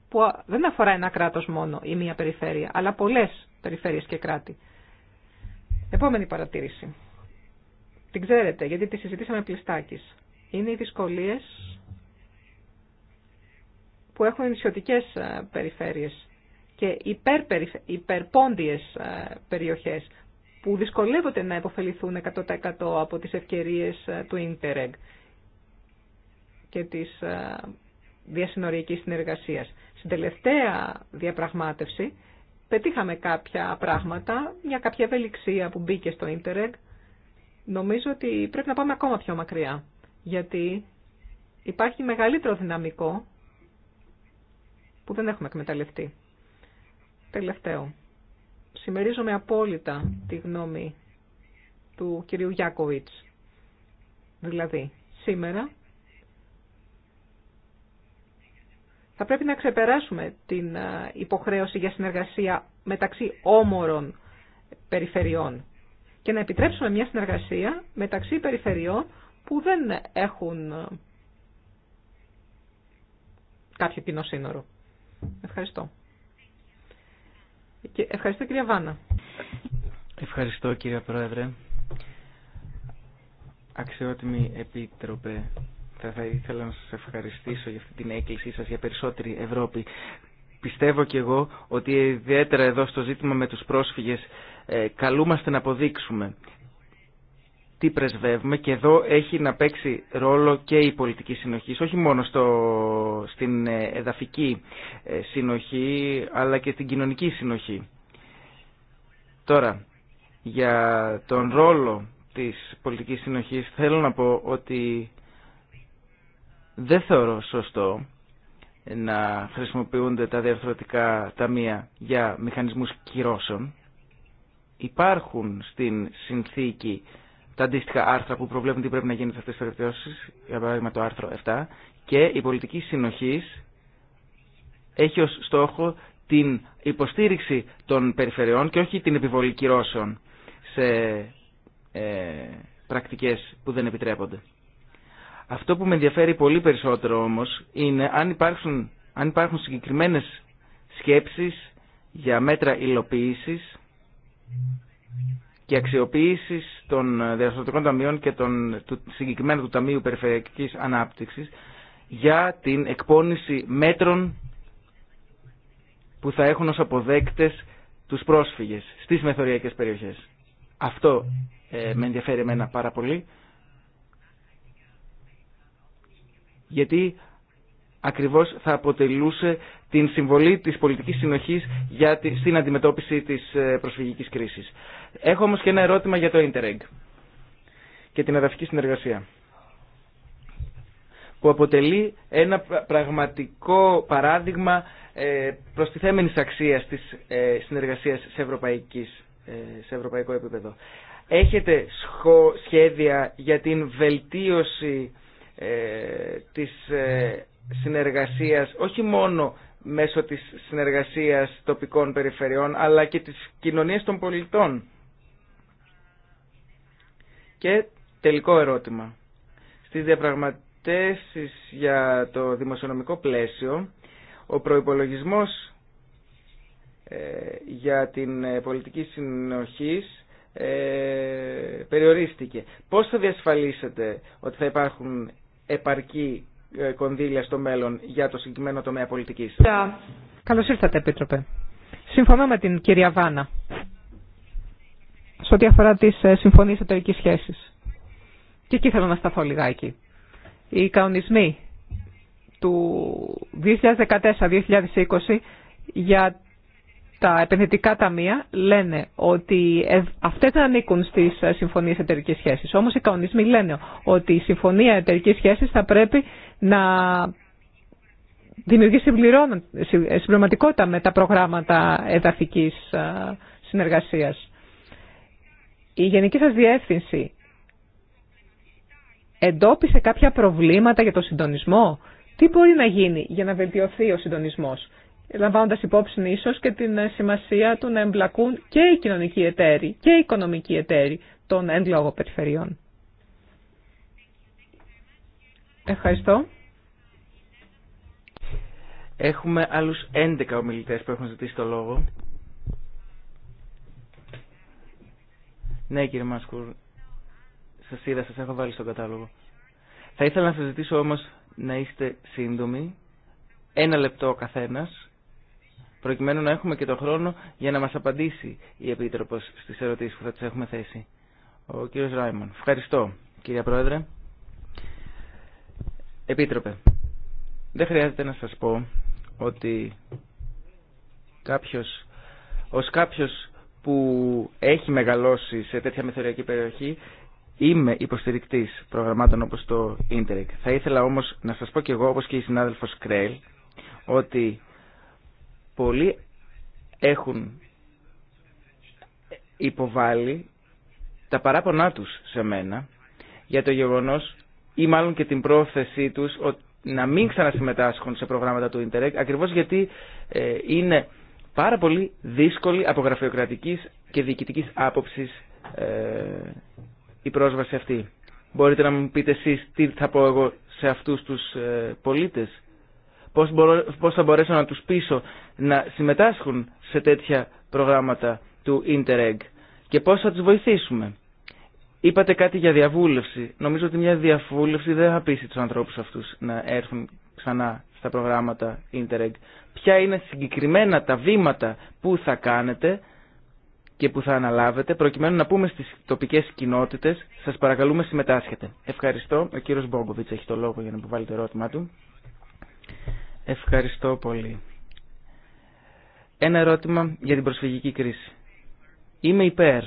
που δεν αφορά ένα κράτος μόνο ή μία περιφέρεια, αλλά πολλές περιφέρειες και κράτη. Επόμενη παρατήρηση. Την ξέρετε, γιατί τη συζητήσαμε πλειστάκης. Είναι οι δυσκολίες που έχουν οι νησιωτικές ε, περιφέρειες και υπερπόντιες ε, περιοχές που δυσκολεύονται να υποφεληθούν 100% από τις ευκαιρίες ε, του Interreg και της διασυνοριακής συνεργασίας. Στην τελευταία διαπραγμάτευση πετύχαμε κάποια πράγματα, μια κάποια ευελιξία που μπήκε στο ίντερεγ. Νομίζω ότι πρέπει να πάμε ακόμα πιο μακριά, γιατί υπάρχει μεγαλύτερο δυναμικό που δεν έχουμε εκμεταλλευτεί. Τελευταίο. Συμμερίζομαι απόλυτα τη γνώμη του κυρίου Γιάκοβιτς. Δηλαδή, σήμερα Θα πρέπει να ξεπεράσουμε την υποχρέωση για συνεργασία μεταξύ όμορων περιφερειών και να επιτρέψουμε μια συνεργασία μεταξύ περιφερειών που δεν έχουν κάποιο κοινό σύνορο. Ευχαριστώ. Ευχαριστώ κυρία Βάνα. Ευχαριστώ κύριε Πρόεδρε. Αξιότιμη Επίτροπε, θα ήθελα να σας ευχαριστήσω για αυτή την έκκλησή σας για περισσότερη Ευρώπη. Πιστεύω και εγώ ότι ιδιαίτερα εδώ στο ζήτημα με τους πρόσφυγες ε, καλούμαστε να αποδείξουμε τι πρεσβεύουμε και εδώ έχει να παίξει ρόλο και η πολιτική συνοχή, όχι μόνο στο, στην ε, εδαφική ε, συνοχή αλλά και στην κοινωνική συνοχή. Τώρα, για τον ρόλο της πολιτικής συνοχής θέλω να πω ότι δεν θεωρώ σωστό να χρησιμοποιούνται τα διαρθρωτικά ταμεία για μηχανισμούς κυρώσεων. Υπάρχουν στην συνθήκη τα αντίστοιχα άρθρα που προβλέπουν τι πρέπει να γίνει σε αυτές τις περιπτώσεις, για παράδειγμα το άρθρο 7, και η πολιτική συνοχής έχει ως στόχο την υποστήριξη των περιφερειών και όχι την επιβολή κυρώσεων σε ε, πρακτικές που δεν επιτρέπονται. Αυτό που με ενδιαφέρει πολύ περισσότερο όμως είναι αν υπάρχουν, αν υπάρχουν συγκεκριμένες σκέψεις για μέτρα υλοποίησης και αξιοποίησης των διαστατικών ταμείων και των, του, συγκεκριμένα του Ταμείου Περιφερειακής Ανάπτυξης για την εκπόνηση μέτρων που θα έχουν ως αποδέκτες τους πρόσφυγες στις μεθοριακές περιοχές. Αυτό ε, με ενδιαφέρει εμένα πάρα πολύ γιατί ακριβώς θα αποτελούσε την συμβολή της πολιτικής συνοχής για τη, στην αντιμετώπιση της ε, προσφυγικής κρίσης. Έχω όμως και ένα ερώτημα για το Interreg και την εδαφική συνεργασία που αποτελεί ένα πραγματικό παράδειγμα ε, προστιθέμενης αξίας της ε, συνεργασίας σε, ευρωπαϊκής, σε ευρωπαϊκό επίπεδο. Έχετε σχέδια για την βελτίωση ε, της ε, συνεργασίας, όχι μόνο μέσω της συνεργασίας τοπικών περιφερειών, αλλά και της κοινωνίας των πολιτών. Και τελικό ερώτημα. Στις διαπραγματεύσεις για το δημοσιονομικό πλαίσιο, ο προϋπολογισμός ε, για την πολιτική συνοχής περιορίστηκε. Πώς θα διασφαλίσετε ότι θα υπάρχουν επαρκή ε, κονδύλια στο μέλλον για το συγκεκριμένο τομέα πολιτική. Καλώ ήρθατε, Επίτροπε. Συμφωνώ με την κυρία Βάνα σε ό,τι αφορά τι ε, συμφωνίε εταιρική σχέση. Και εκεί θέλω να σταθώ λιγάκι. Οι κανονισμοί του 2014-2020 για τα επενδυτικά ταμεία λένε ότι αυτές δεν ανήκουν στις ε, συμφωνίες εταιρική σχέσης. Όμως οι κανονισμοί λένε ότι η συμφωνία εταιρική σχέσης θα πρέπει να δημιουργεί ε, συμπληρωματικότητα με τα προγράμματα εδαφικής ε, συνεργασίας. Η γενική σας διεύθυνση εντόπισε κάποια προβλήματα για το συντονισμό. Τι μπορεί να γίνει για να βελτιωθεί ο συντονισμός. Λαμβάνοντα υπόψη ίσως και την ε, σημασία του να εμπλακούν και οι κοινωνικοί εταίροι και οι οικονομικοί εταίροι των εν λόγω περιφερειών. Ευχαριστώ. Έχουμε άλλους 11 ομιλητές που έχουν ζητήσει το λόγο. Ναι κύριε Μάσκουρ, σας είδα, σας έχω βάλει στον κατάλογο. Θα ήθελα να σας ζητήσω όμως να είστε σύντομοι, ένα λεπτό ο καθένας, προκειμένου να έχουμε και τον χρόνο για να μας απαντήσει η Επίτροπος στις ερωτήσεις που θα τις έχουμε θέσει. Ο κύριος Ράιμον. Ευχαριστώ, κύριε Πρόεδρε. Επίτροπε, δεν χρειάζεται να σας πω ότι κάποιος, ως κάποιος που έχει μεγαλώσει σε τέτοια μεθοριακή περιοχή, είμαι υποστηρικτής προγραμμάτων όπως το Ίντερικ. Θα ήθελα όμως να σας πω και εγώ, όπως και η συνάδελφος Κρέλ, ότι Πολλοί έχουν υποβάλει τα παράπονά τους σε μένα για το γεγονός ή μάλλον και την πρόθεσή τους να μην ξανασυμμετάσχουν σε προγράμματα του Ιντερεκ ακριβώς γιατί ε, είναι πάρα πολύ δύσκολη από γραφειοκρατικής και διοικητικής άποψης ε, η πρόσβαση αυτή. Μπορείτε να μου πείτε εσείς τι θα πω εγώ σε αυτούς τους ε, πολίτες πώς, μπορώ, πώς θα μπορέσω να τους πείσω να συμμετάσχουν σε τέτοια προγράμματα του Interreg και πώς θα τους βοηθήσουμε. Είπατε κάτι για διαβούλευση. Νομίζω ότι μια διαβούλευση δεν θα πείσει τους ανθρώπους αυτούς να έρθουν ξανά στα προγράμματα Interreg. Ποια είναι συγκεκριμένα τα βήματα που θα κάνετε και που θα αναλάβετε προκειμένου να πούμε στις τοπικές κοινότητες σας παρακαλούμε συμμετάσχετε. Ευχαριστώ. Ο κύριος Μπόγκοβιτς έχει το λόγο για να υποβάλει το ερώτημά του. Ευχαριστώ πολύ. Ένα ερώτημα για την προσφυγική κρίση. Είμαι υπέρ.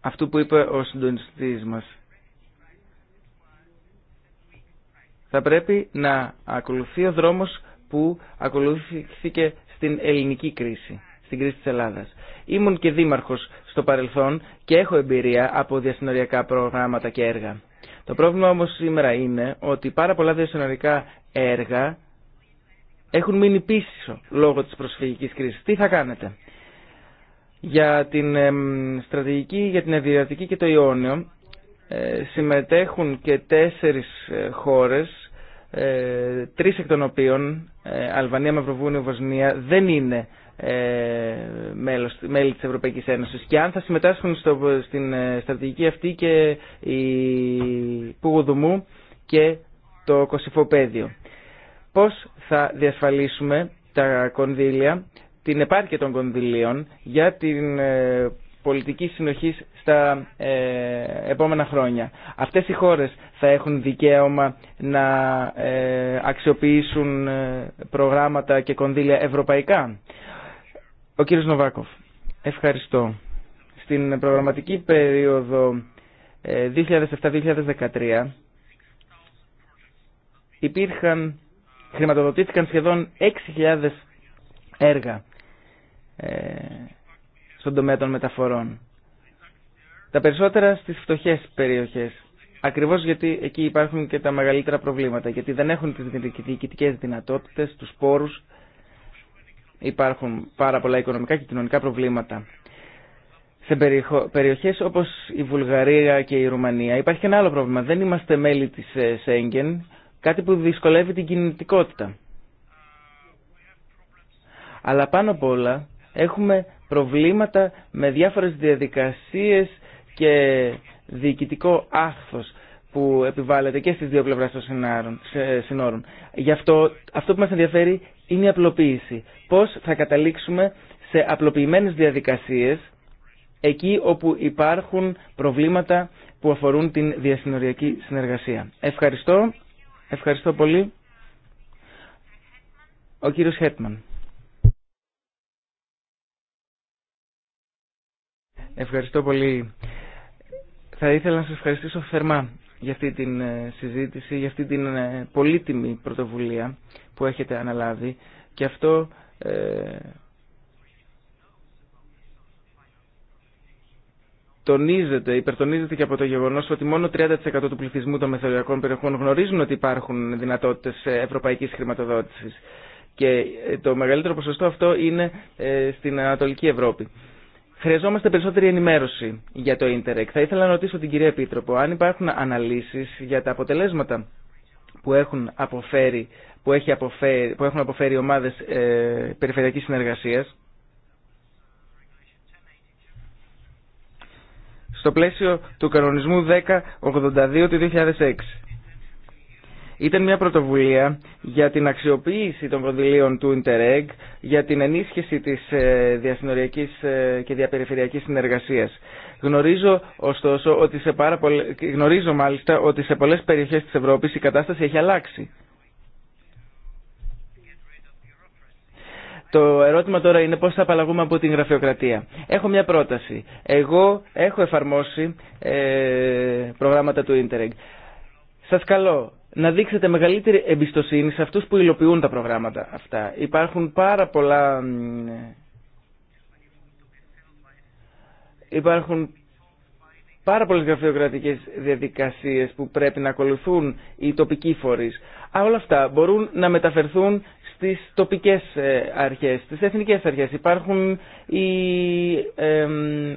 Αυτού που είπε ο συντονιστής μας. Θα πρέπει να ακολουθεί ο δρόμος που ακολουθήθηκε στην ελληνική κρίση, στην κρίση της Ελλάδας. Ήμουν και δήμαρχος στο παρελθόν και έχω εμπειρία από διασυνοριακά προγράμματα και έργα. Το πρόβλημα όμω σήμερα είναι ότι πάρα πολλά διασυνορικά έργα έχουν μείνει πίσω λόγω της προσφυγική κρίσης. Τι θα κάνετε. Για την στρατηγική, για την Αδριατική και το Ιόνιο ε, συμμετέχουν και τέσσερις ε, χώρες, ε, τρεις εκ των οποίων, Αλβανία, Μαυροβούνιο, Βοσνία, δεν είναι ε, μέλη της Ευρωπαϊκής Ένωσης και αν θα συμμετάσχουν στο, στην ε, στρατηγική αυτή και η Πουγουδουμού και το Κωσυφοπαίδιο. Πώς θα διασφαλίσουμε τα κονδύλια, την επάρκεια των κονδυλίων για την ε, πολιτική συνοχή στα επόμενα χρόνια. Αυτές οι χώρες θα έχουν δικαίωμα να αξιοποιήσουν προγράμματα και κονδύλια ευρωπαϊκά. Ο κύριος Νοβάκοφ, ευχαριστώ. Στην προγραμματική περίοδο 2007-2013 ε, υπήρχαν, χρηματοδοτήθηκαν σχεδόν 6.000 έργα ε, στον τομέα των μεταφορών. Τα περισσότερα στις φτωχές περιοχές. Ακριβώς γιατί εκεί υπάρχουν και τα μεγαλύτερα προβλήματα. Γιατί δεν έχουν τις διοικητικές δυνατότητες, τους πόρους υπάρχουν πάρα πολλά οικονομικά και κοινωνικά προβλήματα. Σε περιοχές όπως η Βουλγαρία και η Ρουμανία υπάρχει και ένα άλλο πρόβλημα. Δεν είμαστε μέλη της ε, Σέγγεν, κάτι που δυσκολεύει την κινητικότητα. Αλλά πάνω απ' όλα έχουμε προβλήματα με διάφορες διαδικασίες και διοικητικό άχθος που επιβάλλεται και στις δύο πλευράς των συνόρων. Γι' αυτό αυτό που μας ενδιαφέρει είναι η απλοποίηση. Πώς θα καταλήξουμε σε απλοποιημένες διαδικασίες εκεί όπου υπάρχουν προβλήματα που αφορούν την διασυνοριακή συνεργασία. Ευχαριστώ. Ευχαριστώ πολύ. Ο κύριος Χέτμαν. Ευχαριστώ πολύ. Θα ήθελα να σας ευχαριστήσω θερμά για αυτή την ε, συζήτηση, για αυτή την ε, πολύτιμη πρωτοβουλία που έχετε αναλάβει και αυτό ε, τονίζεται, υπερτονίζεται και από το γεγονός ότι μόνο 30% του πληθυσμού των μεθοριακών περιοχών γνωρίζουν ότι υπάρχουν δυνατότητες ευρωπαϊκής χρηματοδότησης. Και το μεγαλύτερο ποσοστό αυτό είναι στην Ανατολική Ευρώπη. Χρειαζόμαστε περισσότερη ενημέρωση για το ίντερεκ. Θα ήθελα να ρωτήσω την κυρία Επίτροπο αν υπάρχουν αναλύσεις για τα αποτελέσματα που έχουν αποφέρει, που έχει αποφέρει, που έχουν αποφέρει ομάδες ε, περιφερειακής συνεργασίας. Στο πλαίσιο του κανονισμού 1082 του 2006 ήταν μια πρωτοβουλία για την αξιοποίηση των κονδυλίων του Ιντερεγ για την ενίσχυση της ε, διασυνοριακής ε, και διαπεριφερειακής συνεργασίας. Γνωρίζω, ωστόσο, ότι σε πάρα πολλές... Γνωρίζω μάλιστα ότι σε πολλές περιοχές της Ευρώπης η κατάσταση έχει αλλάξει. Το ερώτημα τώρα είναι πώς θα απαλλαγούμε από την γραφειοκρατία. Έχω μια πρόταση. Εγώ έχω εφαρμόσει ε, προγράμματα του Ίντερεγ. Σα καλώ να δείξετε μεγαλύτερη εμπιστοσύνη σε αυτούς που υλοποιούν τα προγράμματα αυτά. Υπάρχουν πάρα πολλά... Υπάρχουν πάρα πολλές γραφειοκρατικές διαδικασίες που πρέπει να ακολουθούν οι τοπικοί φορείς. Αλλά όλα αυτά μπορούν να μεταφερθούν στις τοπικές ε, αρχές, στις εθνικές αρχές. Υπάρχουν οι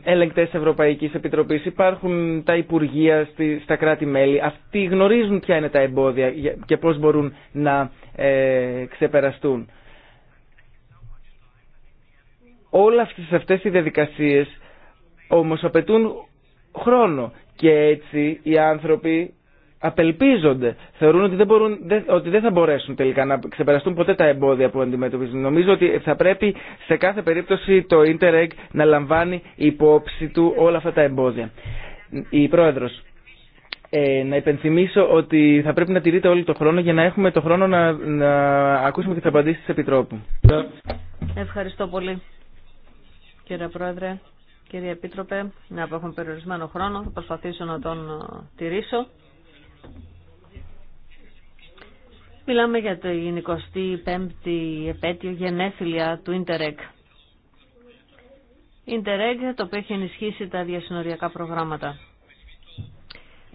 έλεγκτες Ευρωπαϊκής Επιτροπής, υπάρχουν τα Υπουργεία στα κράτη-μέλη. Αυτοί γνωρίζουν ποια είναι τα εμπόδια και πώς μπορούν να ε, ξεπεραστούν. Όλα αυτές οι διαδικασίες όμως απαιτούν χρόνο και έτσι οι άνθρωποι απελπίζονται. Θεωρούν ότι δεν, μπορούν, ότι δεν θα μπορέσουν τελικά να ξεπεραστούν ποτέ τα εμπόδια που αντιμετωπίζουν. Νομίζω ότι θα πρέπει σε κάθε περίπτωση το Interreg να λαμβάνει υπόψη του όλα αυτά τα εμπόδια. Η Πρόεδρος, ε, να υπενθυμίσω ότι θα πρέπει να τηρείτε όλο το χρόνο για να έχουμε το χρόνο να, να ακούσουμε τις απαντήσεις της Επιτρόπου. Ευχαριστώ πολύ κύριε Πρόεδρε. Κύριε Επίτροπε, να έχουμε περιορισμένο χρόνο, θα προσπαθήσω να τον ε, τηρήσω. Μιλάμε για την 25η επέτειο γενέθλια του Ιντερεκ Ιντερεκ το οποίο έχει ενισχύσει τα διασυνοριακά προγράμματα.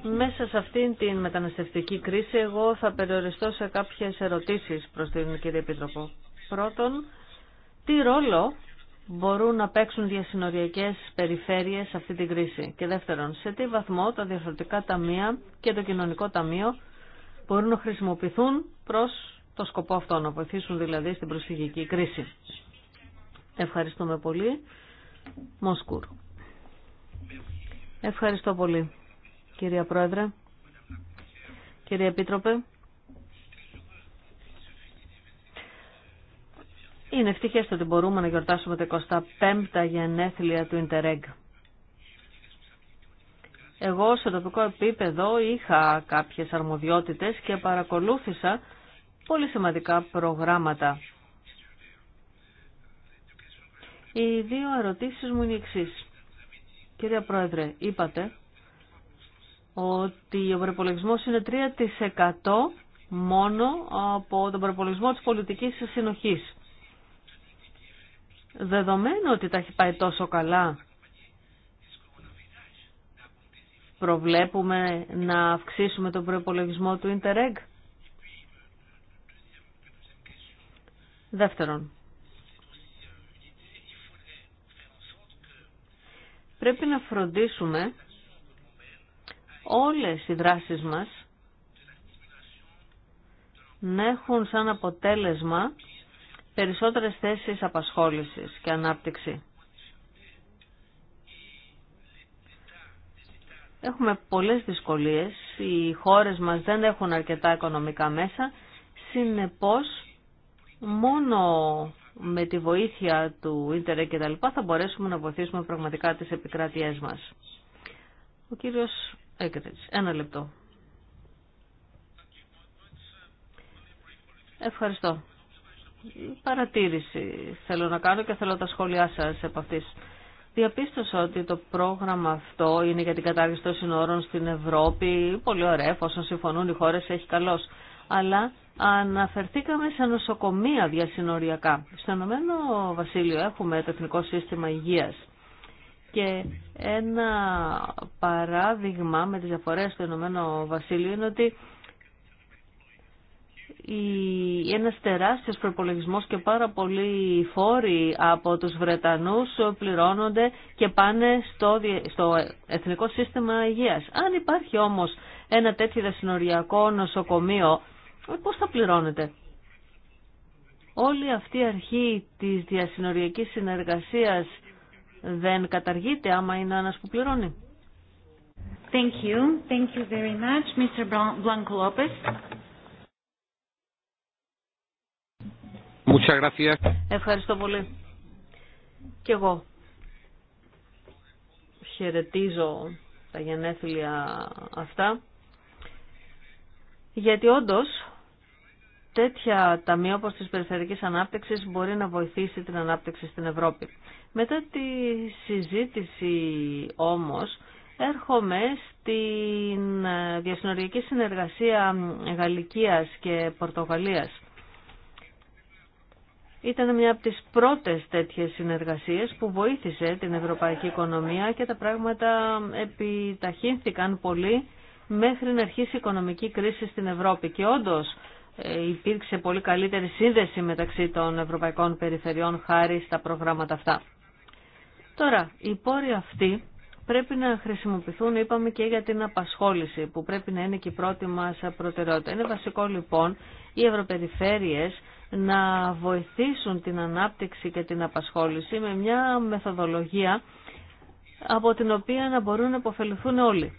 Μέσα σε αυτήν την μεταναστευτική κρίση εγώ θα περιοριστώ σε κάποιες ερωτήσεις προς την κυρία Επίτροπο. Πρώτον, τι ρόλο μπορούν να παίξουν διασυνοριακές περιφέρειες σε αυτή την κρίση. Και δεύτερον, σε τι βαθμό τα διαφορετικά ταμεία και το κοινωνικό ταμείο μπορούν να χρησιμοποιηθούν προς το σκοπό αυτό, να βοηθήσουν δηλαδή στην προσφυγική κρίση. Ευχαριστούμε πολύ. Μοσκούρ. Ευχαριστώ πολύ, κυρία Πρόεδρε. Κύριε Επίτροπε. Είναι ευτυχές ότι μπορούμε να γιορτάσουμε τα 25 γενέθλια του Ιντερέγκ. Εγώ σε τοπικό επίπεδο είχα κάποιες αρμοδιότητες και παρακολούθησα πολύ σημαντικά προγράμματα. Οι δύο ερωτήσεις μου είναι εξή. Κύριε Πρόεδρε, είπατε ότι ο προπολογισμό είναι 3% μόνο από τον προπολογισμό της πολιτικής συνοχής. Δεδομένου ότι τα έχει πάει τόσο καλά, προβλέπουμε να αυξήσουμε τον προπολογισμό του Interreg. Δεύτερον, πρέπει να φροντίσουμε όλες οι δράσεις μας να έχουν σαν αποτέλεσμα περισσότερες θέσεις απασχόλησης και ανάπτυξη. Έχουμε πολλές δυσκολίες, οι χώρες μας δεν έχουν αρκετά οικονομικά μέσα, συνεπώς μόνο με τη βοήθεια του ίντερνετ και τα λοιπά θα μπορέσουμε να βοηθήσουμε πραγματικά τις επικράτειές μας. Ο κύριος Έκριτς, ένα λεπτό. Ευχαριστώ παρατήρηση θέλω να κάνω και θέλω τα σχόλιά σας από αυτής. Διαπίστωσα ότι το πρόγραμμα αυτό είναι για την κατάργηση των συνόρων στην Ευρώπη. Πολύ ωραία, εφόσον συμφωνούν οι χώρες, έχει καλώς. Αλλά αναφερθήκαμε σε νοσοκομεία διασυνοριακά. Στον Ενωμένο Βασίλειο έχουμε το Εθνικό Σύστημα Υγείας. Και ένα παράδειγμα με τις διαφορές του ενωμένου Βασίλειου είναι ότι ένας τεράστιος προπολογισμός και πάρα πολλοί φόροι από τους Βρετανούς πληρώνονται και πάνε στο, στο Εθνικό Σύστημα Υγείας. Αν υπάρχει όμως ένα τέτοιο διασυνοριακό νοσοκομείο, πώς θα πληρώνεται. Όλη αυτή η αρχή της διασυνοριακής συνεργασίας δεν καταργείται άμα είναι ένας που πληρώνει. Thank you. Thank you very much, Mr. Blanco Ευχαριστώ πολύ. Και εγώ χαιρετίζω τα γενέθλια αυτά, γιατί όντως τέτοια ταμεία όπως της περιφερειακής ανάπτυξης μπορεί να βοηθήσει την ανάπτυξη στην Ευρώπη. Μετά τη συζήτηση όμως έρχομαι στην ε, διασυνοριακή συνεργασία Γαλλικίας και Πορτογαλίας. Ήταν μια από τις πρώτες τέτοιες συνεργασίες που βοήθησε την ευρωπαϊκή οικονομία και τα πράγματα επιταχύνθηκαν πολύ μέχρι να αρχίσει η οικονομική κρίση στην Ευρώπη. Και όντως ε, υπήρξε πολύ καλύτερη σύνδεση μεταξύ των ευρωπαϊκών περιφερειών χάρη στα προγράμματα αυτά. Τώρα, οι πόροι αυτοί πρέπει να χρησιμοποιηθούν, είπαμε, και για την απασχόληση, που πρέπει να είναι και η πρώτη μας προτεραιότητα. Είναι βασικό, λοιπόν, οι ευρωπεριφέρειες να βοηθήσουν την ανάπτυξη και την απασχόληση με μια μεθοδολογία από την οποία να μπορούν να αποφελθούν όλοι.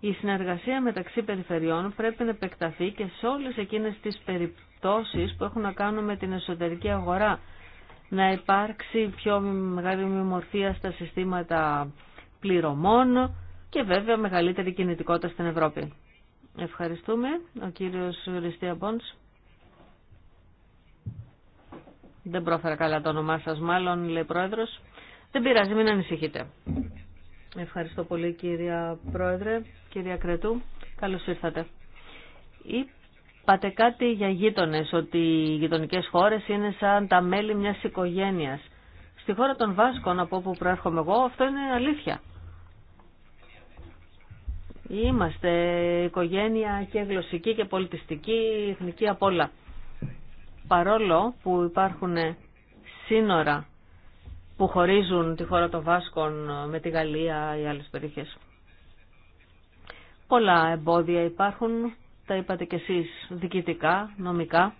Η συνεργασία μεταξύ περιφερειών πρέπει να επεκταθεί και σε όλες εκείνες τις περιπτώσεις που έχουν να κάνουν με την εσωτερική αγορά. Να υπάρξει πιο μεγάλη μορφία στα συστήματα πληρωμών και βέβαια μεγαλύτερη κινητικότητα στην Ευρώπη. Ευχαριστούμε. Ο κύριος Ριστία Μπόντς. Δεν πρόφερα καλά το όνομά σας μάλλον, λέει Πρόεδρος. Δεν πειράζει, μην ανησυχείτε. Ευχαριστώ πολύ κυρία Πρόεδρε, κυρία Κρετού. Καλώς ήρθατε. Είπατε κάτι για γείτονε, ότι οι γειτονικέ χώρες είναι σαν τα μέλη μιας οικογένειας. Στη χώρα των Βάσκων, από όπου προέρχομαι εγώ, αυτό είναι αλήθεια. Είμαστε οικογένεια και γλωσσική και πολιτιστική, εθνική απ' όλα παρόλο που υπάρχουν σύνορα που χωρίζουν τη χώρα των Βάσκων με τη Γαλλία ή άλλες περιοχές. Πολλά εμπόδια υπάρχουν, τα είπατε κι εσείς, διοικητικά, νομικά.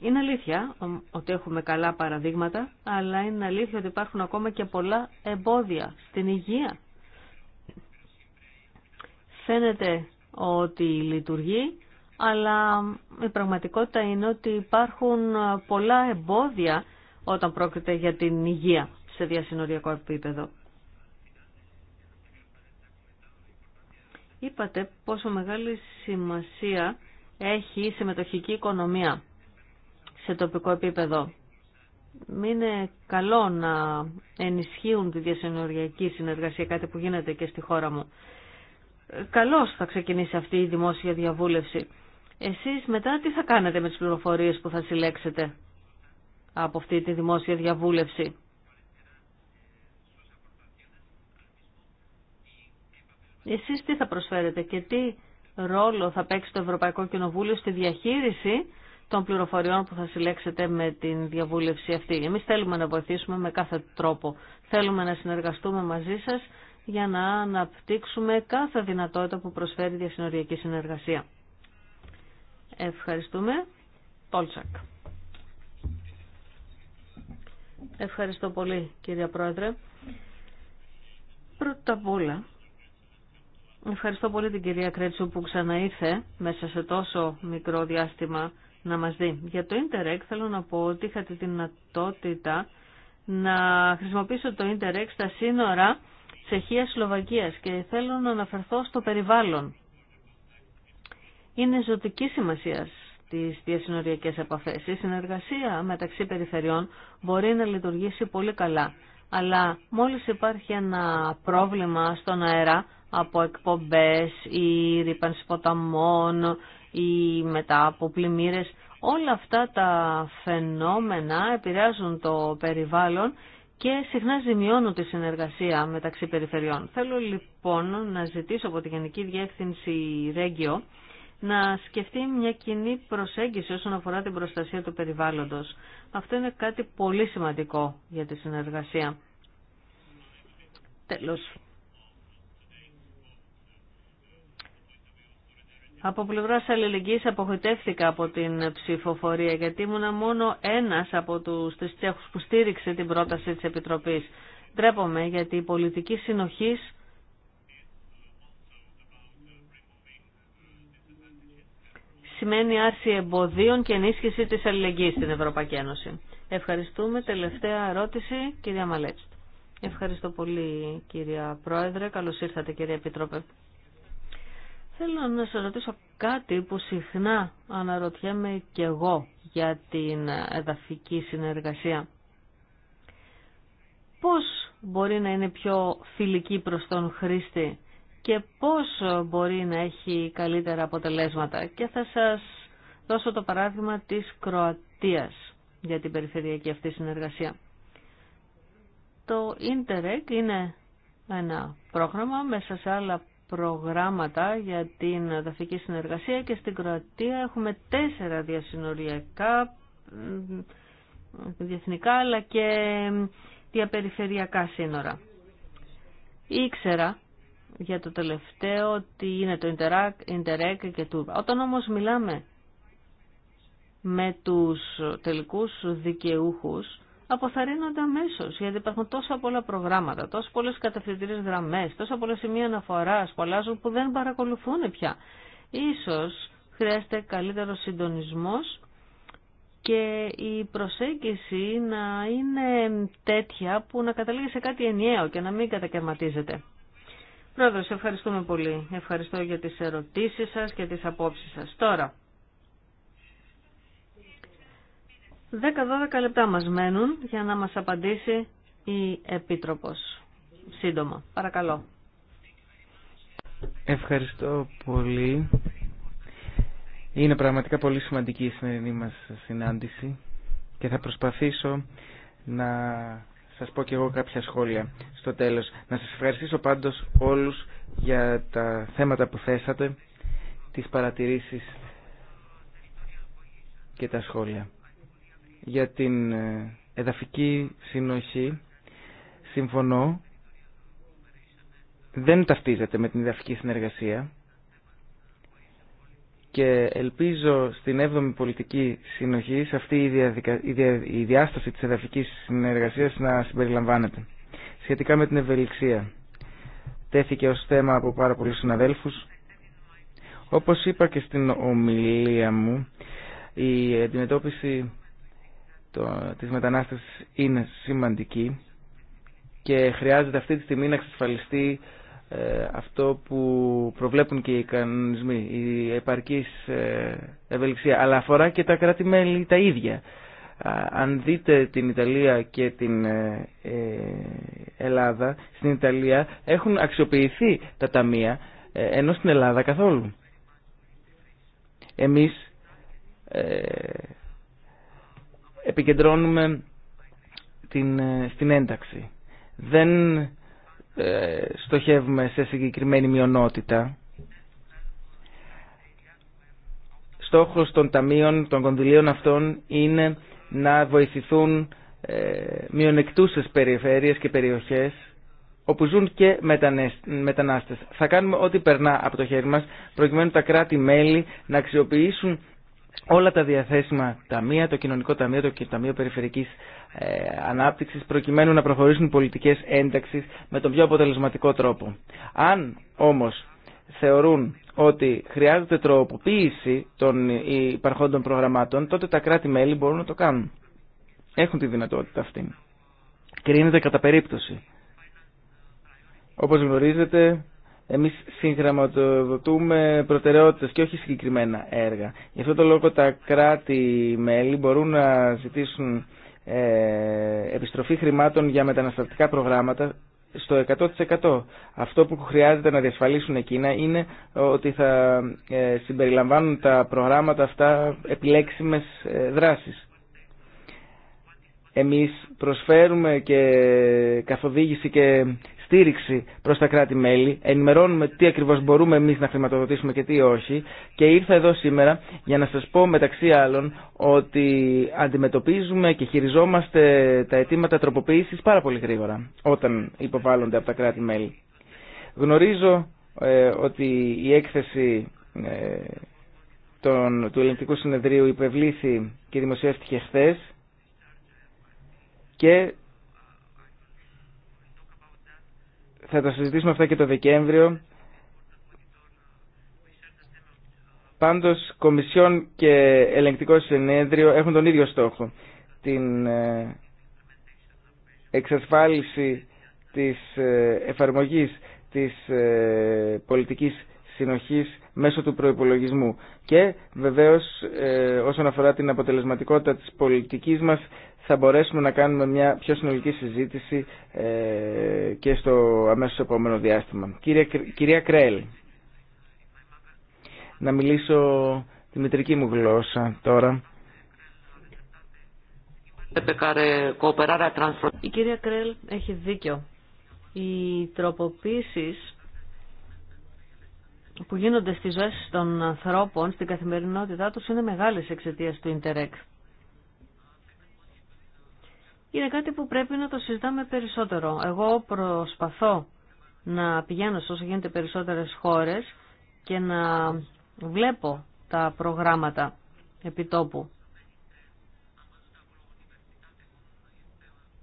Είναι αλήθεια ότι έχουμε καλά παραδείγματα, αλλά είναι αλήθεια ότι υπάρχουν ακόμα και πολλά εμπόδια στην υγεία. Φαίνεται ότι λειτουργεί, αλλά η πραγματικότητα είναι ότι υπάρχουν πολλά εμπόδια όταν πρόκειται για την υγεία σε διασυνοριακό επίπεδο. Είπατε πόσο μεγάλη σημασία έχει η συμμετοχική οικονομία σε τοπικό επίπεδο. Είναι καλό να ενισχύουν τη διασυνοριακή συνεργασία, κάτι που γίνεται και στη χώρα μου. Καλώς θα ξεκινήσει αυτή η δημόσια διαβούλευση. Εσείς μετά τι θα κάνετε με τις πληροφορίες που θα συλλέξετε από αυτή τη δημόσια διαβούλευση. Εσείς τι θα προσφέρετε και τι ρόλο θα παίξει το Ευρωπαϊκό Κοινοβούλιο στη διαχείριση των πληροφοριών που θα συλλέξετε με την διαβούλευση αυτή. Εμείς θέλουμε να βοηθήσουμε με κάθε τρόπο. Θέλουμε να συνεργαστούμε μαζί σας για να αναπτύξουμε κάθε δυνατότητα που προσφέρει η διασυνοριακή συνεργασία. Ευχαριστούμε. Τόλτσακ. Ευχαριστώ πολύ κύριε Πρόεδρε. Πρώτα απ' όλα, ευχαριστώ πολύ την κυρία Κρέτσου που ξαναήρθε μέσα σε τόσο μικρό διάστημα να μας δει. Για το Interreg θέλω να πω ότι είχα τη δυνατότητα να χρησιμοποιήσω το Interreg στα σύνορα Τσεχίας-Σλοβακίας και θέλω να αναφερθώ στο περιβάλλον είναι ζωτική σημασία στι διασυνοριακέ επαφέ. Η συνεργασία μεταξύ περιφερειών μπορεί να λειτουργήσει πολύ καλά, αλλά μόλις υπάρχει ένα πρόβλημα στον αέρα από εκπομπές ή ρήπανση ποταμών ή μετά από πλημμύρε, όλα αυτά τα φαινόμενα επηρεάζουν το περιβάλλον και συχνά ζημιώνουν τη συνεργασία μεταξύ περιφερειών. Θέλω λοιπόν να ζητήσω από τη Γενική Διεύθυνση Ρέγγιο να σκεφτεί μια κοινή προσέγγιση όσον αφορά την προστασία του περιβάλλοντος. Αυτό είναι κάτι πολύ σημαντικό για τη συνεργασία. Τέλος. Από πλευρά αλληλεγγύης απογοητεύτηκα από την ψηφοφορία γιατί ήμουνα μόνο ένας από τους τρεις που στήριξε την πρόταση της Επιτροπής. Δρέπομαι γιατί η πολιτική συνοχής σημαίνει άρση εμποδίων και ενίσχυση της αλληλεγγύης στην Ευρωπαϊκή Ένωση. Ευχαριστούμε. Τελευταία ερώτηση, κυρία Μαλέτσου. Ευχαριστώ πολύ, κυρία Πρόεδρε. Καλώς ήρθατε, κυρία Επιτρόπε. Θέλω να σας ρωτήσω κάτι που συχνά αναρωτιέμαι και εγώ για την εδαφική συνεργασία. Πώς μπορεί να είναι πιο φιλική προς τον χρήστη και πώς μπορεί να έχει καλύτερα αποτελέσματα. Και θα σας δώσω το παράδειγμα της Κροατίας για την περιφερειακή αυτή συνεργασία. Το Interreg είναι ένα πρόγραμμα μέσα σε άλλα προγράμματα για την δαφική συνεργασία και στην Κροατία έχουμε τέσσερα διασυνοριακά διεθνικά αλλά και διαπεριφερειακά σύνορα. Ήξερα για το τελευταίο τι είναι το Ιντερέκ και Turbo. Όταν όμως μιλάμε με τους τελικούς δικαιούχους, αποθαρρύνονται αμέσω. Γιατί υπάρχουν τόσα πολλά προγράμματα, τόσε πολλέ κατευθυντήρε γραμμέ, τόσα πολλά σημεία αναφορά που αλλάζουν που δεν παρακολουθούν πια. Ίσως χρειάζεται καλύτερο συντονισμό και η προσέγγιση να είναι τέτοια που να καταλήγει σε κάτι ενιαίο και να μην κατακαιρματίζεται. Πρόεδρος, ευχαριστούμε πολύ. Ευχαριστώ για τις ερωτήσεις σας και τις απόψεις σας. Τώρα, 10-12 λεπτά μας μένουν για να μας απαντήσει η Επίτροπος. Σύντομα, παρακαλώ. Ευχαριστώ πολύ. Είναι πραγματικά πολύ σημαντική η σημερινή μας συνάντηση και θα προσπαθήσω να σας πω και εγώ κάποια σχόλια στο τέλος. Να σας ευχαριστήσω πάντως όλους για τα θέματα που θέσατε, τις παρατηρήσεις και τα σχόλια. Για την ε, εδαφική συνοχή, συμφωνώ, δεν ταυτίζεται με την εδαφική συνεργασία και ελπίζω στην 7η πολιτική συνοχή, σε αυτή η, δια... η διάσταση της εδαφικής συνεργασίας να συμπεριλαμβάνεται. Σχετικά με την ευελιξία, τέθηκε ως θέμα από πάρα πολλούς συναδέλφους. Όπως είπα και στην ομιλία μου, η αντιμετώπιση το... της μετανάστευσης είναι σημαντική και χρειάζεται αυτή τη στιγμή να εξασφαλιστεί ε, αυτό που προβλέπουν και οι κανονισμοί, η επαρκής ε, ευελιξία, αλλά αφορά και τα κράτη-μέλη τα ίδια. Αν δείτε την Ιταλία και την ε, Ελλάδα, στην Ιταλία έχουν αξιοποιηθεί τα ταμεία, ενώ στην Ελλάδα καθόλου. Εμείς επικεντρώνουμε την, στην ένταξη. Δεν ε, στοχεύουμε σε συγκεκριμένη μειονότητα. Στόχος των ταμείων, των κονδυλίων αυτών είναι να βοηθηθούν ε, μειονεκτούσες περιφέρειες και περιοχές όπου ζουν και μετανάστες. Θα κάνουμε ό,τι περνά από το χέρι μας προκειμένου τα κράτη-μέλη να αξιοποιήσουν όλα τα διαθέσιμα ταμεία, το κοινωνικό ταμείο, το ταμείο περιφερικής ε, ανάπτυξης προκειμένου να προχωρήσουν πολιτικές ένταξης με τον πιο αποτελεσματικό τρόπο. Αν όμως θεωρούν ότι χρειάζεται τροποποίηση των υπαρχόντων προγραμμάτων, τότε τα κράτη-μέλη μπορούν να το κάνουν. Έχουν τη δυνατότητα αυτή. Κρίνεται κατά περίπτωση. Όπως γνωρίζετε, εμείς συγγραμματοδοτούμε προτεραιότητε και όχι συγκεκριμένα έργα. Γι' αυτό το λόγο τα κράτη-μέλη μπορούν να ζητήσουν ε, επιστροφή χρημάτων για μεταναστευτικά προγράμματα στο 100%. Αυτό που χρειάζεται να διασφαλίσουν εκείνα είναι ότι θα ε, συμπεριλαμβάνουν τα προγράμματα αυτά επιλέξιμες ε, δράσεις. Εμείς προσφέρουμε και καθοδήγηση και στήριξη προ τα κράτη-μέλη, ενημερώνουμε τι ακριβώ μπορούμε εμεί να χρηματοδοτήσουμε και τι όχι. Και ήρθα εδώ σήμερα για να σα πω μεταξύ άλλων ότι αντιμετωπίζουμε και χειριζόμαστε τα αιτήματα τροποποίηση πάρα πολύ γρήγορα όταν υποβάλλονται από τα κράτη-μέλη. Γνωρίζω ε, ότι η έκθεση ε, του Ελληνικού Συνεδρίου υπευλήθη και δημοσιεύτηκε χθε και Θα τα συζητήσουμε αυτά και το Δεκέμβριο. Πάντως, Κομισιόν και Ελεγκτικό Συνέδριο έχουν τον ίδιο στόχο. Την ε, εξασφάλιση της ε, εφαρμογής της ε, πολιτικής συνοχής μέσω του προϋπολογισμού. Και βεβαίως όσον αφορά την αποτελεσματικότητα της πολιτικής μας θα μπορέσουμε να κάνουμε μια πιο συνολική συζήτηση ε, και στο αμέσως επόμενο διάστημα. Κυρία Κρέλ, να μιλήσω τη μητρική μου γλώσσα τώρα. Η κυρία Κρέλ έχει δίκιο. Οι τροποποίησεις που γίνονται στις ζωές των ανθρώπων στην καθημερινότητά τους είναι μεγάλες εξαιτίας του Ιντερεκ είναι κάτι που πρέπει να το συζητάμε περισσότερο. Εγώ προσπαθώ να πηγαίνω σε όσο γίνεται περισσότερες χώρες και να βλέπω τα προγράμματα επιτόπου.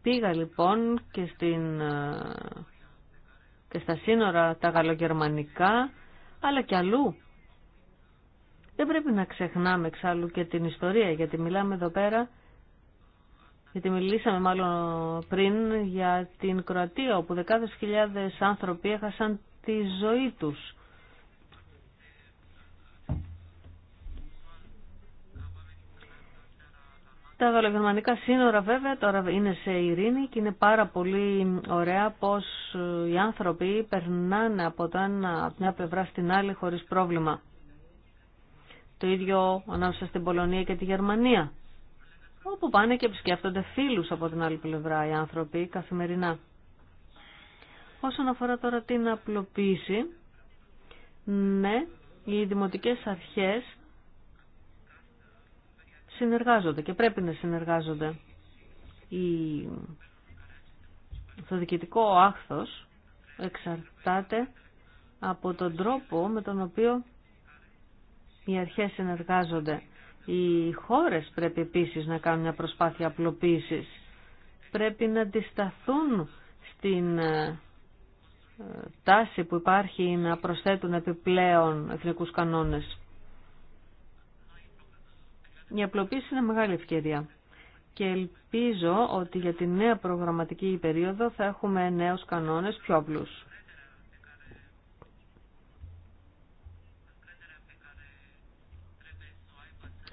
Πήγα λοιπόν και, στην, ε, και στα σύνορα τα γαλλογερμανικά, αλλά και αλλού. Δεν πρέπει να ξεχνάμε εξάλλου και την ιστορία, γιατί μιλάμε εδώ πέρα γιατί μιλήσαμε μάλλον πριν για την Κροατία, όπου δεκάδες χιλιάδες άνθρωποι έχασαν τη ζωή τους. Τα γαλλογερμανικά σύνορα βέβαια τώρα είναι σε ειρήνη και είναι πάρα πολύ ωραία πως οι άνθρωποι περνάνε από, το ένα, από μια πλευρά στην άλλη χωρίς πρόβλημα. Το ίδιο ανάμεσα στην Πολωνία και τη Γερμανία όπου πάνε και επισκέφτονται φίλους από την άλλη πλευρά οι άνθρωποι καθημερινά. Όσον αφορά τώρα την απλοποίηση, ναι, οι δημοτικές αρχές συνεργάζονται και πρέπει να συνεργάζονται. Η... Το διοικητικό άχθος εξαρτάται από τον τρόπο με τον οποίο οι αρχές συνεργάζονται. Οι χώρες πρέπει επίσης να κάνουν μια προσπάθεια απλοποίησης. Πρέπει να αντισταθούν στην ε, τάση που υπάρχει να προσθέτουν επιπλέον εθνικούς κανόνες. Η απλοποίηση είναι μεγάλη ευκαιρία και ελπίζω ότι για τη νέα προγραμματική περίοδο θα έχουμε νέους κανόνες πιο απλούς.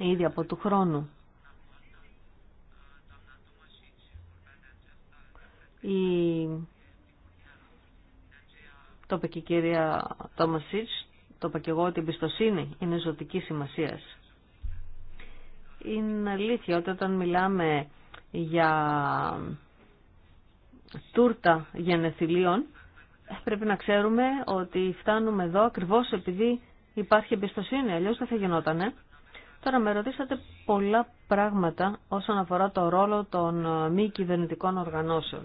ήδη από του χρόνου. Η... Το είπε και η κυρία Τόμασίτς, το είπα και εγώ ότι η εμπιστοσύνη είναι ζωτική σημασία. Είναι αλήθεια ότι όταν μιλάμε για τούρτα γενεθλίων, πρέπει να ξέρουμε ότι φτάνουμε εδώ ακριβώς επειδή υπάρχει εμπιστοσύνη, αλλιώς δεν θα γινότανε. Τώρα με ρωτήσατε πολλά πράγματα όσον αφορά το ρόλο των ε, μη κυβερνητικών οργανώσεων.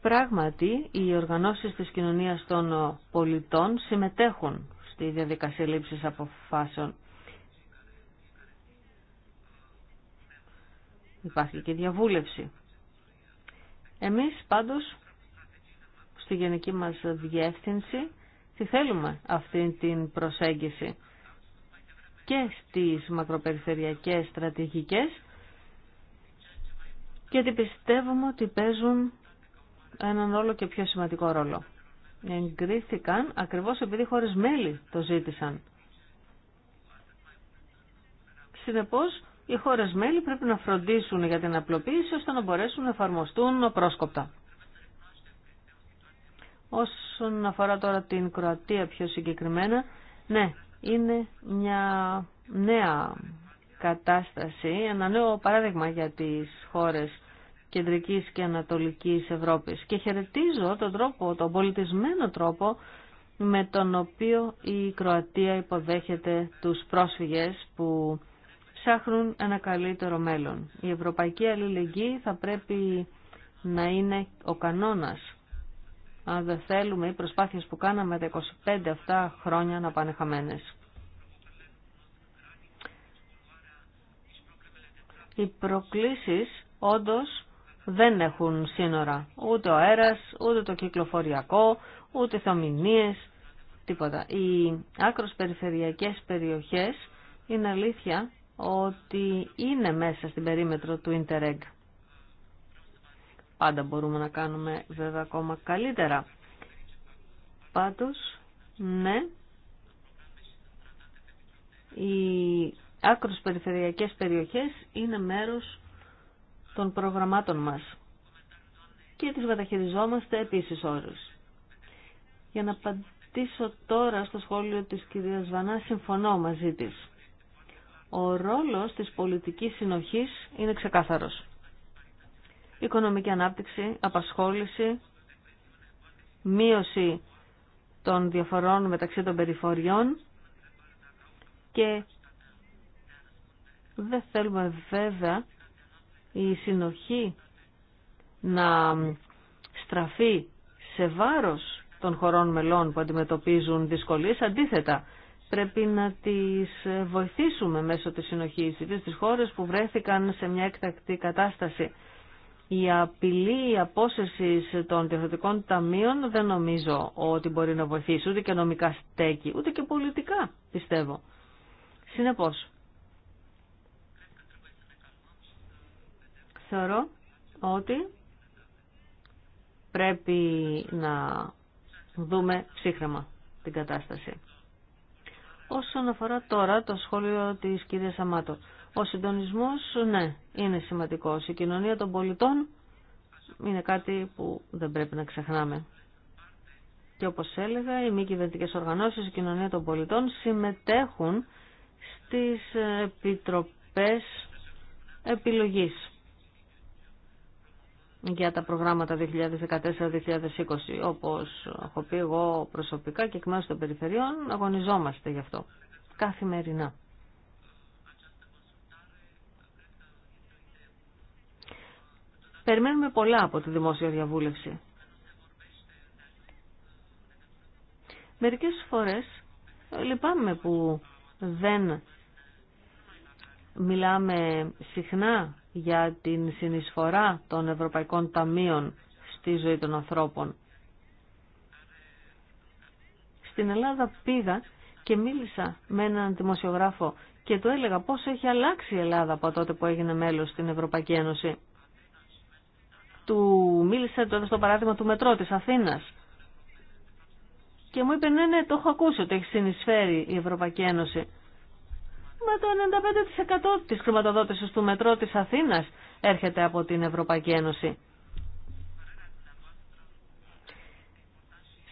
Πράγματι, οι οργανώσεις της κοινωνίας των ε, πολιτών συμμετέχουν στη διαδικασία λήψης αποφάσεων. Υπάρχει και διαβούλευση. Εμείς πάντως στη γενική μας διεύθυνση τι θέλουμε αυτή την προσέγγιση και στις μακροπεριφερειακές στρατηγικές γιατί πιστεύουμε ότι παίζουν έναν όλο και πιο σημαντικό ρόλο. Εγκρίθηκαν ακριβώς επειδή χώρες μέλη το ζήτησαν. Συνεπώς, οι χώρες μέλη πρέπει να φροντίσουν για την απλοποίηση ώστε να μπορέσουν να εφαρμοστούν πρόσκοπτα. Όσον αφορά τώρα την Κροατία πιο συγκεκριμένα, ναι, είναι μια νέα κατάσταση, ένα νέο παράδειγμα για τις χώρες κεντρικής και ανατολικής Ευρώπης. Και χαιρετίζω τον τρόπο, τον πολιτισμένο τρόπο με τον οποίο η Κροατία υποδέχεται τους πρόσφυγες που ψάχνουν ένα καλύτερο μέλλον. Η ευρωπαϊκή αλληλεγγύη θα πρέπει να είναι ο κανόνας αν δεν θέλουμε οι προσπάθειες που κάναμε τα 25 αυτά χρόνια να πάνε χαμένες. Οι προκλήσεις όντως δεν έχουν σύνορα. Ούτε ο αέρας, ούτε το κυκλοφοριακό, ούτε θεομηνίες, τίποτα. Οι άκρος περιφερειακές περιοχές είναι αλήθεια ότι είναι μέσα στην περίμετρο του Interreg. Πάντα μπορούμε να κάνουμε βέβαια ακόμα καλύτερα. Πάντως, ναι, οι άκρος περιφερειακές περιοχές είναι μέρος των προγραμμάτων μας και τις μεταχειριζόμαστε επίσης όρους. Για να απαντήσω τώρα στο σχόλιο της κυρίας Βανά, συμφωνώ μαζί της. Ο ρόλος της πολιτικής συνοχής είναι ξεκάθαρος οικονομική ανάπτυξη, απασχόληση, μείωση των διαφορών μεταξύ των περιφοριών και δεν θέλουμε βέβαια η συνοχή να στραφεί σε βάρος των χωρών μελών που αντιμετωπίζουν δυσκολίες. Αντίθετα, πρέπει να τις βοηθήσουμε μέσω της συνοχής, ιδίως τις χώρες που βρέθηκαν σε μια εκτακτή κατάσταση. Η απειλή απόσυρση των διευθυντικών ταμείων δεν νομίζω ότι μπορεί να βοηθήσει ούτε και νομικά στέκει, ούτε και πολιτικά πιστεύω. Συνεπώ. θεωρώ ότι πρέπει να δούμε ψύχρεμα την κατάσταση. Όσον αφορά τώρα το σχόλιο της κυρίας Αμάτο, ο συντονισμός, ναι, είναι σημαντικός. Η κοινωνία των πολιτών είναι κάτι που δεν πρέπει να ξεχνάμε. Και όπως έλεγα, οι μη κυβερνητικέ οργανώσεις, η κοινωνία των πολιτών συμμετέχουν στις επιτροπές επιλογής για τα προγράμματα 2014-2020. Όπως έχω πει εγώ προσωπικά και εκ μέρους των περιφερειών, αγωνιζόμαστε γι' αυτό καθημερινά. Περιμένουμε πολλά από τη δημόσια διαβούλευση. Μερικές φορές ε, λυπάμαι που δεν μιλάμε συχνά για την συνεισφορά των Ευρωπαϊκών Ταμείων στη ζωή των ανθρώπων. Στην Ελλάδα πήγα και μίλησα με έναν δημοσιογράφο και του έλεγα πώς έχει αλλάξει η Ελλάδα από τότε που έγινε μέλος στην Ευρωπαϊκή Ένωση του μίλησε, το στο παράδειγμα του μετρό της Αθήνας. Και μου είπε, ναι, ναι, το έχω ακούσει ότι έχει συνεισφέρει η Ευρωπαϊκή Ένωση. Μα το 95% της χρηματοδότησης του μετρό της Αθήνας έρχεται από την Ευρωπαϊκή Ένωση.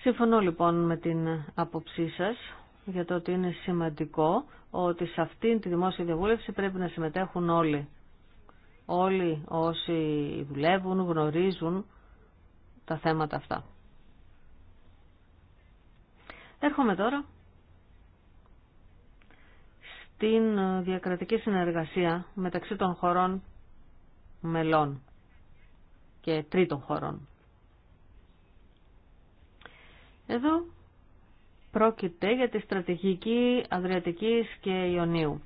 Συμφωνώ λοιπόν με την άποψή σας για το ότι είναι σημαντικό ότι σε αυτήν τη δημόσια διαβούλευση πρέπει να συμμετέχουν όλοι όλοι όσοι δουλεύουν γνωρίζουν τα θέματα αυτά. Έρχομαι τώρα στην διακρατική συνεργασία μεταξύ των χωρών μελών και τρίτων χωρών. Εδώ πρόκειται για τη στρατηγική Αδριατικής και Ιωνίου.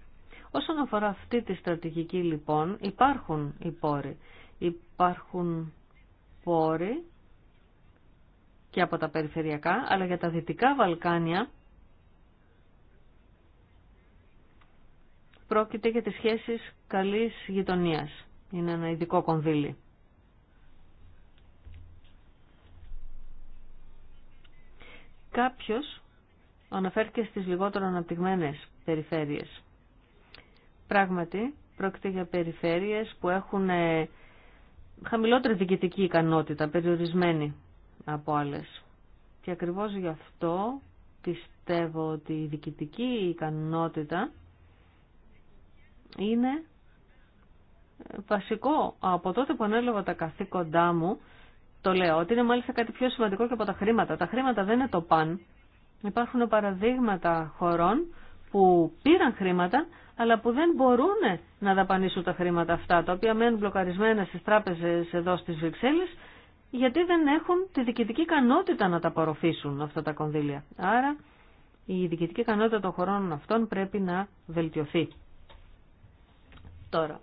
Όσον αφορά αυτή τη στρατηγική λοιπόν υπάρχουν οι πόροι. Υπάρχουν πόροι και από τα περιφερειακά, αλλά για τα Δυτικά Βαλκάνια πρόκειται για τις σχέσεις καλής γειτονίας. Είναι ένα ειδικό κονδύλι. Κάποιος αναφέρθηκε στις λιγότερο αναπτυγμένες περιφέρειες. Πράγματι, πρόκειται για περιφέρειες που έχουν ε, χαμηλότερη διοικητική ικανότητα, περιορισμένη από άλλες. Και ακριβώς γι' αυτό πιστεύω ότι η διοικητική ικανότητα είναι βασικό. Από τότε που ανέλαβα τα καθήκοντά μου, το λέω ότι είναι μάλιστα κάτι πιο σημαντικό και από τα χρήματα. Τα χρήματα δεν είναι το παν. Υπάρχουν παραδείγματα χωρών που πήραν χρήματα αλλά που δεν μπορούν να δαπανίσουν τα χρήματα αυτά, τα οποία μένουν μπλοκαρισμένα στις τράπεζες εδώ στις Βρυξέλλες, γιατί δεν έχουν τη διοικητική ικανότητα να τα απορροφήσουν αυτά τα κονδύλια. Άρα η διοικητική ικανότητα των χωρών αυτών πρέπει να βελτιωθεί. Τώρα,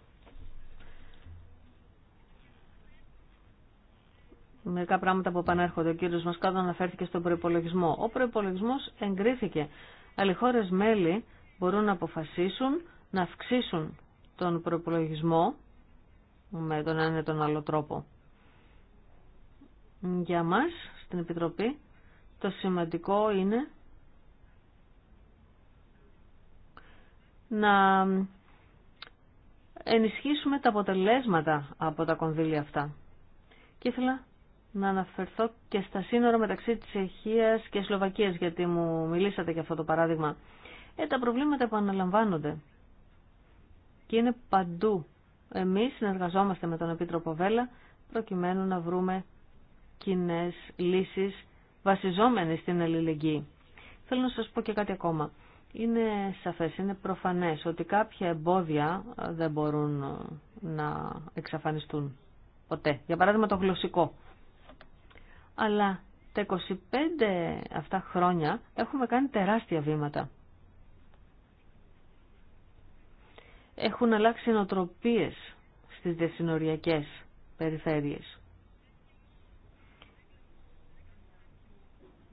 μερικά πράγματα που επανέρχονται. Ο κύριο Μασκάδο αναφέρθηκε στον προπολογισμό. Ο προπολογισμό εγκρίθηκε. Αλλά μέλη μπορούν να αποφασίσουν να αυξήσουν τον προπολογισμό με τον ένα ή τον άλλο τρόπο. Για μας στην Επιτροπή το σημαντικό είναι να ενισχύσουμε τα αποτελέσματα από τα κονδύλια αυτά. Και ήθελα να αναφερθώ και στα σύνορα μεταξύ της Αιχίας και Σλοβακίας, γιατί μου μιλήσατε για αυτό το παράδειγμα ε, τα προβλήματα που Και είναι παντού. Εμείς συνεργαζόμαστε με τον Επίτροπο Βέλα προκειμένου να βρούμε κοινέ λύσεις βασιζόμενες στην αλληλεγγύη. Θέλω να σας πω και κάτι ακόμα. Είναι σαφές, είναι προφανές ότι κάποια εμπόδια ε, δεν μπορούν ε, να εξαφανιστούν ποτέ. Για παράδειγμα το γλωσσικό. Αλλά τα 25 αυτά χρόνια έχουμε κάνει τεράστια βήματα. έχουν αλλάξει νοτροπίες στις διασυνοριακές περιφέρειες.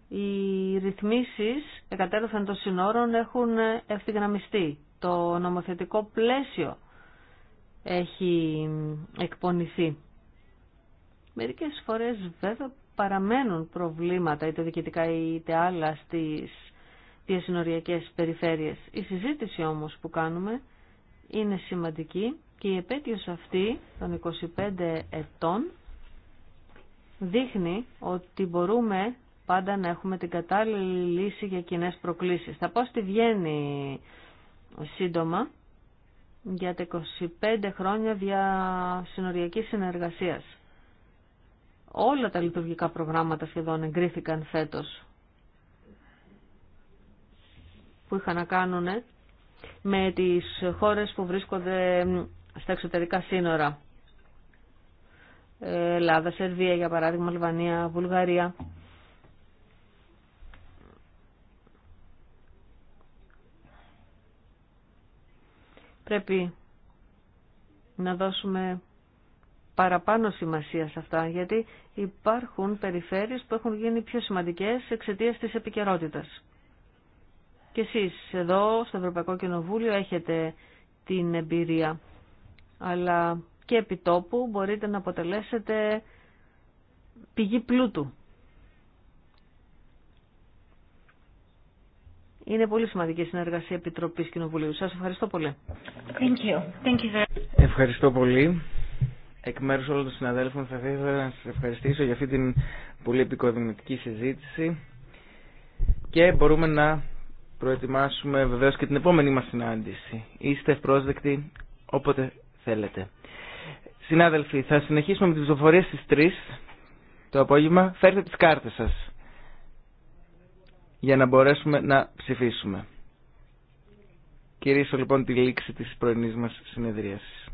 Οι ρυθμίσεις εκατέρωθεν των συνόρων έχουν ευθυγραμμιστεί. Το νομοθετικό πλαίσιο έχει εκπονηθεί. Μερικές φορές βέβαια παραμένουν προβλήματα είτε διοικητικά είτε άλλα στις διασυνοριακές περιφέρειες. Η συζήτηση όμως που κάνουμε είναι σημαντική και η επέτειος αυτή των 25 ετών δείχνει ότι μπορούμε πάντα να έχουμε την κατάλληλη λύση για κοινέ προκλήσεις. Θα πάω στη Βιέννη σύντομα για τα 25 χρόνια διασυνοριακής συνεργασίας. Όλα τα λειτουργικά προγράμματα σχεδόν εγκρίθηκαν φέτος που είχαν να κάνουν με τις χώρες που βρίσκονται στα εξωτερικά σύνορα. Ελλάδα, Σερβία για παράδειγμα, Αλβανία, Βουλγαρία. Πρέπει να δώσουμε παραπάνω σημασία σε αυτά, γιατί υπάρχουν περιφέρειες που έχουν γίνει πιο σημαντικές εξαιτίας της επικαιρότητας. Και εσείς εδώ στο Ευρωπαϊκό Κοινοβούλιο έχετε την εμπειρία. Αλλά και επί τόπου μπορείτε να αποτελέσετε πηγή πλούτου. Είναι πολύ σημαντική η συνεργασία Επιτροπής Κοινοβουλίου. Σας ευχαριστώ πολύ. Thank you. Thank you very Ευχαριστώ πολύ. Εκ μέρου όλων των συναδέλφων θα ήθελα να σας ευχαριστήσω για αυτή την πολύ επικοδομητική συζήτηση και μπορούμε να προετοιμάσουμε βεβαίως και την επόμενη μας συνάντηση. Είστε ευπρόσδεκτοι όποτε θέλετε. Συνάδελφοι, θα συνεχίσουμε με τις ψηφοφορίες στις 3 το απόγευμα. Φέρτε τις κάρτες σας για να μπορέσουμε να ψηφίσουμε. Κυρίσω λοιπόν τη λήξη της πρωινής μας συνεδρίασης.